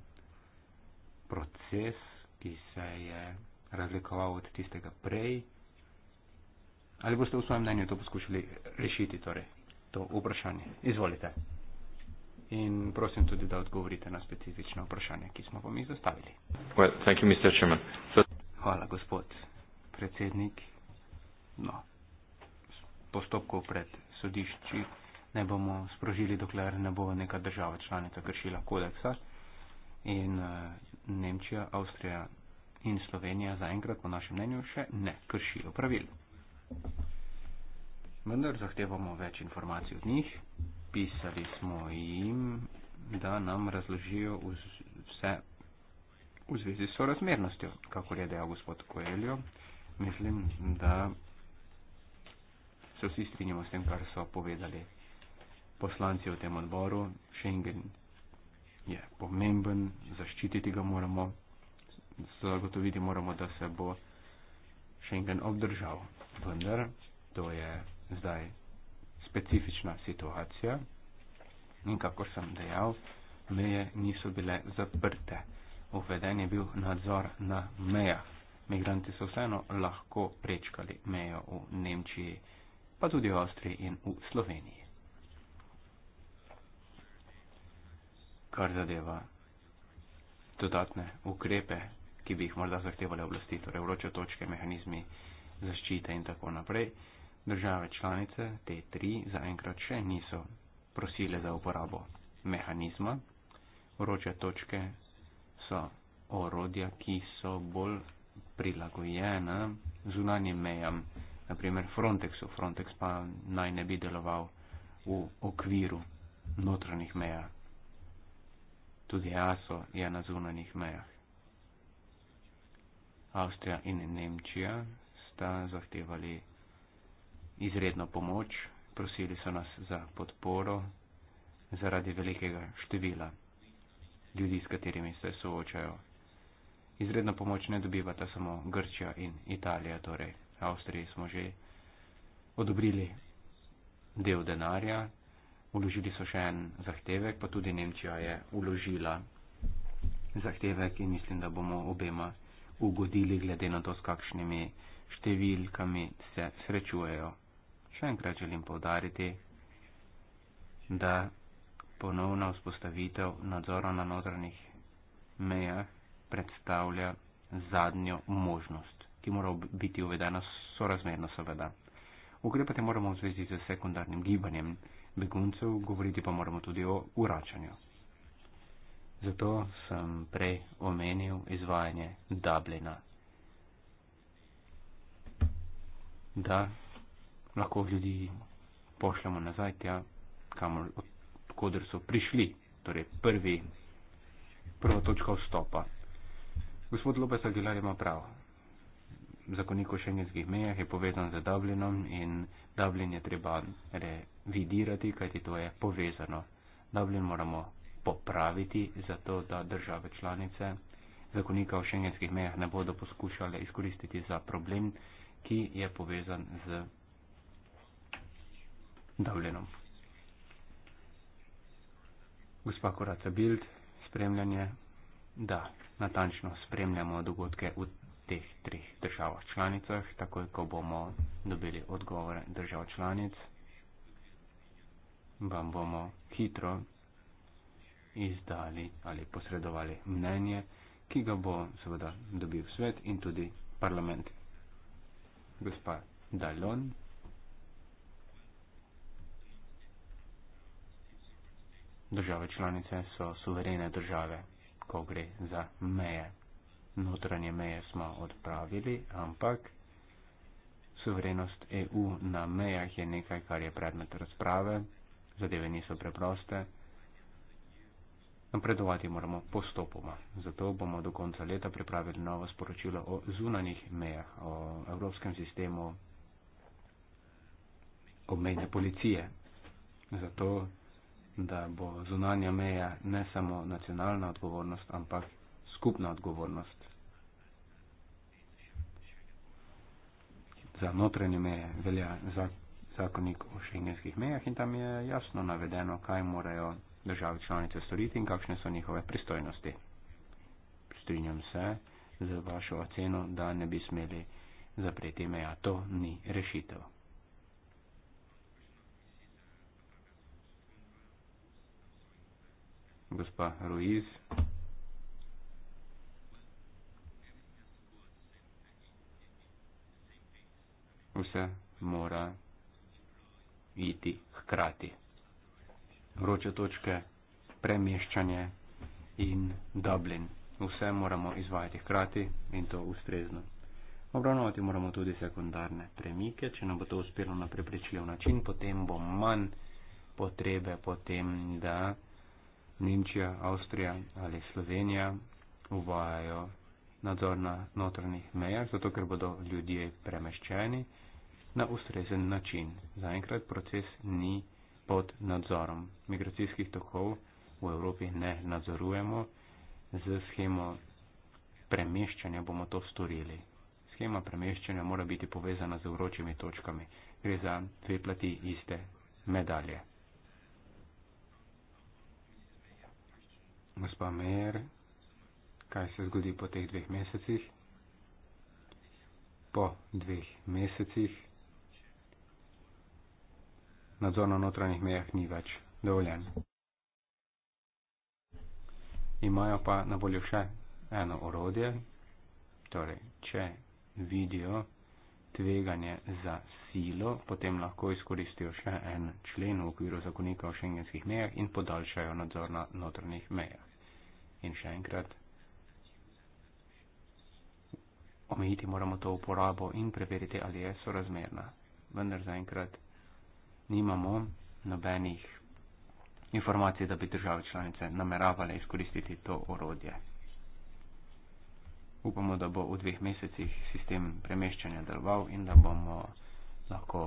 proces, ki se je razlikoval od tistega prej? Ali boste v svojem mnenju to poskušali rešiti, torej to vprašanje? Izvolite. In prosim tudi, da odgovorite na specifično vprašanje, ki smo vam izostavili. Well, thank you, Mr. Chairman. So... Hvala, gospod predsednik. No, postopkov pred sodišči ne bomo sprožili, dokler ne bo neka država članica kršila kodeksa. In eh, Nemčija, Avstrija in Slovenija zaenkrat, po našem mnenju, še ne kršijo pravil. Vendar zahtevamo več informacij od njih. Pisali smo jim, da nam razložijo vse v zvezi s sorazmernostjo, kako je dejal gospod Koeljo. Mislim, da se vsi strinjamo s tem, kar so povedali poslanci v tem odboru. Schengen je pomemben, zaščititi ga moramo, zagotoviti moramo, da se bo Schengen obdržal. Vendar to je zdaj specifična situacija in kako sem dejal, meje niso bile zaprte. Uveden je bil nadzor na mejah. Migranti so vseeno lahko prečkali mejo v Nemčiji, pa tudi v Avstriji in v Sloveniji. kar zadeva dodatne ukrepe, ki bi jih morda zahtevali oblasti, torej vroče točke, mehanizmi zaščite in tako naprej. Države članice, te tri, zaenkrat še niso prosile za uporabo mehanizma. Vroče točke so orodja, ki so bolj prilagojena zunanjim mejam, naprimer Frontexu. Frontex pa naj ne bi deloval v okviru notranjih meja tudi ASO je na zunanjih mejah. Avstrija in Nemčija sta zahtevali izredno pomoč, prosili so nas za podporo zaradi velikega števila ljudi, s katerimi se soočajo. Izredno pomoč ne dobivata samo Grčija in Italija, torej Avstriji smo že odobrili del denarja, Uložili so še en zahtevek, pa tudi Nemčija je uložila zahtevek in mislim, da bomo obema ugodili glede na to, s kakšnimi številkami se srečujejo. Še enkrat želim povdariti, da ponovna vzpostavitev nadzora na notranjih mejah predstavlja zadnjo možnost, ki mora biti uvedena sorazmerno seveda. Ukrepati moramo v zvezi z sekundarnim gibanjem beguncev, govoriti pa moramo tudi o uračanju. Zato sem prej omenil izvajanje Dublina. Da lahko ljudi pošljemo nazaj tja, kamor odkudr so prišli, torej prvi, prva točka vstopa. Gospod Lopes Aguilar ima prav, zakonik o šengenskih mejah je povezan z Dublinom in Dublin je treba revidirati, kajti to je povezano. Dublin moramo popraviti, zato da države članice zakonika o šengenskih mejah ne bodo poskušale izkoristiti za problem, ki je povezan z Dublinom. Gospa Koraca Bild, spremljanje. Da, natančno spremljamo dogodke v teh treh državah članicah, takoj ko bomo dobili odgovore držav članic, vam bomo hitro izdali ali posredovali mnenje, ki ga bo seveda dobil svet in tudi parlament. Gospa Dalon. Države članice so suverene države, ko gre za meje notranje meje smo odpravili, ampak suverenost EU na mejah je nekaj, kar je predmet razprave, zadeve niso preproste. Napredovati moramo postopoma. Zato bomo do konca leta pripravili novo sporočilo o zunanjih mejah, o evropskem sistemu obmejne policije. Zato, da bo zunanja meja ne samo nacionalna odgovornost, ampak skupna odgovornost. Za notranje meje velja zakonik o šengenskih mejah in tam je jasno navedeno, kaj morajo države članice storiti in kakšne so njihove pristojnosti. Strinjam se z vašo oceno, da ne bi smeli zapreti meja. To ni rešitev. Gospa Ruiz. vse mora iti hkrati. Vroče točke, premeščanje in Dublin. Vse moramo izvajati hkrati in to ustrezno. Obravnovati moramo tudi sekundarne premike. Če nam bo to uspelo na prepričljiv način, potem bo manj potrebe potem, da Nemčija, Avstrija ali Slovenija uvajajo nadzor na notranjih mejah, zato ker bodo ljudje premeščeni na ustrezen način. Zaenkrat proces ni pod nadzorom. Migracijskih tokov v Evropi ne nadzorujemo, z schemo premeščanja bomo to storili. Schema premeščanja mora biti povezana z vročimi točkami. Gre za dve plati iste medalje. Gospa Mejer, kaj se zgodi po teh dveh mesecih? Po dveh mesecih nadzor na notranjih mejah ni več dovoljen. Imajo pa na voljo še eno orodje, torej, če vidijo tveganje za silo, potem lahko izkoristijo še en člen v okviru zakonika o šengenskih mejah in podaljšajo nadzor na notranjih mejah. In še enkrat. Omejiti moramo to uporabo in preveriti, ali je sorazmerna. Vendar zaenkrat nimamo nobenih informacij, da bi države članice nameravale izkoristiti to orodje. Upamo, da bo v dveh mesecih sistem premeščanja deloval in da bomo lahko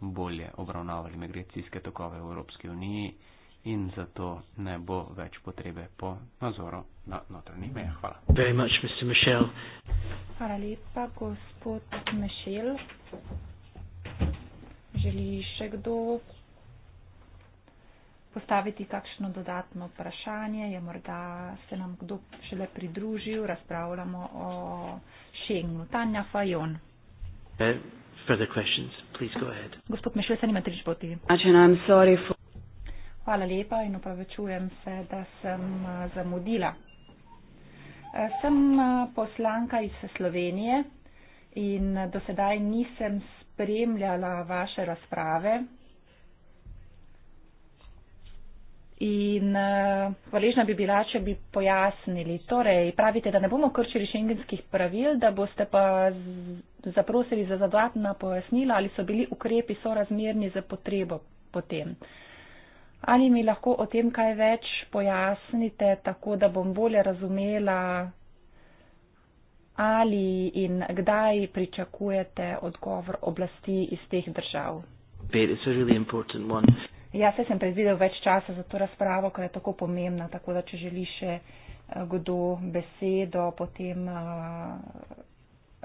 bolje obravnavali migracijske tokove v Evropski uniji in zato ne bo več potrebe po nadzoru na notranjih mejah. Hvala. Much, Hvala lepa, gospod Mešel. Želi še kdo postaviti kakšno dodatno vprašanje? Je morda se nam kdo šele pridružil? Razpravljamo o Schengenu. Tanja Fajon. Uh, Gospod Mešel, se nima trič poti. Hvala lepa in opravičujem se, da sem uh, zamudila. Uh, sem poslanka iz Slovenije in do sedaj nisem spremljala vaše razprave in eh, hvaležna bi bila, če bi pojasnili. Torej, pravite, da ne bomo krčili šengenskih pravil, da boste pa zaprosili za zadatna pojasnila, ali so bili ukrepi sorazmerni za potrebo potem. Ali mi lahko o tem kaj več pojasnite, tako da bom bolje razumela ali in kdaj pričakujete odgovor oblasti iz teh držav? Ja, se sem predvidel več časa za to razpravo, ker je tako pomembna, tako da če želi še eh, kdo besedo, potem uh,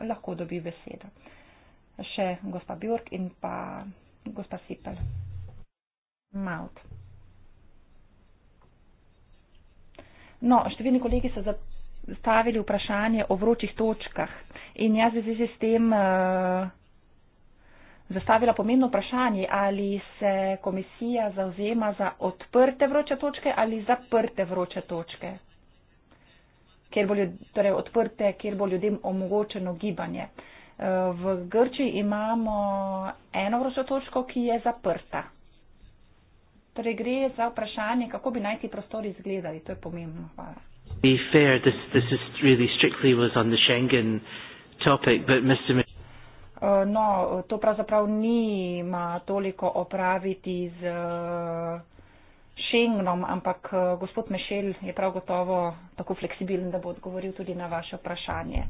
lahko dobi besedo. Še gospa Bjork in pa gospa Sipel. Maut. No, številni kolegi so zapisali stavili vprašanje o vročih točkah in jaz z izvezi s tem uh, zastavila pomembno vprašanje, ali se komisija zauzema za odprte vroče točke ali zaprte vroče točke, kjer bo, ljud, torej odprte, kjer bo ljudem omogočeno gibanje. Uh, v Grči imamo eno vročo točko, ki je zaprta. Torej gre za vprašanje, kako bi najti prostori izgledali. To je pomembno. Hvala be fair, this this is really strictly was on the Schengen topic, but Mr. Uh, no, to pravzaprav nima toliko opraviti z uh, Schengenom, ampak uh, gospod Mešel je prav gotovo tako fleksibilen, da bo odgovoril tudi na vaše vprašanje.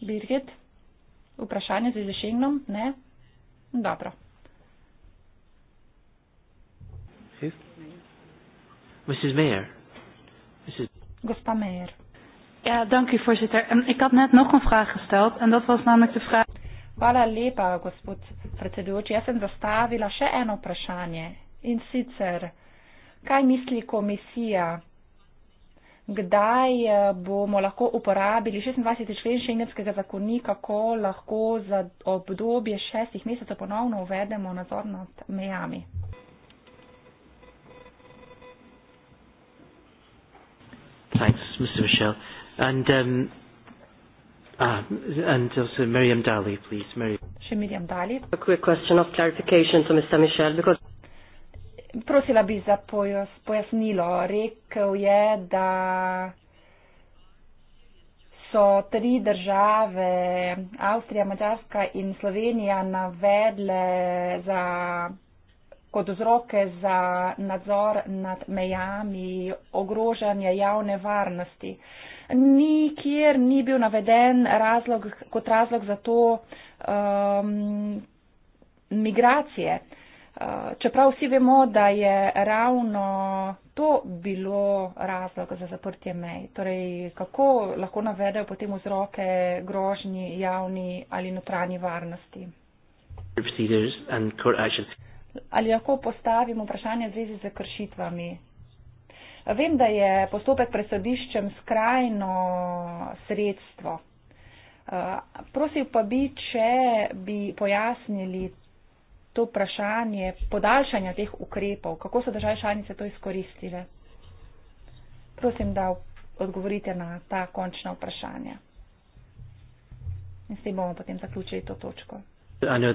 Birgit, vprašanje z Schengenom? Ne. Dobro. Mrs. Mayer. Mrs. Gospa Mayer. Ja, dank u voorzitter. Ehm, ik had net nog een vraag gesteld en dat was namelijk de vraag. Hvala lepa, gospod predsedujoči. Jaz sem zastavila še eno vprašanje. In sicer, kaj misli komisija kdaj eh, bomo lahko uporabili 26. člen šengenskega zakonika, ko lahko za obdobje šestih mesecev ponovno uvedemo nadzor nad mejami. Thanks, Mr. Michel. And, um, uh, and also Miriam Daly, please. Miriam. Miriam Daly. A quick question of clarification to Mr. Michel, because prosila bi za pojasnilo. Rekl je, da so tri države, Avstrija, Mačarska in Slovenija, navedle za, kot vzroke za nadzor nad mejami ogrožanja javne varnosti. Nikjer ni bil naveden razlog, kot razlog za to um, migracije. Eh, čeprav vsi vemo, da je ravno to bilo razlog za zaprtje mej. Torej, kako lahko navedajo potem vzroke grožnji javni ali notranji varnosti? Ali lahko postavim vprašanje v zvezi z kršitvami? Vem, da je postopek presodiščem skrajno sredstvo. Eh, prosil pa bi, če bi pojasnili to vprašanje podaljšanja teh ukrepov, kako so države članice to izkoristile. Prosim, da odgovorite na ta končna vprašanja. In s tem bomo potem zaključili to točko. Um,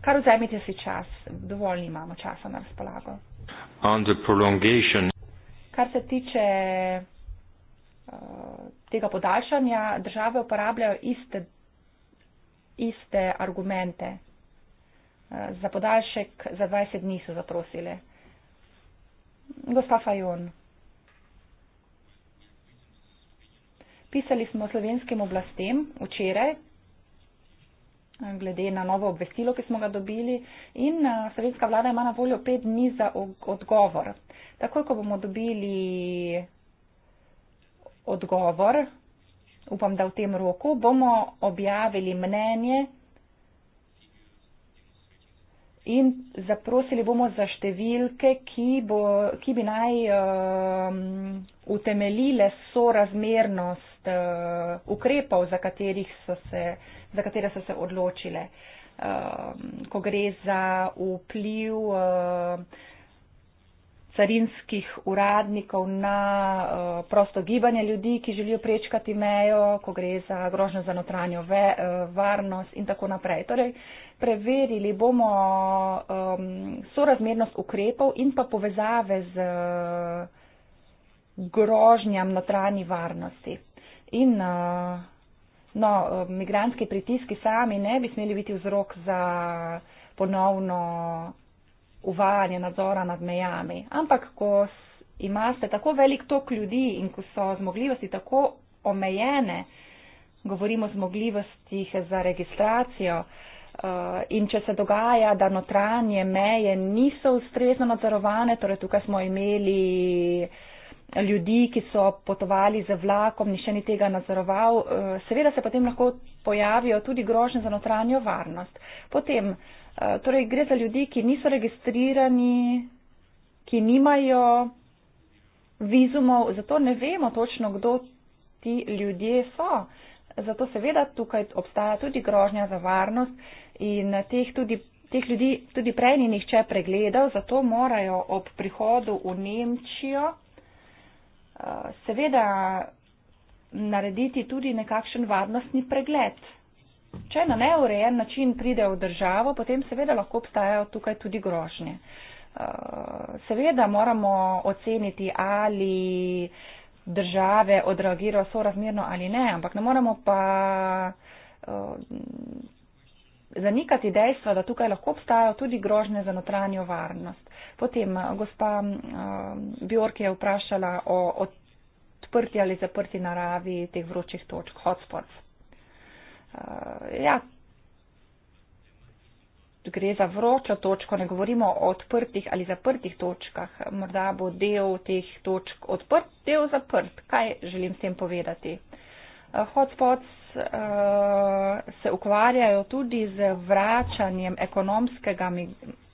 Kar vzemite si čas, dovolj imamo časa na razpolago. Kar se tiče Eh, tega podaljšanja, države uporabljajo iste, iste argumente. Eh, za podaljšek za 20 dni so zaprosile. Gospa Fajon. Pisali smo slovenskim oblastem včeraj, eh, glede na novo obvestilo, ki smo ga dobili, in slovenska vlada ima na voljo pet dni za odgovor. Takoj, ko bomo dobili odgovor, upam, da v tem roku, bomo objavili mnenje in zaprosili bomo za številke, ki, bo, ki bi naj um, utemeljile sorazmernost uh, ukrepov, za, so se, za katere so se odločile, um, ko gre za vpliv. Uh, carinskih uradnikov na eh, prosto gibanje ljudi, ki želijo prečkati mejo, ko gre za grožnjo za notranjo eh, varnost in tako naprej. Torej, preverili bomo ehm, sorazmernost ukrepov in pa povezave z eh, grožnjam notranji varnosti. In no, migranski pritiski sami ne bi smeli biti vzrok za ponovno uvajanje nadzora nad mejami. Ampak, ko imate tako velik tok ljudi in ko so zmogljivosti tako omejene, govorimo o zmogljivostih za registracijo, eh, in če se dogaja, da notranje meje niso ustrezno nadzorovane, torej tukaj smo imeli ljudi, ki so potovali z vlakom, nišče ni tega nadzoroval, eh, seveda se potem lahko pojavijo tudi grožnje za notranjo varnost. Potem, Eh, torej gre za ljudi, ki niso registrirani, ki nimajo vizumov, zato ne vemo točno, kdo ti ljudje so. Zato seveda tukaj obstaja tudi grožnja za varnost in teh, tudi, teh ljudi tudi prej ni nihče pregledal, zato morajo ob prihodu v Nemčijo eh, seveda narediti tudi nekakšen varnostni pregled. Če na neurejen način pridejo v državo, potem seveda lahko obstajajo tukaj tudi grožnje. Eh, seveda moramo oceniti, ali države odreagirajo sorazmerno ali ne, ampak ne moremo pa eh, zanikati dejstva, da tukaj lahko obstajajo tudi grožnje za notranjo varnost. Potem eh, gospa Bjork je vprašala o odprti ali zaprti naravi teh vročih točk, hotspots uh, ja, gre za vročo točko, ne govorimo o odprtih ali zaprtih točkah. Morda bo del teh točk odprt, del zaprt. Kaj želim s tem povedati? Eh, hotspots uh, se ukvarjajo tudi z vračanjem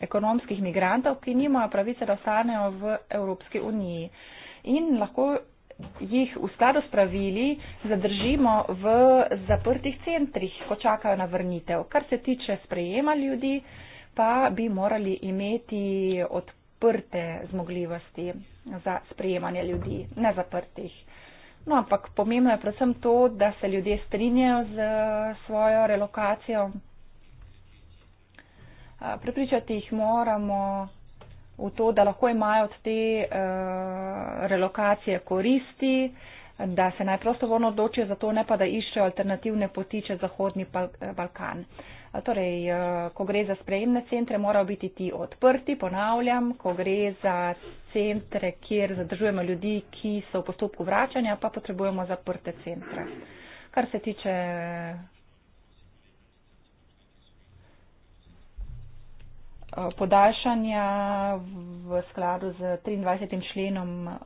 ekonomskih migrantov, ki nimajo pravice, da ostanejo v Evropski uniji. In lahko jih v skladu s pravili zadržimo v zaprtih centrih, ko čakajo na vrnitev. Kar se tiče sprejema ljudi, pa bi morali imeti odprte zmogljivosti za sprejemanje ljudi, ne zaprtih. No, ampak pomembno je predvsem to, da se ljudje strinjajo z svojo relokacijo. Pripričati jih moramo, v to, da lahko imajo od te eh, relokacije koristi, da se naj prostovoljno odločijo za to, ne pa da iščejo alternativne poti čez Zahodni eh, Balkan. Torej, eh, ko gre za sprejemne centre, morajo biti ti odprti, ponavljam, ko gre za centre, kjer zadržujemo ljudi, ki so v postopku vračanja, pa potrebujemo zaprte centre. Kar se tiče Eh, podaljšanja v skladu z 23. členom eh,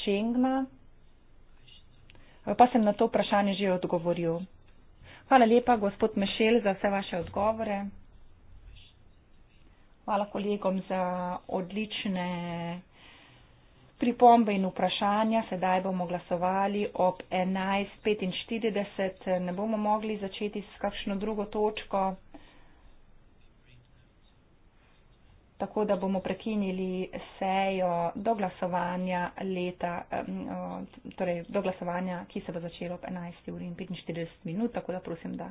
Schengna, eh, pa sem na to vprašanje že odgovoril. Hvala lepa, gospod Mešel, za vse vaše odgovore. Hvala kolegom za odlične pripombe in vprašanja. Sedaj bomo glasovali ob 11.45. Ne bomo mogli začeti s kakšno drugo točko. tako da bomo prekinili sejo do glasovanja leta, torej do glasovanja, ki se bo začelo ob 11. uri in 45 minut, tako da prosim, da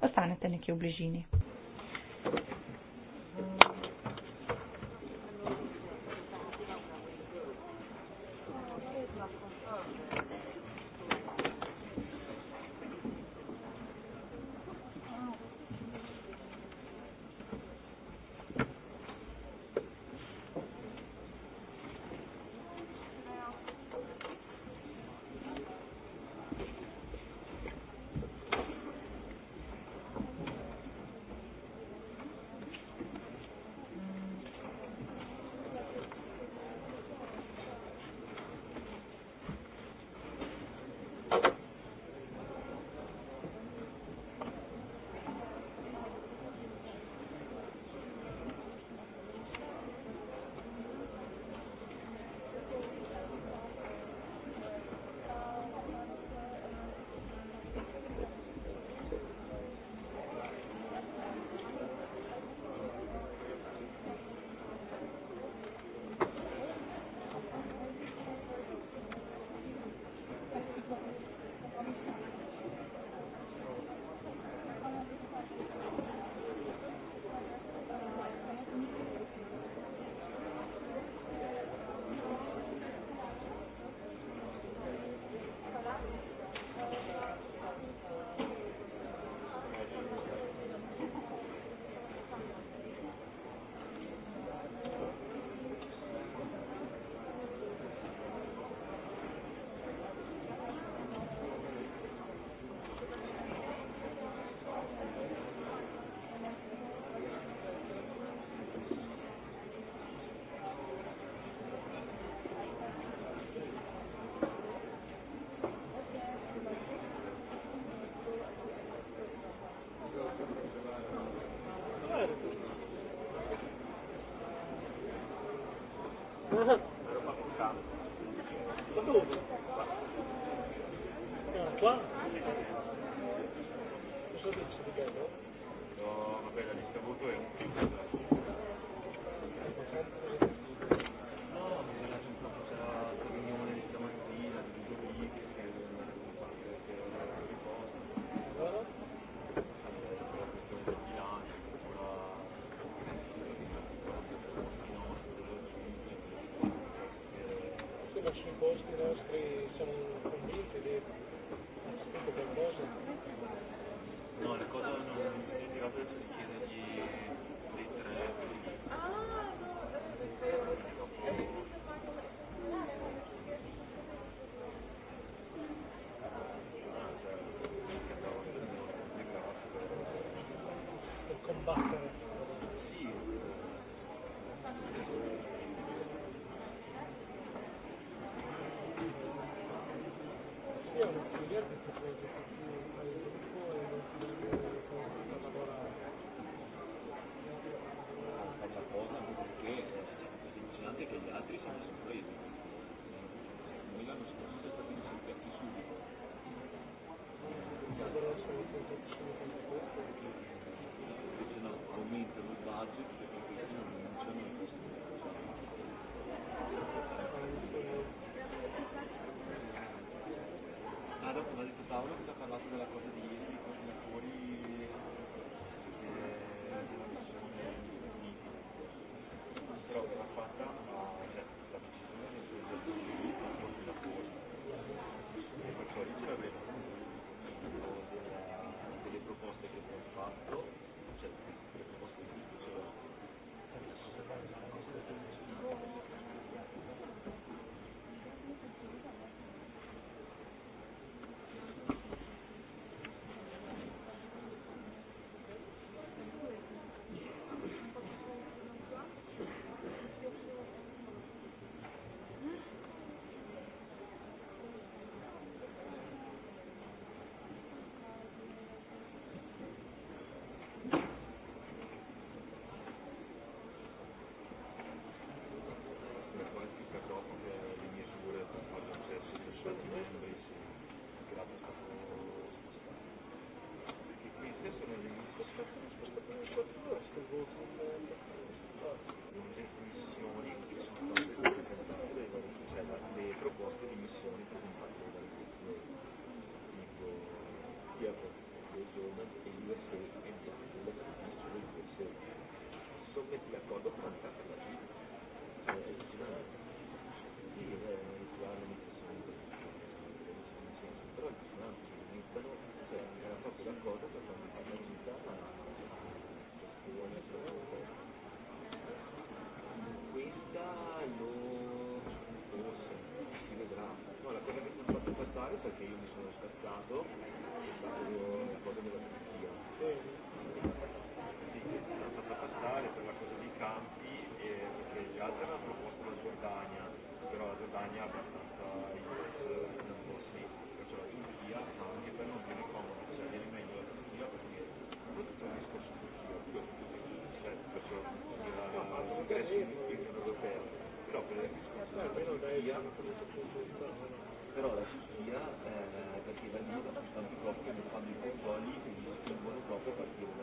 ostanete nekje v bližini. 不对，我们并不 Paolo ci ha parlato della cosa di ieri, di cosa fuori della missione Uniti. Però l'ha fatta, ma cioè, la decisione è stata già decisa, la cosa da fuori. E perciò lì c'era vero, appunto, delle, delle proposte che abbiamo fatto, cioè delle proposte di tutto, c'erano. Cioè, ser en particular que tiene su ser. Sócrates le acordó con la vida. Eh, es una, però la Sicilia eh, perché la mia è un po' più proprio che mi fanno i controlli quindi sono buono proprio a partire da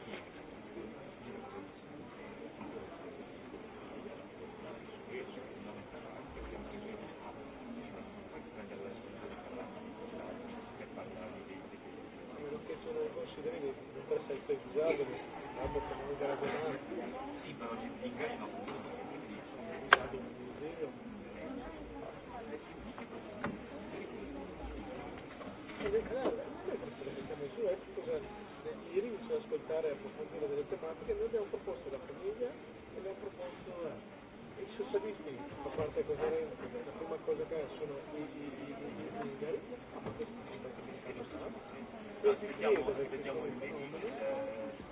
sei usato, dato che non era così male. Sì, però gli impiegati non sono usati in un museo. Ieri mi sono ascoltare e approfondire delle tematiche, noi abbiamo proposto la famiglia e abbiamo proposto i socialisti, a parte cosa è, la prima cosa che sono i bulgari, ma questi sono i bulgari, questi chiedono perché sono i bulgari.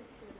Thank you.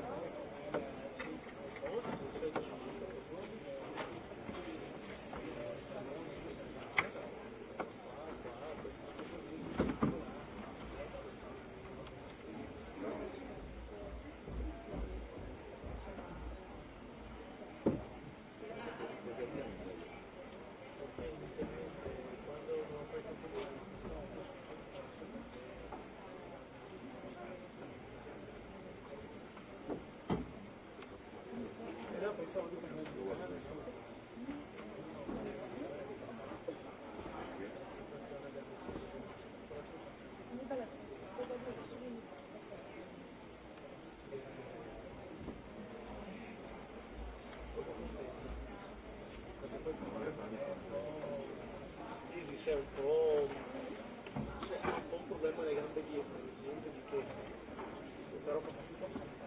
un problema de gran belleza, de que, claro, que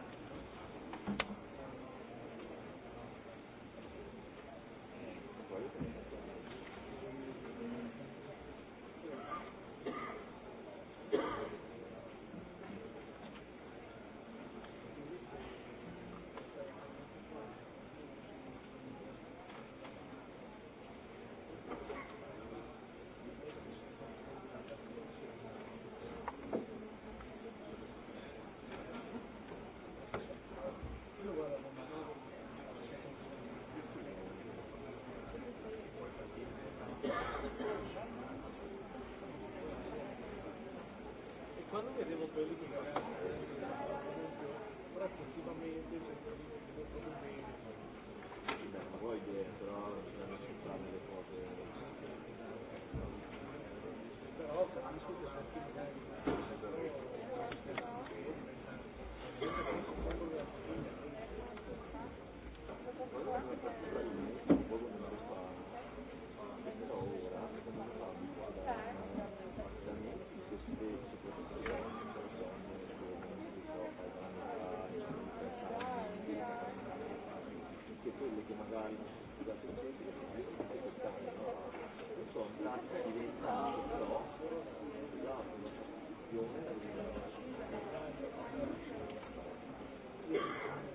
quando vedevo quelli che ora effettivamente sì, beh, ma poi dietro bisogna sfruttare le cose però anche se la Thank you. magari da sentire che è stato insomma la diventa però la questione della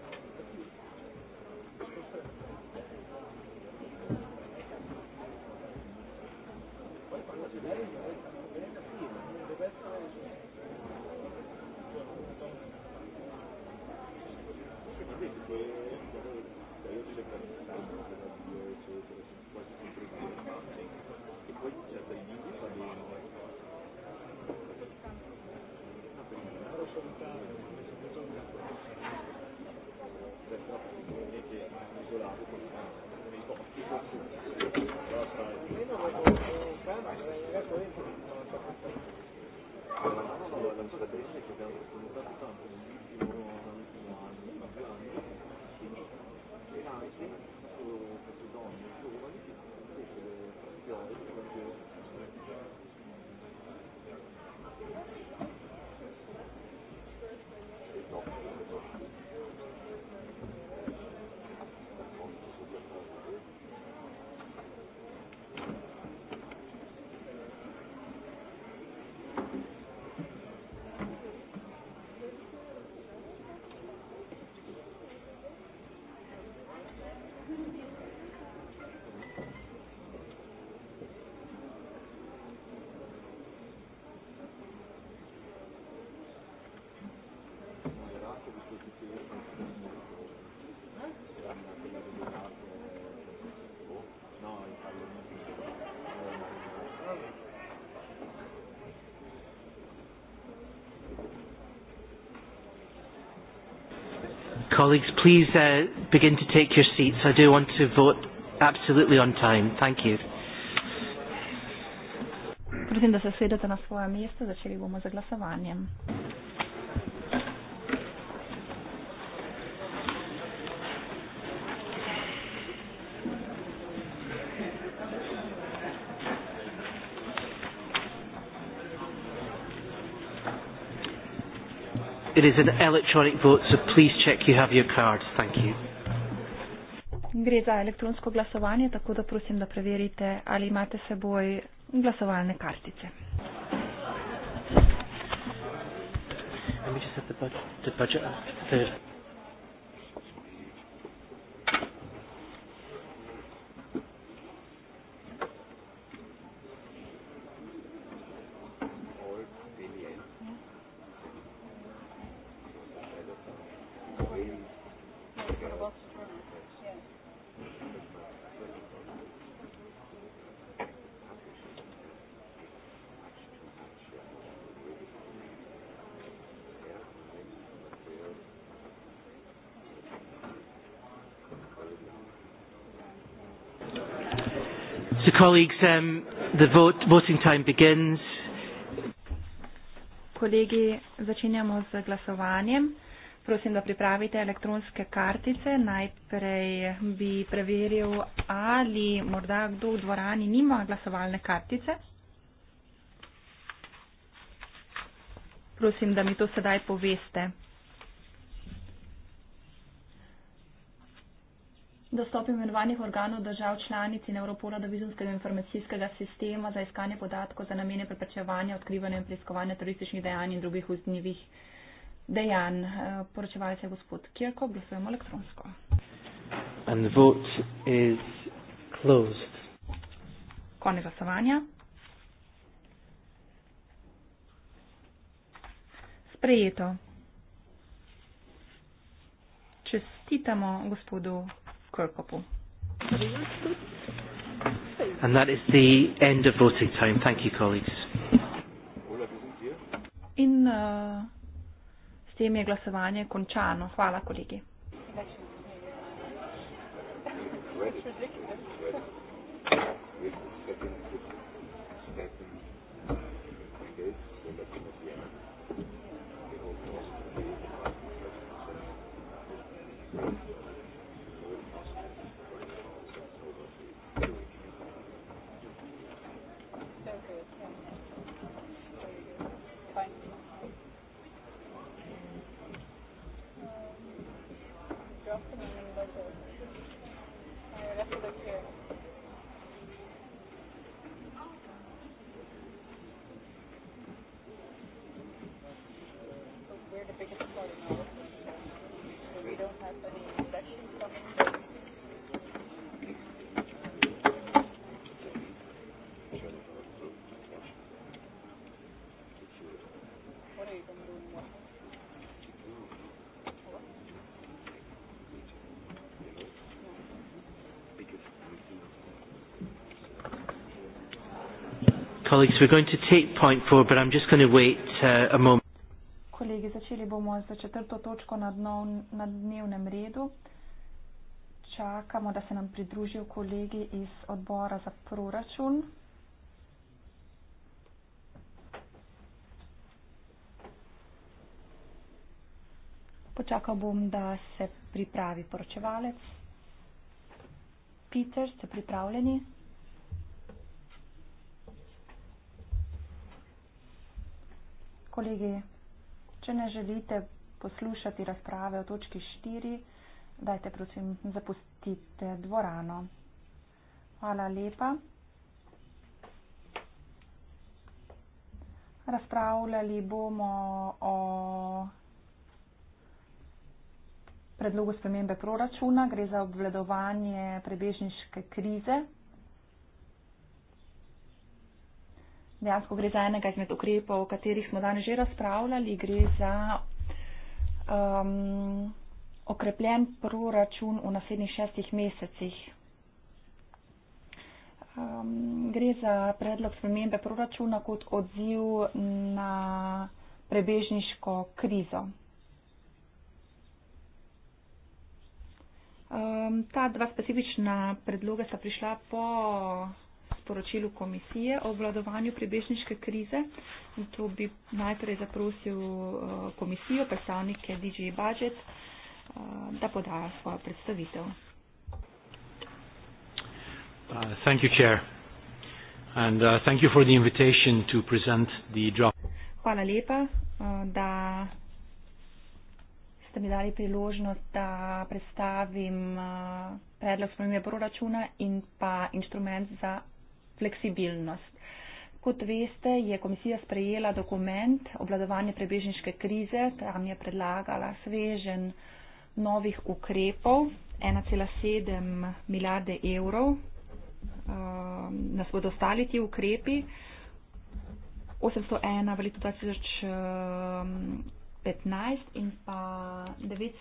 colleagues, please uh, begin to take your seats. I do want to vote absolutely on time. Thank you. Prosim, da se sedete na svoje mesto, začeli bomo z glasovanjem. It is an electronic vote, so please check you have your card. Thank you. Gre za elektronsko glasovanje, tako da prosim, da preverite, ali imate seboj glasovalne kartice. Let me just have the budget, the budget, the... Colleagues, um, the vote, voting time begins. Kolegi, začenjamo z glasovanjem. Prosim, da pripravite elektronske kartice. Najprej bi preveril, ali morda kdo v dvorani nima glasovalne kartice. Prosim, da mi to sedaj poveste. dostop imenovanih organov držav članic in Evropola do vizumskega informacijskega sistema za iskanje podatkov za namene preprečevanja, odkrivanja in preiskovanja turističnih dejanj in drugih uznivih dejanj. Eh, Poročevalce je gospod Kirko, glasujemo elektronsko. And the vote is closed. Konec glasovanja. Sprejeto. Čestitamo gospodu Kirk couple. And that is the end of voting time. Thank you, colleagues. In uh, s tem je glasovanje končano. Hvala, kolegi. Ready. Ready. Ready. Ready. Ready. colleagues, we're going to take point four, but I'm just going to wait uh, a moment. Kolegi, začeli bomo za četrto točko na, dnov, na dnevnem redu. Čakamo, da se nam pridružijo kolegi iz odbora za proračun. Počakal bom, da se pripravi poročevalec. Peter, ste pripravljeni? kolegi, če ne želite poslušati razprave o točki 4, dajte prosim zapustite dvorano. Hvala lepa. Razpravljali bomo o predlogu spremembe proračuna. Gre za obvladovanje prebežniške krize. dejansko gre za enega izmed ukrepov, o katerih smo danes že razpravljali. Gre za um, okrepljen proračun v naslednjih šestih mesecih. Um, gre za predlog spremembe proračuna kot odziv na prebežniško krizo. Um, ta dva specifična predloga sta prišla po poročilu komisije o obvladovanju prebežniške krize. In to bi najprej zaprosil eh, komisijo, predstavnike DJ Budget, eh, da podajo svojo predstavitev. Uh, thank you, Chair. And uh, thank you for the invitation to present the draft. Hvala lepa, uh, da ste mi dali priložnost, da predstavim uh, predlog spremembe proračuna in pa inštrument za fleksibilnost. Kot veste, je komisija sprejela dokument obladovanje prebežniške krize, tam je predlagala svežen novih ukrepov 1,7 milijarde evrov. Ehm, nas bodo ostali ti ukrepi. 801 v letu 2015 ehm, in pa 900.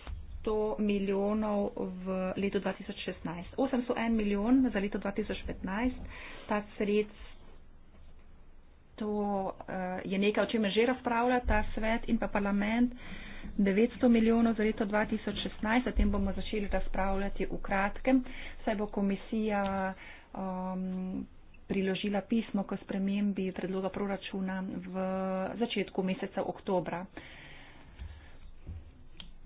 800 milijonov v letu 2016. 801 milijon za leto 2015. Ta sred, to uh, eh, je nekaj, o čemer že razpravlja ta svet in pa parlament. 900 milijonov za leto 2016, o tem bomo začeli razpravljati v kratkem. Saj bo komisija um, priložila pismo k spremembi predloga proračuna v začetku meseca oktobra. Uh,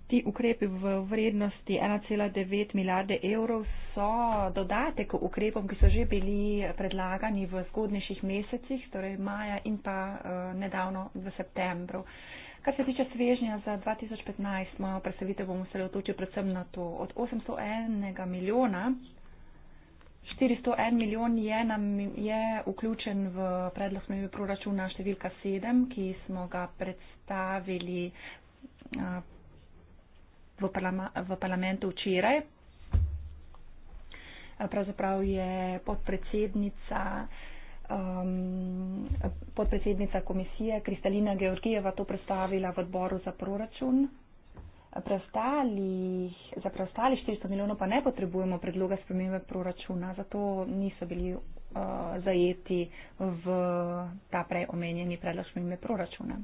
Ti ukrepi v vrednosti 1,9 milijarde evrov so dodatek ukrepom, ki so že bili predlagani v zgodnejših mesecih, torej maja in pa eh, nedavno v septembru. Kar se tiče svežnja za 2015, moja predstavitev bomo se otočili predvsem na to. Od 801 milijona, 401 milijon je, nam, je vključen v predlog smeju proračuna številka 7, ki smo ga predstavili eh, v, parlama, v parlamentu včeraj. Pravzaprav je podpredsednica, um, podpredsednica komisije Kristalina Georgijeva to predstavila v odboru za proračun. Preostali, za preostali 400 milijonov pa ne potrebujemo predloga spremembe proračuna, zato niso bili uh, zajeti v ta prej omenjeni predlog spremembe proračuna.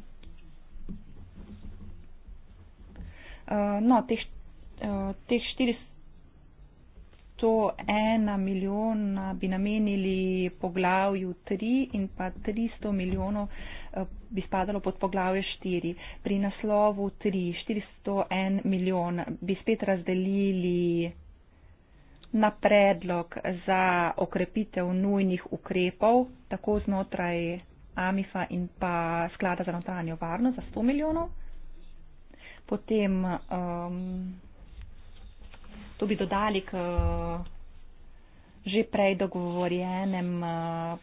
uh, no, teh, uh, teh 401 milijona bi namenili poglavju 3 in pa 300 milijonov eh, bi spadalo pod poglavje 4. Pri naslovu 3, 401 milijon bi spet razdelili na predlog za okrepitev nujnih ukrepov, tako znotraj AMIFA in pa sklada za notranjo varnost za 100 milijonov potem um, to bi dodali k že prej dogovorjenem uh,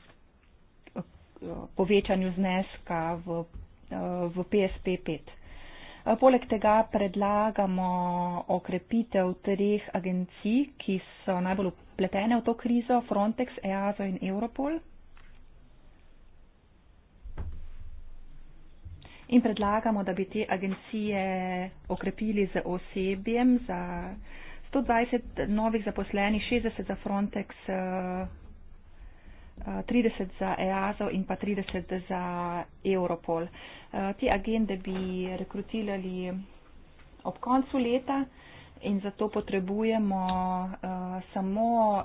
povečanju zneska v, uh, v PSP5. Uh, poleg tega predlagamo okrepitev treh agencij, ki so najbolj upletene v to krizo, Frontex, EASO in Europol. in predlagamo, da bi te agencije okrepili z osebjem za 120 novih zaposlenih, 60 za Frontex, 30 eh, eh, za EASO in pa 30 za Europol. Eh, te agende bi rekrutirali ob koncu leta in zato potrebujemo samo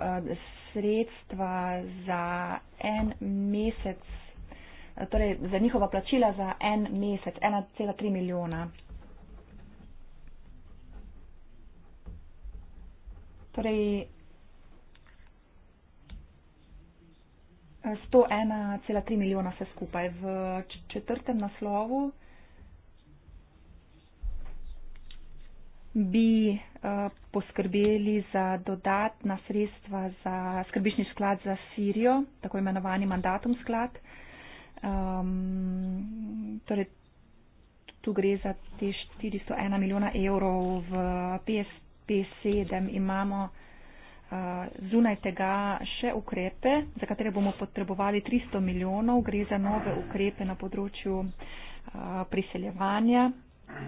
sredstva za en mesec torej za njihova plačila za en mesec, 1,3 milijona. Torej, 101,3 milijona vse skupaj. V četrtem naslovu bi uh, poskrbeli za dodatna sredstva za skrbišni sklad za Sirijo, tako imenovani mandatum sklad. Uh, um, torej tu gre za te 401 milijona evrov v PSP7 imamo uh, zunaj tega še ukrepe, za katere bomo potrebovali 300 milijonov, gre za nove ukrepe na področju uh, priseljevanja. Uh,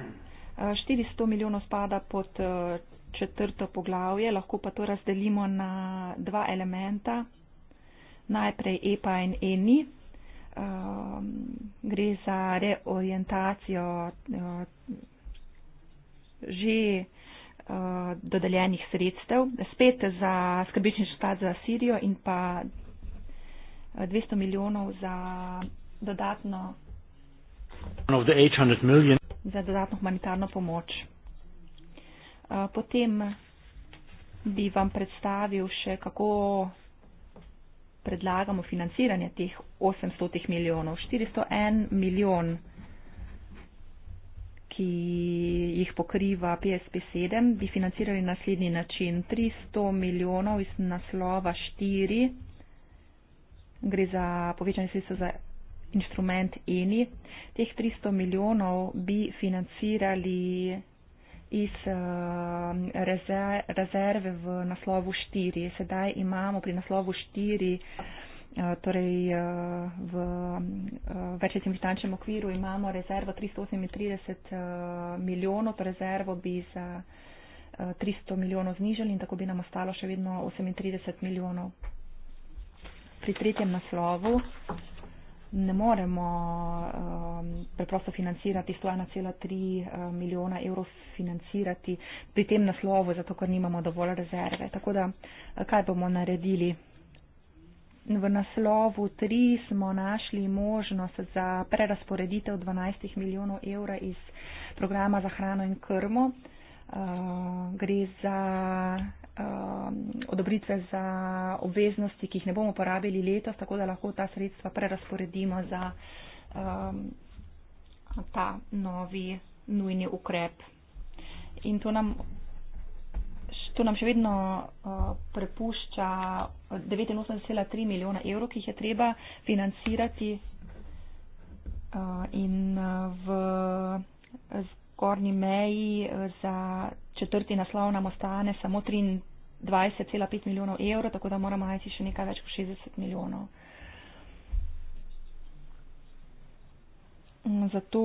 eh, 400 milijonov spada pod. Uh, četrto poglavje, lahko pa to razdelimo na dva elementa. Najprej EPA in ENI, um, gre za reorientacijo uh, že uh, dodeljenih sredstev, spet za skrbični štat za Sirijo in pa 200 uh, milijonov za dodatno. Za dodatno humanitarno pomoč. Uh, potem bi vam predstavil še, kako predlagamo financiranje teh 800 milijonov. 401 milijon, ki jih pokriva PSP7, bi financirali naslednji način. 300 milijonov iz naslova 4, gre za povečanje sredstva za instrument ENI. Teh 300 milijonov bi financirali iz uh, um, rezer rezerve v naslovu 4. Sedaj imamo pri naslovu 4, uh, torej uh, v um, uh, večjem finančnem okviru imamo rezervo 338 uh, milijonov, to rezervo bi za uh, 300 milijonov znižali in tako bi nam ostalo še vedno 38 milijonov. Pri tretjem naslovu ne moremo um, preprosto financirati 101,3 uh, milijona evrov financirati pri tem naslovu, zato ker nimamo dovolj rezerve. Tako da, uh, kaj bomo naredili? V naslovu 3 smo našli možnost za prerasporeditev 12 milijonov evra iz programa za hrano in krmo. Uh, gre za Um, odobritve za obveznosti, ki jih ne bomo porabili letos, tako da lahko ta sredstva prerasporedimo za um, ta novi nujni ukrep. In to nam, to nam še vedno uh, prepušča 89,3 milijona evrov, ki jih je treba financirati uh, in uh, v gorni meji eh, za četrti naslov nam ostane samo 23,5 milijonov evrov, tako da moramo najti še nekaj več kot 60 milijonov. Mm, zato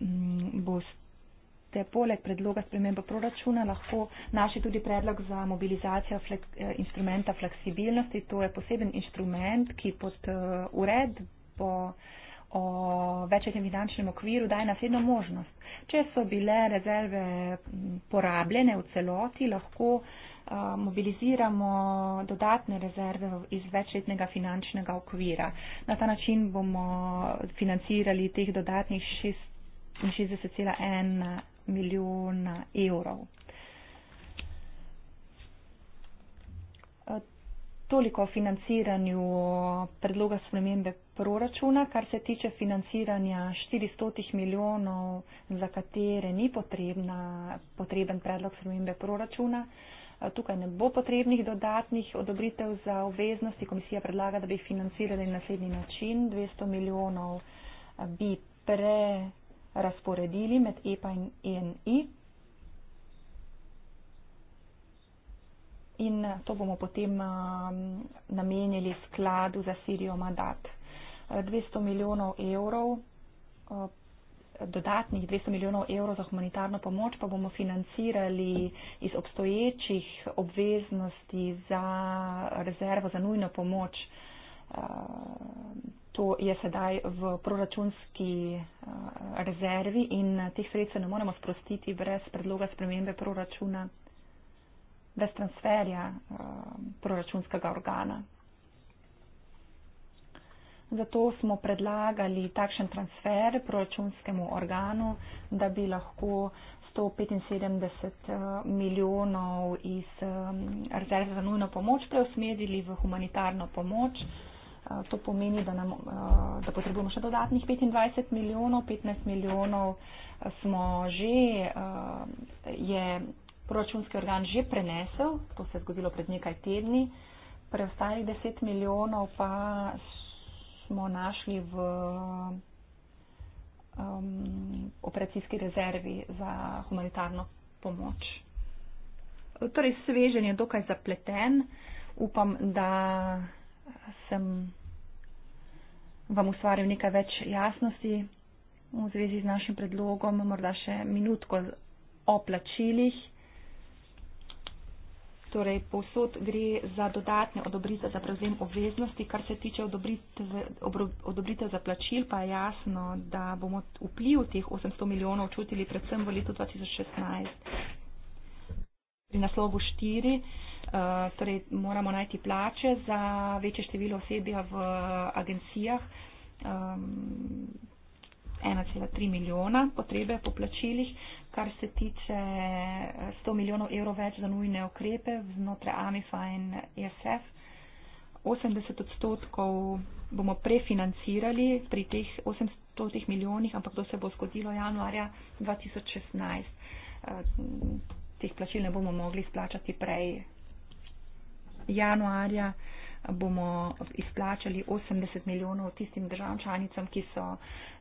mm, boste poleg predloga spremembe proračuna lahko našli tudi predlog za mobilizacijo flek, eh, instrumenta fleksibilnosti. To je poseben instrument, ki pod eh, uredbo. Uh, o večjem finančnem okviru daje naslednjo možnost. Če so bile rezerve porabljene v celoti, lahko mobiliziramo dodatne rezerve iz večletnega finančnega okvira. Na ta način bomo financirali teh dodatnih 66,1 milijona evrov. toliko o financiranju predloga spremembe proračuna, kar se tiče financiranja 400 milijonov, za katere ni potrebna, potreben predlog spremembe proračuna. Eh, tukaj ne bo potrebnih dodatnih odobritev za obveznosti. Komisija predlaga, da bi jih financirali na naslednji način. 200 milijonov eh, bi pre razporedili med EPA in ENI, in to bomo potem um, namenili skladu za Sirijo Madat. 200 eh, milijonov evrov, eh, dodatnih 200 milijonov evrov za humanitarno pomoč pa bomo financirali iz obstoječih obveznosti za rezervo za nujno pomoč. Eh, to je sedaj v proračunski rezervi in teh sredstev ne moremo sprostiti brez predloga spremembe proračuna brez transferja um, proračunskega organa. Zato smo predlagali takšen transfer proračunskemu organu, da bi lahko 175 uh, milijonov iz um, rezerve za nujno pomoč preusmerili v humanitarno pomoč. Uh, to pomeni, da, nam, uh, da potrebujemo še dodatnih 25 milijonov. 15 milijonov smo že, je proračunski organ že prenesel, to se je zgodilo pred nekaj tedni, preostalih 10 milijonov pa smo našli v um, operacijski rezervi za humanitarno pomoč. Torej, svežen je dokaj zapleten. Upam, da sem vam ustvaril nekaj več jasnosti v zvezi z našim predlogom, morda še minutko o plačilih. Torej, povsod gre za dodatne odobrite za prevzem obveznosti, kar se tiče odobrite za plačil, pa je jasno, da bomo vpliv teh 800 milijonov čutili predvsem v letu 2016. Pri naslovu 4 eh, torej, moramo najti plače za večje število osebja v agencijah. Ehm, 1,3 milijona potrebe po plačilih, kar se tiče 100 eh, milijonov evrov več za nujne ukrepe znotraj AMIFA in e ESF. 80 odstotkov bomo prefinancirali pri teh 800 teh milijonih, ampak to se bo zgodilo januarja 2016. Eh, teh plačil ne bomo mogli splačati prej januarja bomo izplačali 80 milijonov tistim državam članicam, ki so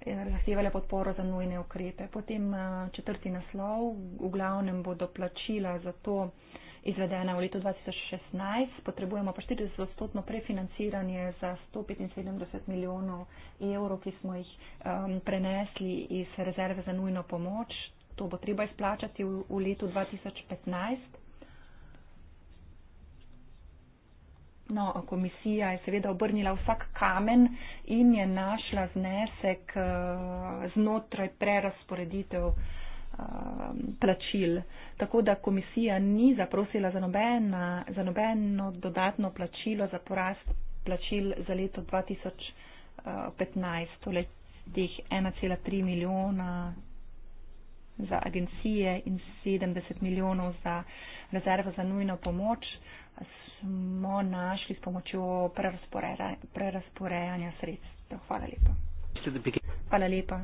eh, zahtevali podporo za nujne ukrepe. Potem eh, četrti naslov, v glavnem bodo plačila za to izvedena v letu 2016, potrebujemo pa 40-odstotno prefinanciranje za 175 milijonov evrov, ki smo jih um, prenesli iz rezerve za nujno pomoč. To bo treba izplačati v, v letu 2015. No, komisija je seveda obrnila vsak kamen in je našla znesek eh, znotraj prerasporeditev eh, plačil. Tako da komisija ni zaprosila za, nobena, za nobeno dodatno plačilo za porast plačil za leto 2015, eh, torej teh 1,3 milijona za agencije in 70 milijonov za rezervo za nujno pomoč smo našli s pomočjo prerasporejanja sredstev. Hvala lepa. Hvala lepa.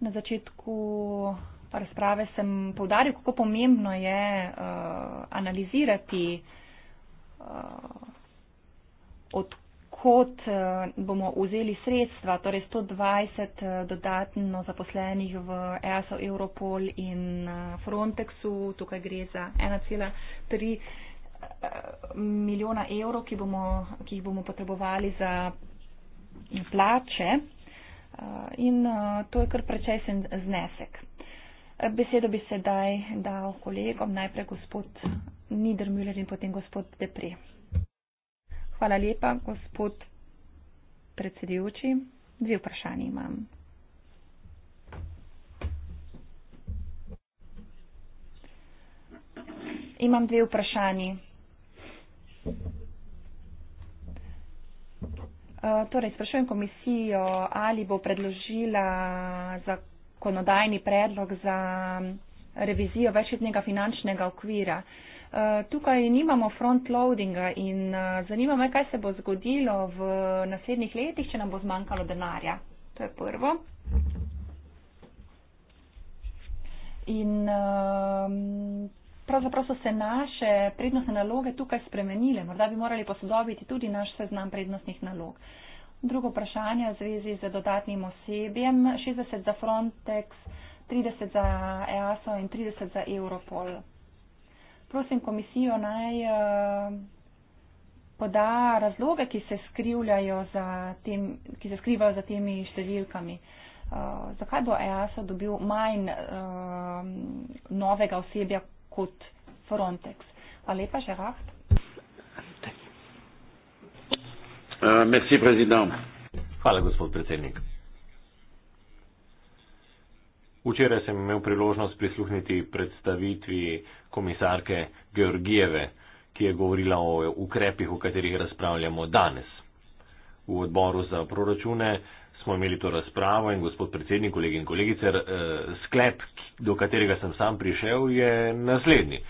Na začetku razprave sem povdaril, kako pomembno je uh, analizirati, uh, eh, odkud kot eh, bomo vzeli sredstva, torej 120 eh, dodatno zaposlenih v ESO, Europol in eh, Frontexu, tukaj gre za 1,3 milijona evrov, ki, bomo, ki jih bomo potrebovali za plače in to je kar prečesen znesek. Besedo bi sedaj dal kolegom, najprej gospod Nidermüller in potem gospod Depre. Hvala lepa, gospod predsedujoči. Dve vprašanje imam. Imam dve vprašanje. Torej, sprašujem komisijo, ali bo predložila zakonodajni predlog za revizijo večletnega finančnega okvira tukaj nimamo front-loadinga in uh, zanima me, kaj se bo zgodilo v naslednjih letih, če nam bo zmanjkalo denarja. To je prvo. In uh, pravzaprav so se naše prednostne naloge tukaj spremenile. Morda bi morali posodobiti tudi naš seznam prednostnih nalog. Drugo vprašanje v zvezi z dodatnim osebjem. 60 za Frontex, 30 za EASO in 30 za Europol prosim komisijo naj eh, poda razloge, ki se, tem, ki se skrivajo za temi številkami. Eh, zakaj bo EASA dobil manj eh, novega osebja kot Frontex? Hvala lepa, Žerahd. Uh, merci, Hvala, gospod predsednik. Včeraj sem imel priložnost prisluhniti predstavitvi komisarke Georgijeve, ki je govorila o ukrepih, o katerih razpravljamo danes. V odboru za proračune smo imeli to razpravo in gospod predsednik, kolegi in kolegice, eh, sklep, do katerega sem sam prišel, je naslednji.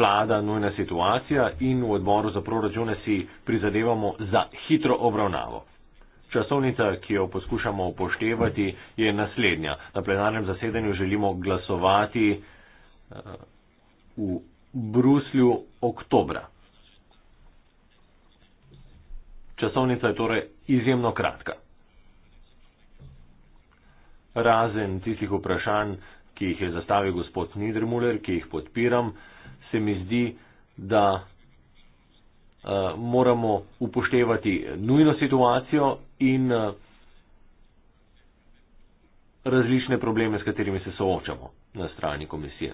Vlada nujna situacija in v odboru za proračune si prizadevamo za hitro obravnavo. Časovnica, ki jo poskušamo upoštevati, je naslednja. Na plenarnem zasedanju želimo glasovati eh, v Bruslju oktobra. Časovnica je torej izjemno kratka. Razen tistih vprašanj, ki jih je zastavil gospod Niedermuller, ki jih podpiram, se mi zdi, da Eh, moramo upoštevati nujno situacijo in eh, različne probleme, s katerimi se soočamo na strani komisije.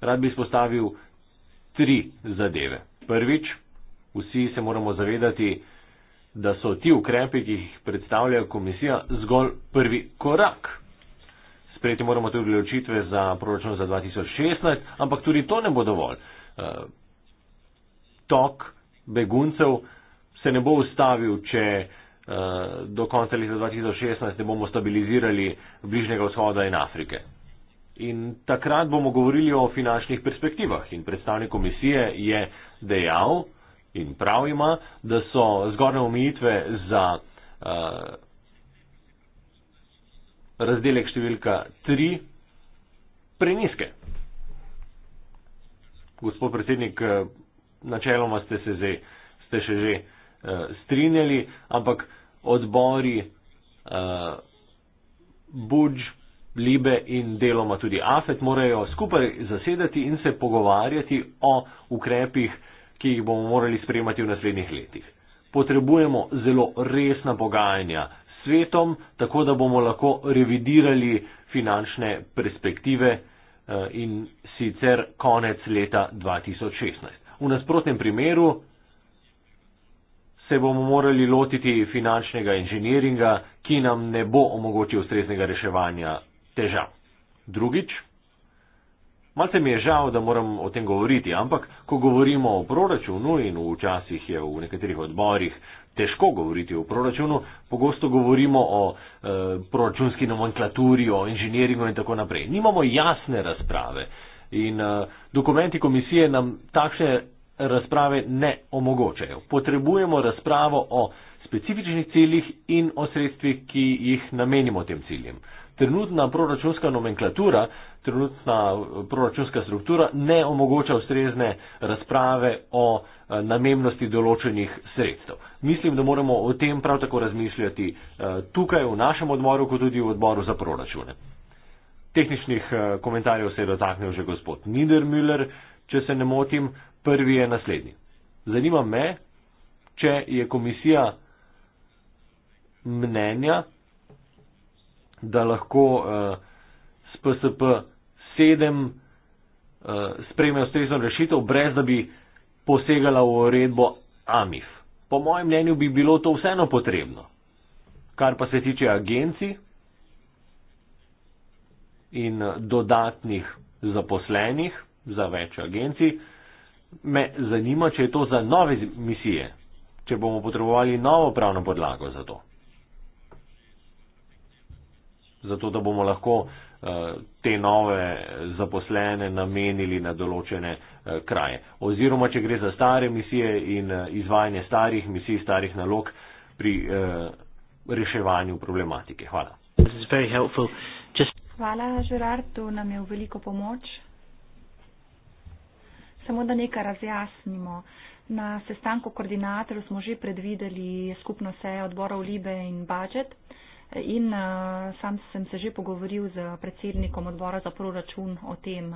Rad bi izpostavil tri zadeve. Prvič, vsi se moramo zavedati, da so ti ukrepi, ki jih predstavlja komisija, zgolj prvi korak. Sprejeti moramo tudi odločitve za proračun za 2016, ampak tudi to ne bo dovolj. Eh, tok beguncev se ne bo ustavil, če eh, do konca leta 2016 ne bomo stabilizirali Bližnjega vzhoda in Afrike. In takrat bomo govorili o finančnih perspektivah in predstavnik komisije je dejal in prav ima, da so zgorne omejitve za uh, razdelek številka 3 preniske. Gospod predsednik, eh, načeloma ste se že, ste še že uh, strinjali, ampak odbori uh, Budž, Libe in deloma tudi Afet morajo skupaj zasedati in se pogovarjati o ukrepih, ki jih bomo morali sprejemati v naslednjih letih. Potrebujemo zelo resna pogajanja s svetom, tako da bomo lahko revidirali finančne perspektive eh, in sicer konec leta 2016. V nasprotnem primeru se bomo morali lotiti finančnega inženiringa, ki nam ne bo omogočil ustreznega reševanja težav. Drugič, malce mi je žal, da moram o tem govoriti, ampak ko govorimo o proračunu in včasih je v nekaterih odborih težko govoriti o proračunu, pogosto govorimo o e, proračunski nomenklaturi, o inženiringu in tako naprej. Nimamo jasne razprave. In eh, dokumenti komisije nam takšne razprave ne omogočajo. Potrebujemo razpravo o specifičnih ciljih in o sredstvih, ki jih namenimo tem ciljem. Trenutna proračunska nomenklatura, trenutna eh, proračunska struktura ne omogoča ustrezne razprave o eh, namennosti določenih sredstev. Mislim, da moramo o tem prav tako razmišljati eh, tukaj v našem odboru, kot tudi v odboru za proračune. Tehničnih komentarjev se je dotaknil že gospod Niedermüller, če se ne motim, Prvi je naslednji. Zanima me, če je komisija mnenja, da lahko uh, s PSP 7 uh, sprejme ustrezno rešitev, brez da bi posegala v uredbo AMIF. Po mojem mnenju bi bilo to vseeno potrebno. Kar pa se tiče agencij in eh, dodatnih zaposlenih za več agencij, uh, me zanima, če je to za nove misije, če bomo potrebovali novo pravno podlago za to. Zato, da bomo lahko eh, te nove zaposlene namenili na določene eh, kraje. Oziroma, če gre za stare misije in eh, izvajanje starih misij, starih nalog pri reševanju problematike. Hvala. Hvala, Žerard, to nam je v veliko pomoč. Samo da nekaj razjasnimo. Na sestanku koordinatorjev smo že predvideli skupno sejo odborov Libe in Budget in uh, sam sem se že pogovoril z predsednikom odbora za proračun o tem.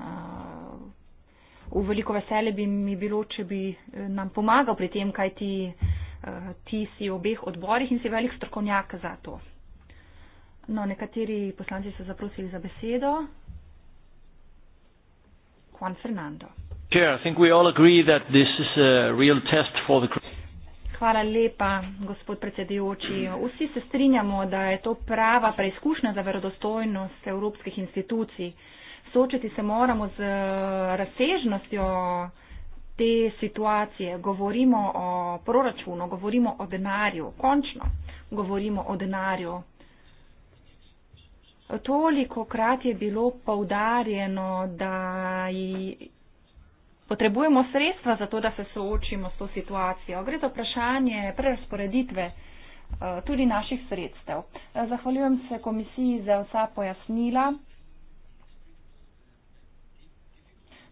Uh, v veliko veselje bi mi bilo, če bi eh, nam pomagal pri tem, kaj ti, uh, ti si v obeh odborih in si velik strokovnjak za to. No, nekateri poslanci so zaprosili za besedo. Juan Fernando. Chair, I think we all agree that this is a real test for the Hvala lepa, gospod predsedujoči. Vsi se strinjamo, da je to prava preizkušnja za verodostojnost evropskih institucij. Sočiti se moramo z razsežnostjo te situacije. Govorimo o proračunu, govorimo o denarju, končno govorimo o denarju. Toliko krat je bilo poudarjeno, da potrebujemo sredstva za to, da se soočimo s to situacijo. Gre za vprašanje prerasporeditve eh, tudi naših sredstev. Eh, zahvaljujem se komisiji za vsa pojasnila.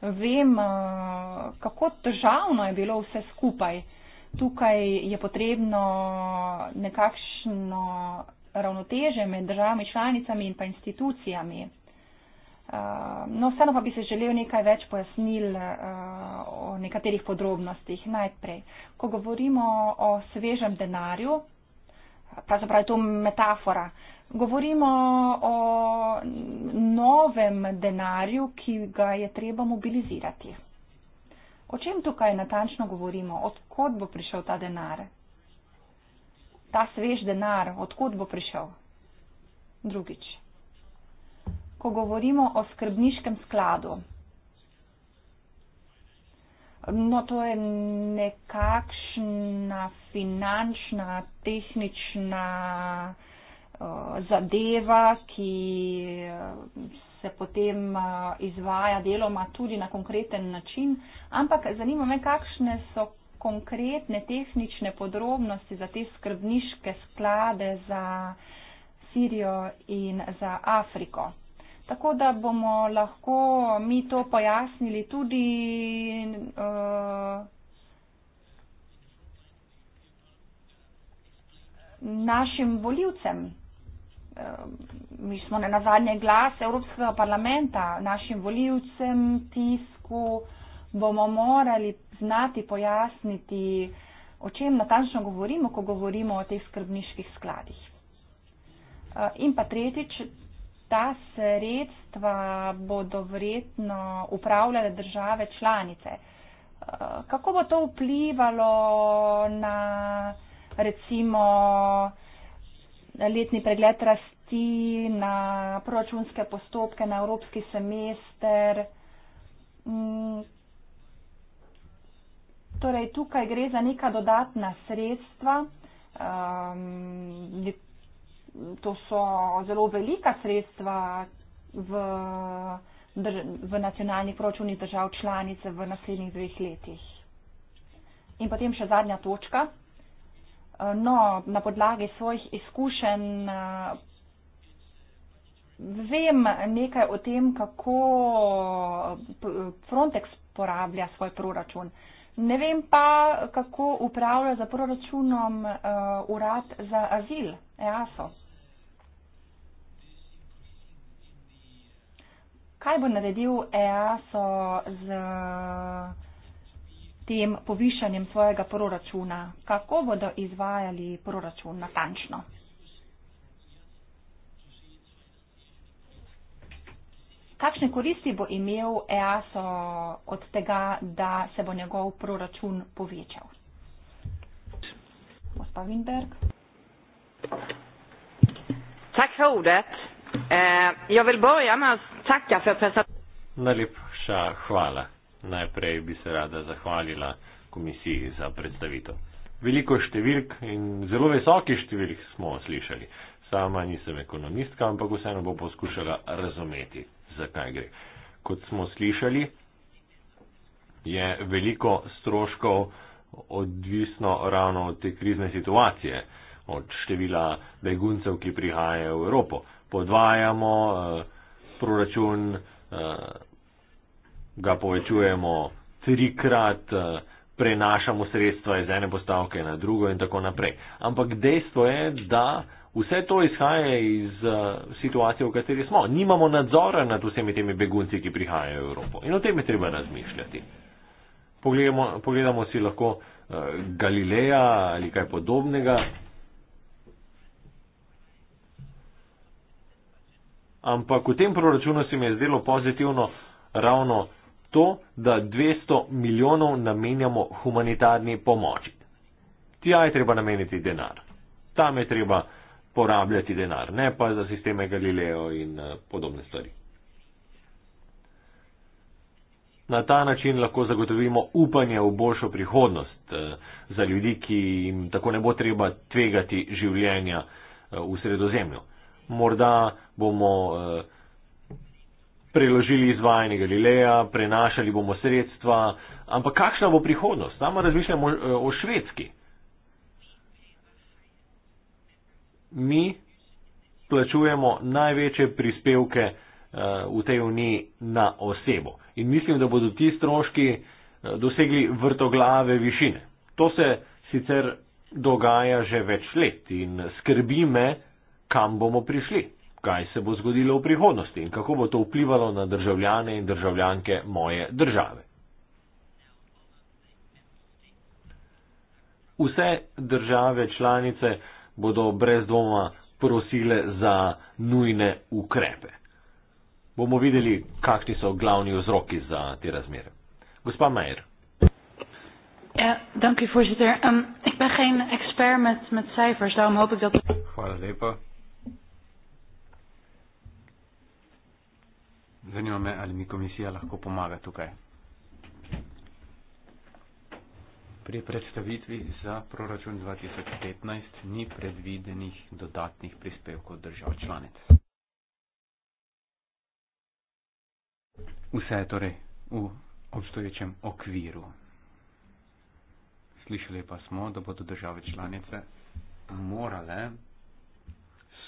Vem, eh, kako težavno je bilo vse skupaj. Tukaj je potrebno nekakšno ravnoteže med državami članicami in pa institucijami. Ehm, no, vseeno pa bi se želel nekaj več pojasnil eh, o nekaterih podrobnostih najprej. Ko govorimo o svežem denarju, pravzaprav je to metafora, govorimo o novem denarju, ki ga je treba mobilizirati. O čem tukaj natančno govorimo? Odkot bo prišel ta denar? Ta svež denar, odkot bo prišel? Drugič ko govorimo o skrbniškem skladu. No, to je nekakšna finančna, tehnična eh, zadeva, ki eh, se potem eh, izvaja deloma tudi na konkreten način, ampak zanima me, kakšne so konkretne tehnične podrobnosti za te skrbniške sklade za Sirijo in za Afriko. Tako da bomo lahko mi to pojasnili tudi uh, našim voljivcem. Uh, mi smo na zadnje glas Evropskega parlamenta, našim voljivcem tisku bomo morali znati pojasniti, o čem natančno govorimo, ko govorimo o teh skrbniških skladih. Uh, in pa tretjič, ta sredstva bodo vredno upravljale države članice. Eh, kako bo to vplivalo na recimo letni pregled rasti, na proračunske postopke, na evropski semester? Mm. Torej, tukaj gre za neka dodatna sredstva. Um, to so zelo velika sredstva v, v nacionalnih proračunih držav članice v naslednjih dveh letih. In potem še zadnja točka. No, na podlagi svojih izkušenj vem nekaj o tem, kako Frontex porablja svoj proračun. Ne vem pa, kako upravlja za proračunom eh, urad za azil, EASO. Ja, kaj bo naredil EASO z tem povišanjem svojega proračuna, kako bodo izvajali proračun natančno. Kakšne koristi bo imel EASO od tega, da se bo njegov proračun povečal? Gospa Winberg. Tak for ordet. Eh, jag vill börja med att tacka för presentationen. Najlepša hvala. Najprej bi se rada zahvalila komisiji za predstavitev. Veliko številk in zelo visokih številk smo slišali. Sama nisem ekonomistka, ampak vseeno bom poskušala razumeti, zakaj gre. Kot smo slišali, je veliko stroškov odvisno ravno od te krizne situacije, od števila beguncev, ki prihajajo v Evropo podvajamo, eh, proračun eh, ga povečujemo trikrat, eh, prenašamo sredstva iz ene postavke na drugo in tako naprej. Ampak dejstvo je, da vse to izhaja iz situacije, v kateri smo. Nimamo nadzora nad vsemi temi begunci, ki prihajajo v Evropo. In o tem je treba razmišljati. Pogledamo, pogledamo si lahko Galileja ali kaj podobnega. ampak v tem proračunu se mi je zdelo pozitivno ravno to, da 200 milijonov namenjamo humanitarni pomoči. Tja je treba nameniti denar, tam je treba porabljati denar, ne pa za sisteme Galileo in eh, podobne stvari. Na ta način lahko zagotovimo upanje v boljšo prihodnost eh, za ljudi, ki jim tako ne bo treba tvegati življenja eh, v sredozemlju morda bomo eh, preložili izvajanje Galileja, prenašali bomo sredstva, ampak kakšna bo prihodnost? Sama razmišljamo o, eh, o švedski. Mi plačujemo največje prispevke eh, v tej uniji na osebo. In mislim, da bodo ti stroški dosegli vrtoglave višine. To se sicer dogaja že več let in skrbi me, kam bomo prišli, kaj se bo zgodilo v prihodnosti in kako bo to vplivalo na državljane in državljanke moje države. Vse države članice bodo brez dvoma prosile za nujne ukrepe. Bomo videli, kakšni so glavni vzroki za te razmere. Gospa Majer. Ja, dank u voorzitter. Um, ik ben geen expert met, met cijfers, daarom hoop ik dat. Hvala lepa. Zanima me, ali mi komisija lahko pomaga tukaj. Pri predstavitvi za proračun 2015 ni predvidenih dodatnih prispevkov držav članic. Vse je torej v obstoječem okviru. Slišali pa smo, da bodo države članice morale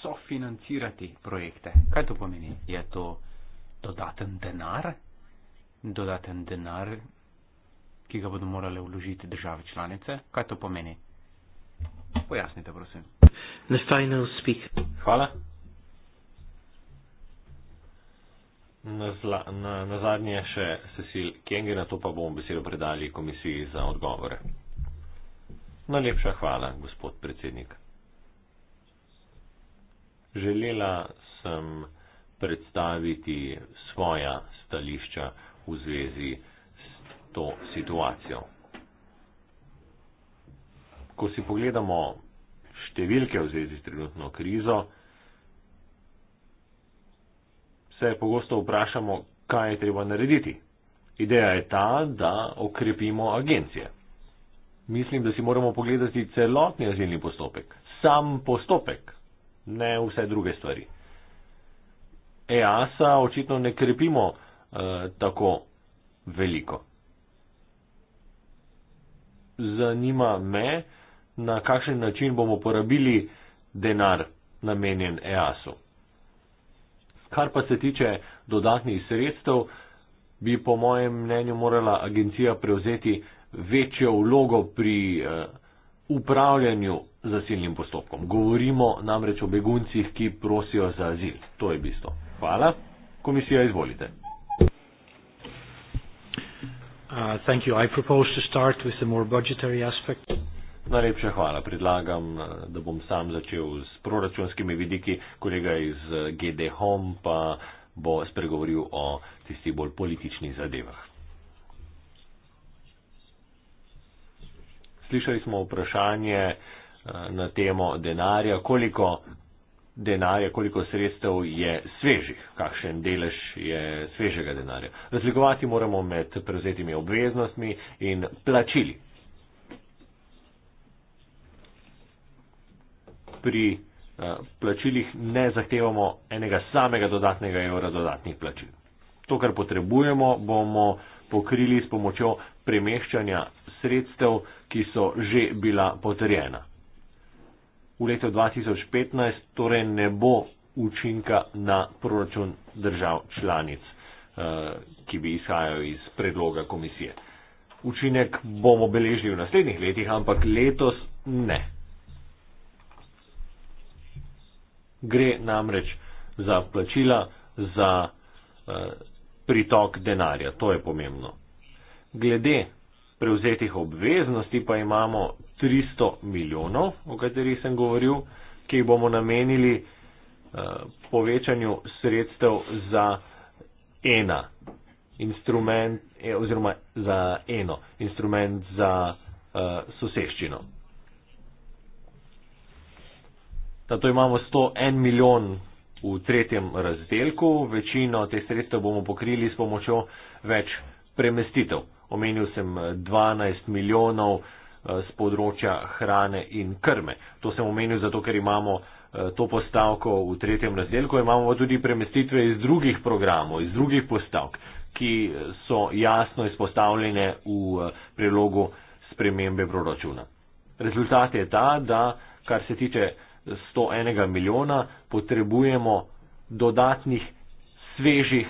sofinancirati projekte. Kaj to pomeni? Je to dodaten denar, dodaten denar, ki ga bodo morale vložiti države članice. Kaj to pomeni? Pojasnite, prosim. The final speak. Hvala. Na, zla, na, na zadnje še Cecil Kenger, na to pa bomo besedo predali komisiji za odgovore. Najlepša hvala, gospod predsednik. Želela sem predstaviti svoja stališča v zvezi s to situacijo. Ko si pogledamo številke v zvezi s trenutno krizo, se pogosto vprašamo, kaj je treba narediti. Ideja je ta, da okrepimo agencije. Mislim, da si moramo pogledati celotni azilni postopek, sam postopek, ne vse druge stvari. EASA očitno ne krepimo eh, tako veliko. Zanima me, na kakšen način bomo porabili denar namenjen EASO. Kar pa se tiče dodatnih sredstev, bi po mojem mnenju morala agencija prevzeti večjo vlogo pri eh, upravljanju zasilnim postopkom. Govorimo namreč o beguncih, ki prosijo za azil. To je bistvo. Hvala. Komisija, izvolite. Uh, Najlepša hvala. Predlagam, uh, da bom sam začel s proračunskimi vidiki. Kolega iz uh, GD Home pa bo spregovoril o tistih bolj političnih zadevah. Slišali smo vprašanje uh, na temo denarja, koliko denarja, koliko sredstev je svežih, kakšen delež je svežega denarja. Razlikovati moramo med prevzetimi obveznostmi in plačili. Pri uh, plačilih ne zahtevamo enega samega dodatnega evra dodatnih plačil. To, kar potrebujemo, bomo pokrili s pomočjo premeščanja sredstev, ki so že bila potrjena v letu 2015 torej ne bo učinka na proračun držav članic, eh, ki bi izhajal iz predloga komisije. Učinek bomo beležili v naslednjih letih, ampak letos ne. Gre namreč za plačila, za eh, pritok denarja, to je pomembno. Glede prevzetih obveznosti pa imamo 300 milijonov, o katerih sem govoril, ki jih bomo namenili eh, povečanju sredstev za ena instrument e, oziroma za eno instrument za eh, soseščino. Zato imamo 101 milijon v tretjem razdelku, večino teh sredstev bomo pokrili s pomočjo več premestitev. Omenil sem 12 eh, milijonov z eh, področja hrane in krme. To sem omenil zato, ker imamo eh, to postavko v tretjem razdelku, imamo tudi premestitve iz drugih programov, iz drugih postavk, ki so jasno izpostavljene v eh, prilogu spremembe proračuna. Rezultat je ta, da kar se tiče 101 milijona, potrebujemo dodatnih svežih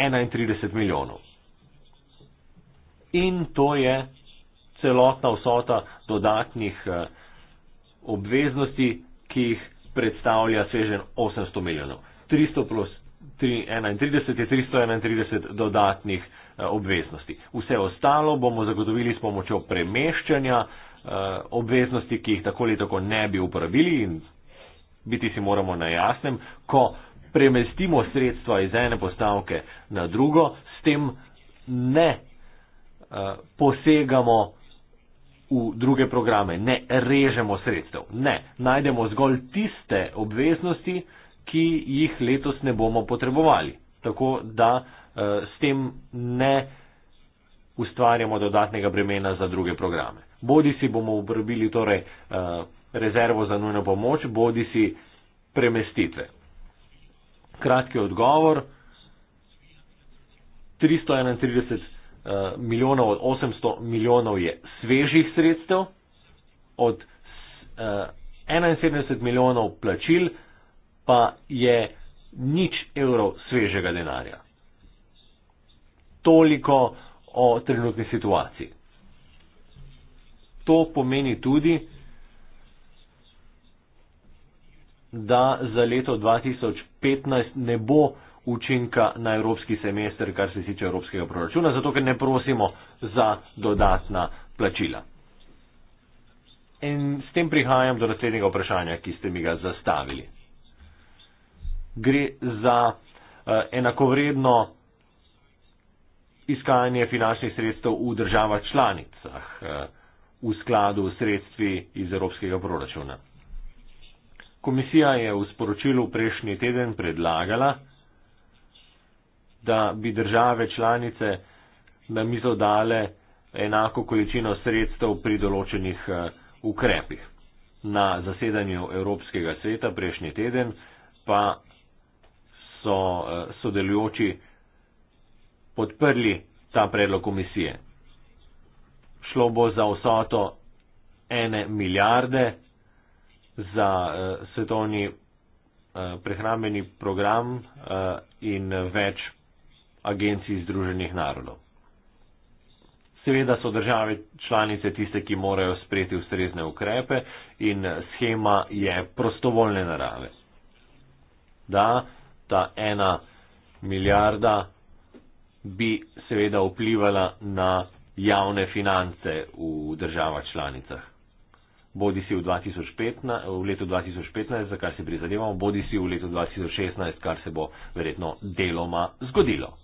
31 milijonov. In to je celotna vsota dodatnih eh, obveznosti, ki jih predstavlja svežen 800 milijonov. 300 plus 31 je 331 dodatnih eh, obveznosti. Vse ostalo bomo zagotovili s pomočjo premeščanja eh, obveznosti, ki jih tako ali tako ne bi uporabili in biti si moramo na jasnem, ko premestimo sredstva iz ene postavke na drugo, s tem ne posegamo v druge programe, ne režemo sredstev, ne, najdemo zgolj tiste obveznosti, ki jih letos ne bomo potrebovali. Tako da eh, s tem ne ustvarjamo dodatnega bremena za druge programe. Bodi si bomo uporabili torej eh, rezervo za nujno pomoč, bodi si premestitve. Kratki odgovor. 331 Eh, milijonov, od 800 milijonov je svežih sredstev, od 71 eh, milijonov plačil pa je nič evrov svežega denarja. Toliko o trenutni situaciji. To pomeni tudi, da za leto 2015 ne bo učinka na evropski semester, kar se tiče evropskega proračuna, zato ker ne prosimo za dodatna plačila. In s tem prihajam do naslednjega vprašanja, ki ste mi ga zastavili. Gre za eh, enakovredno iskanje finančnih sredstev v državah članicah eh, v skladu s sredstvi iz evropskega proračuna. Komisija je v sporočilu prejšnji teden predlagala, da bi države članice na mizo dale enako količino sredstev pri določenih eh, ukrepih. Na zasedanju Evropskega sveta prejšnji teden pa so eh, sodelujoči podprli ta predlog komisije. Šlo bo za vsoto ene milijarde za eh, svetovni prehrambeni program in več agencij Združenih narodov. Seveda so države članice tiste, ki morajo sprejeti ustrezne ukrepe in schema je prostovoljne narave. Da, ta ena milijarda bi seveda vplivala na javne finance v državah članicah. Bodi si v, 2015, v letu 2015, za kar si prizadevamo, bodi si v letu 2016, kar se bo verjetno deloma zgodilo.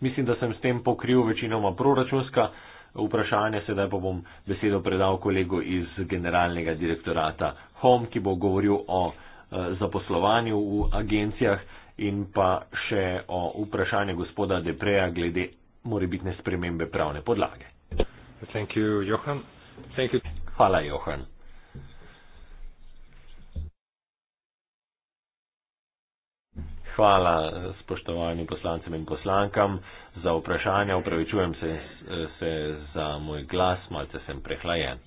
Mislim, da sem s tem pokril večinoma proračunska vprašanja, sedaj pa bom besedo predal kolegu iz generalnega direktorata HOM, ki bo govoril o eh, zaposlovanju v agencijah in pa še o vprašanju gospoda Depreja glede morebitne spremembe pravne podlage. Thank you, Johan. Thank you. Hvala, Johan. Hvala spoštovanim poslancem in poslankam za vprašanja. Upravičujem se, se za moj glas, malce sem prehlajen.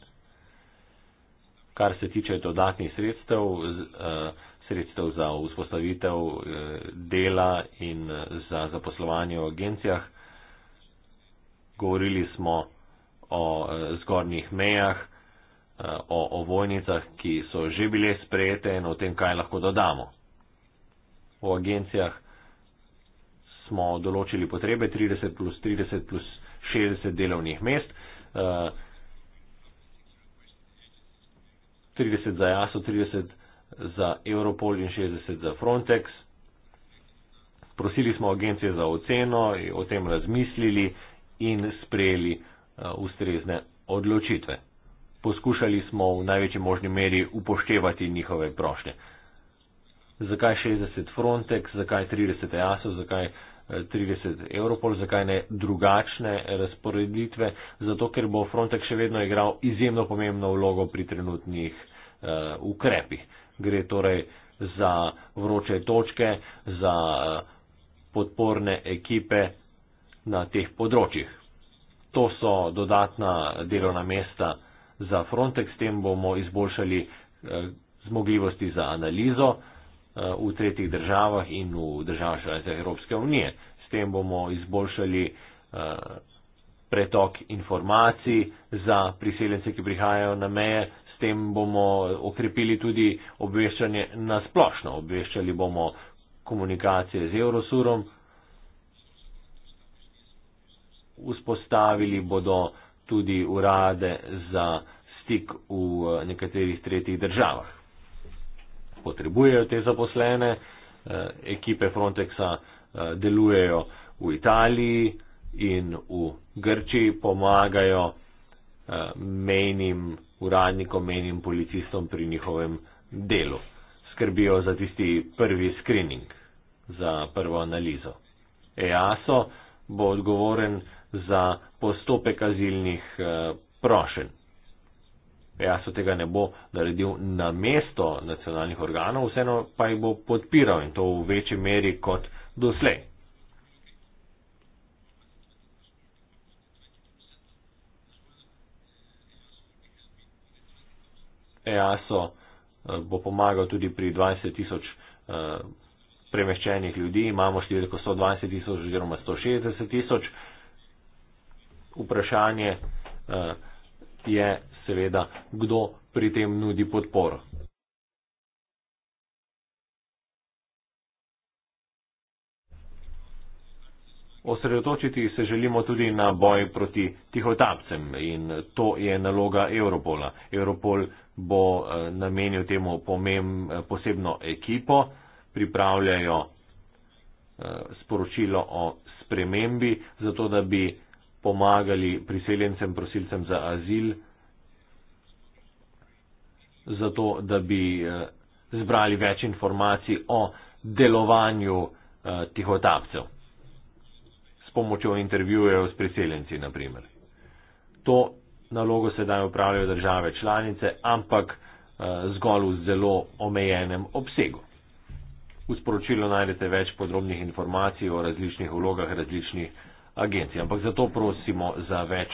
Kar se tiče dodatnih sredstev, eh, sredstev za vzpostavitev eh, dela in eh, za zaposlovanje v agencijah, govorili smo o zgornjih mejah, o ovojnicah, ki so že bile sprejete in o tem, kaj lahko dodamo o agencijah smo določili potrebe 30 plus 30 plus 60 delovnih mest. 30 eh, za JASO, 30 za Europol in 60 za Frontex. Prosili smo agencije za oceno, o tem razmislili in sprejeli eh, ustrezne odločitve. Poskušali smo v največji možni meri upoštevati njihove prošlje zakaj 60 Frontex, zakaj 30 EASO, zakaj 30 eh, Europol, zakaj ne drugačne razporeditve, zato ker bo Frontex še vedno igral izjemno pomembno vlogo pri trenutnih uh, ukrepih. Gre torej za vroče točke, za eh, podporne ekipe na teh področjih. To so dodatna delovna mesta za Frontex, s tem bomo izboljšali zmogljivosti za analizo, v tretjih državah in v državah članicah Evropske unije. S tem bomo izboljšali eh, pretok informacij za priseljence, ki prihajajo na meje, s tem bomo okrepili tudi obveščanje na splošno. Obveščali bomo komunikacije z Eurosurom, vzpostavili bodo tudi urade za stik v eh, nekaterih tretjih državah potrebujejo te zaposlene. Eh, ekipe Frontexa eh, delujejo v Italiji in v Grčiji, pomagajo eh, menim uradnikom, menim policistom pri njihovem delu. Skrbijo za tisti prvi screening, za prvo analizo. EASO bo odgovoren za postopek azilnih prošenj jaz tega ne bo naredil na mesto nacionalnih organov, vseeno pa jih bo podpiral in to v večji meri kot doslej. EASO eh, bo pomagal tudi pri 20 tisoč eh, premeščenih ljudi, imamo številko 120 tisoč oziroma 160 tisoč. Vprašanje eh, je, seveda, kdo pri tem nudi podporo. Osredotočiti se želimo tudi na boj proti tihotapcem in to je naloga Europola. Europol bo eh, namenil temu pomem, posebno ekipo, pripravljajo eh, sporočilo o spremembi, zato da bi pomagali priseljencem, prosilcem za azil zato, da bi eh, zbrali več informacij o delovanju eh, tihotapcev s pomočjo intervjujev s priseljenci, naprimer. To nalogo sedaj upravljajo države članice, ampak eh, zgolj v zelo omejenem obsegu. V sporočilu najdete več podrobnih informacij o različnih vlogah različnih agencij, ampak zato prosimo za več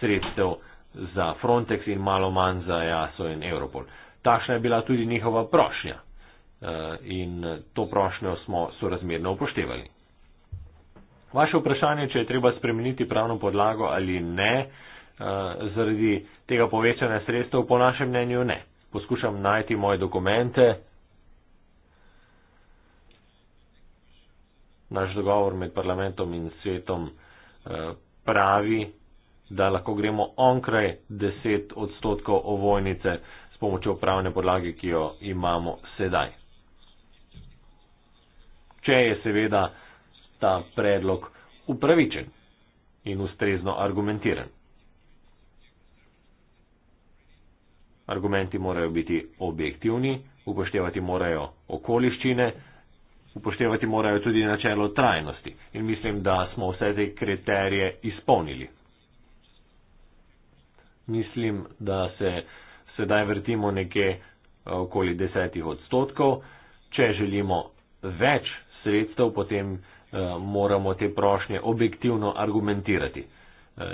sredstev za Frontex in malo manj za EASO in Europol. Takšna je bila tudi njihova prošnja eh, in to prošnjo smo sorazmerno upoštevali. Vaše vprašanje, če je treba spremeniti pravno podlago ali ne, eh, zaradi tega povečanja sredstev, po našem mnenju ne. Poskušam najti moje dokumente. Naš dogovor med parlamentom in svetom eh, pravi, da lahko gremo onkraj 10 odstotkov ovojnice s pomočjo pravne podlage, ki jo imamo sedaj. Če je seveda ta predlog upravičen in ustrezno argumentiran. Argumenti morajo biti objektivni, upoštevati morajo okoliščine, upoštevati morajo tudi načelo trajnosti. In mislim, da smo vse te kriterije izpolnili mislim, da se sedaj vrtimo nekje eh, okoli desetih odstotkov. Če želimo več sredstev, potem eh, moramo te prošnje objektivno argumentirati eh,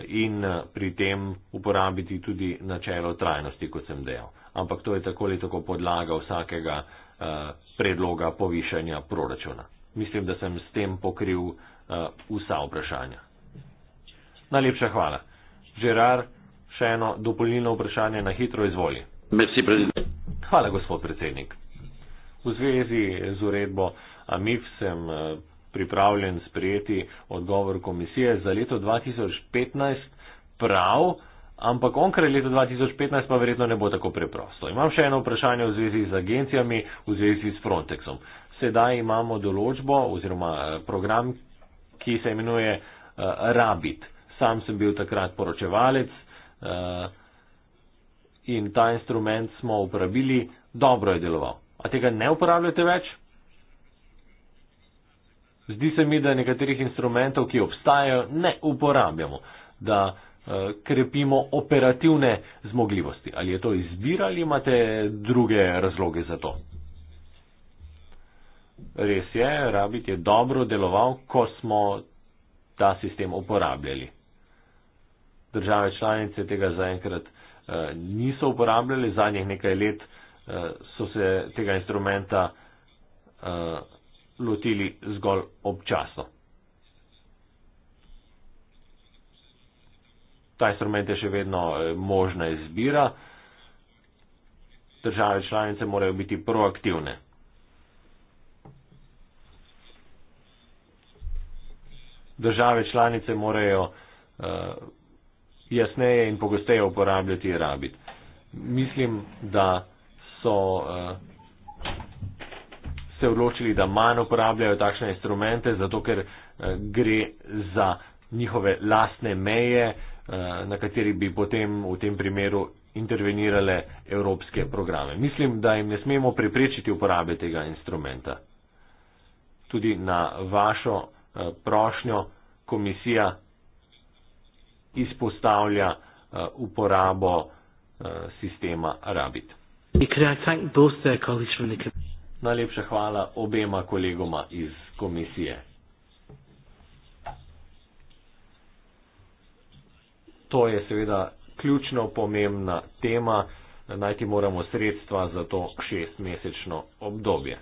in pri tem uporabiti tudi načelo trajnosti, kot sem dejal. Ampak to je tako ali tako podlaga vsakega predloga povišanja proračuna. Mislim, da sem s tem pokril vsa vprašanja. Najlepša hvala. Gerard še eno dopolnilno vprašanje na hitro izvoli. Hvala, gospod predsednik. V zvezi z uredbo AMIF sem eh, pripravljen sprejeti odgovor komisije za leto 2015 prav, ampak onkraj leta 2015 pa verjetno ne bo tako preprosto. Imam še eno vprašanje v zvezi z agencijami, v zvezi s Frontexom. Sedaj imamo določbo oziroma eh, program, ki se imenuje eh, Rabit. Sam sem bil takrat poročevalec, Eh, in ta instrument smo uporabili, dobro je deloval. A tega ne uporabljate več? Zdi se mi, da nekaterih instrumentov, ki obstajajo, ne uporabljamo, da eh, krepimo operativne zmogljivosti. Ali je to izbira ali imate druge razloge za to? Res je, rabit je dobro deloval, ko smo ta sistem uporabljali države članice tega zaenkrat eh, niso uporabljali. Zadnjih nekaj let eh, so se tega instrumenta eh, lotili zgolj občasno. Ta instrument je še vedno možna izbira. Države članice morajo biti proaktivne. Države članice morajo uh, jasneje in pogosteje uporabljati in rabiti. Mislim, da so uh, se odločili, da manj uporabljajo takšne instrumente, zato ker uh, gre za njihove lastne meje, uh, na kateri bi potem v tem primeru intervenirale evropske programe. Mislim, da jim ne smemo preprečiti uporabe tega instrumenta. Tudi na vašo uh, prošnjo komisija izpostavlja uh, uporabo uh, sistema Rabit. Najlepša hvala obema kolegoma iz komisije. To je seveda ključno pomembna tema, najti moramo sredstva za to šestmesečno obdobje.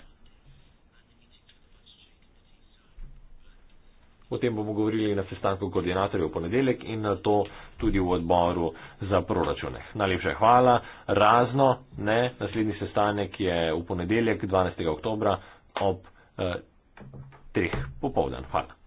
O tem bomo govorili na sestanku koordinatorjev v ponedeljek in na to tudi v odboru za proračune. Najlepša hvala. Razno, ne, naslednji sestanek je v ponedeljek 12. oktobra ob eh, treh popovdan. Hvala.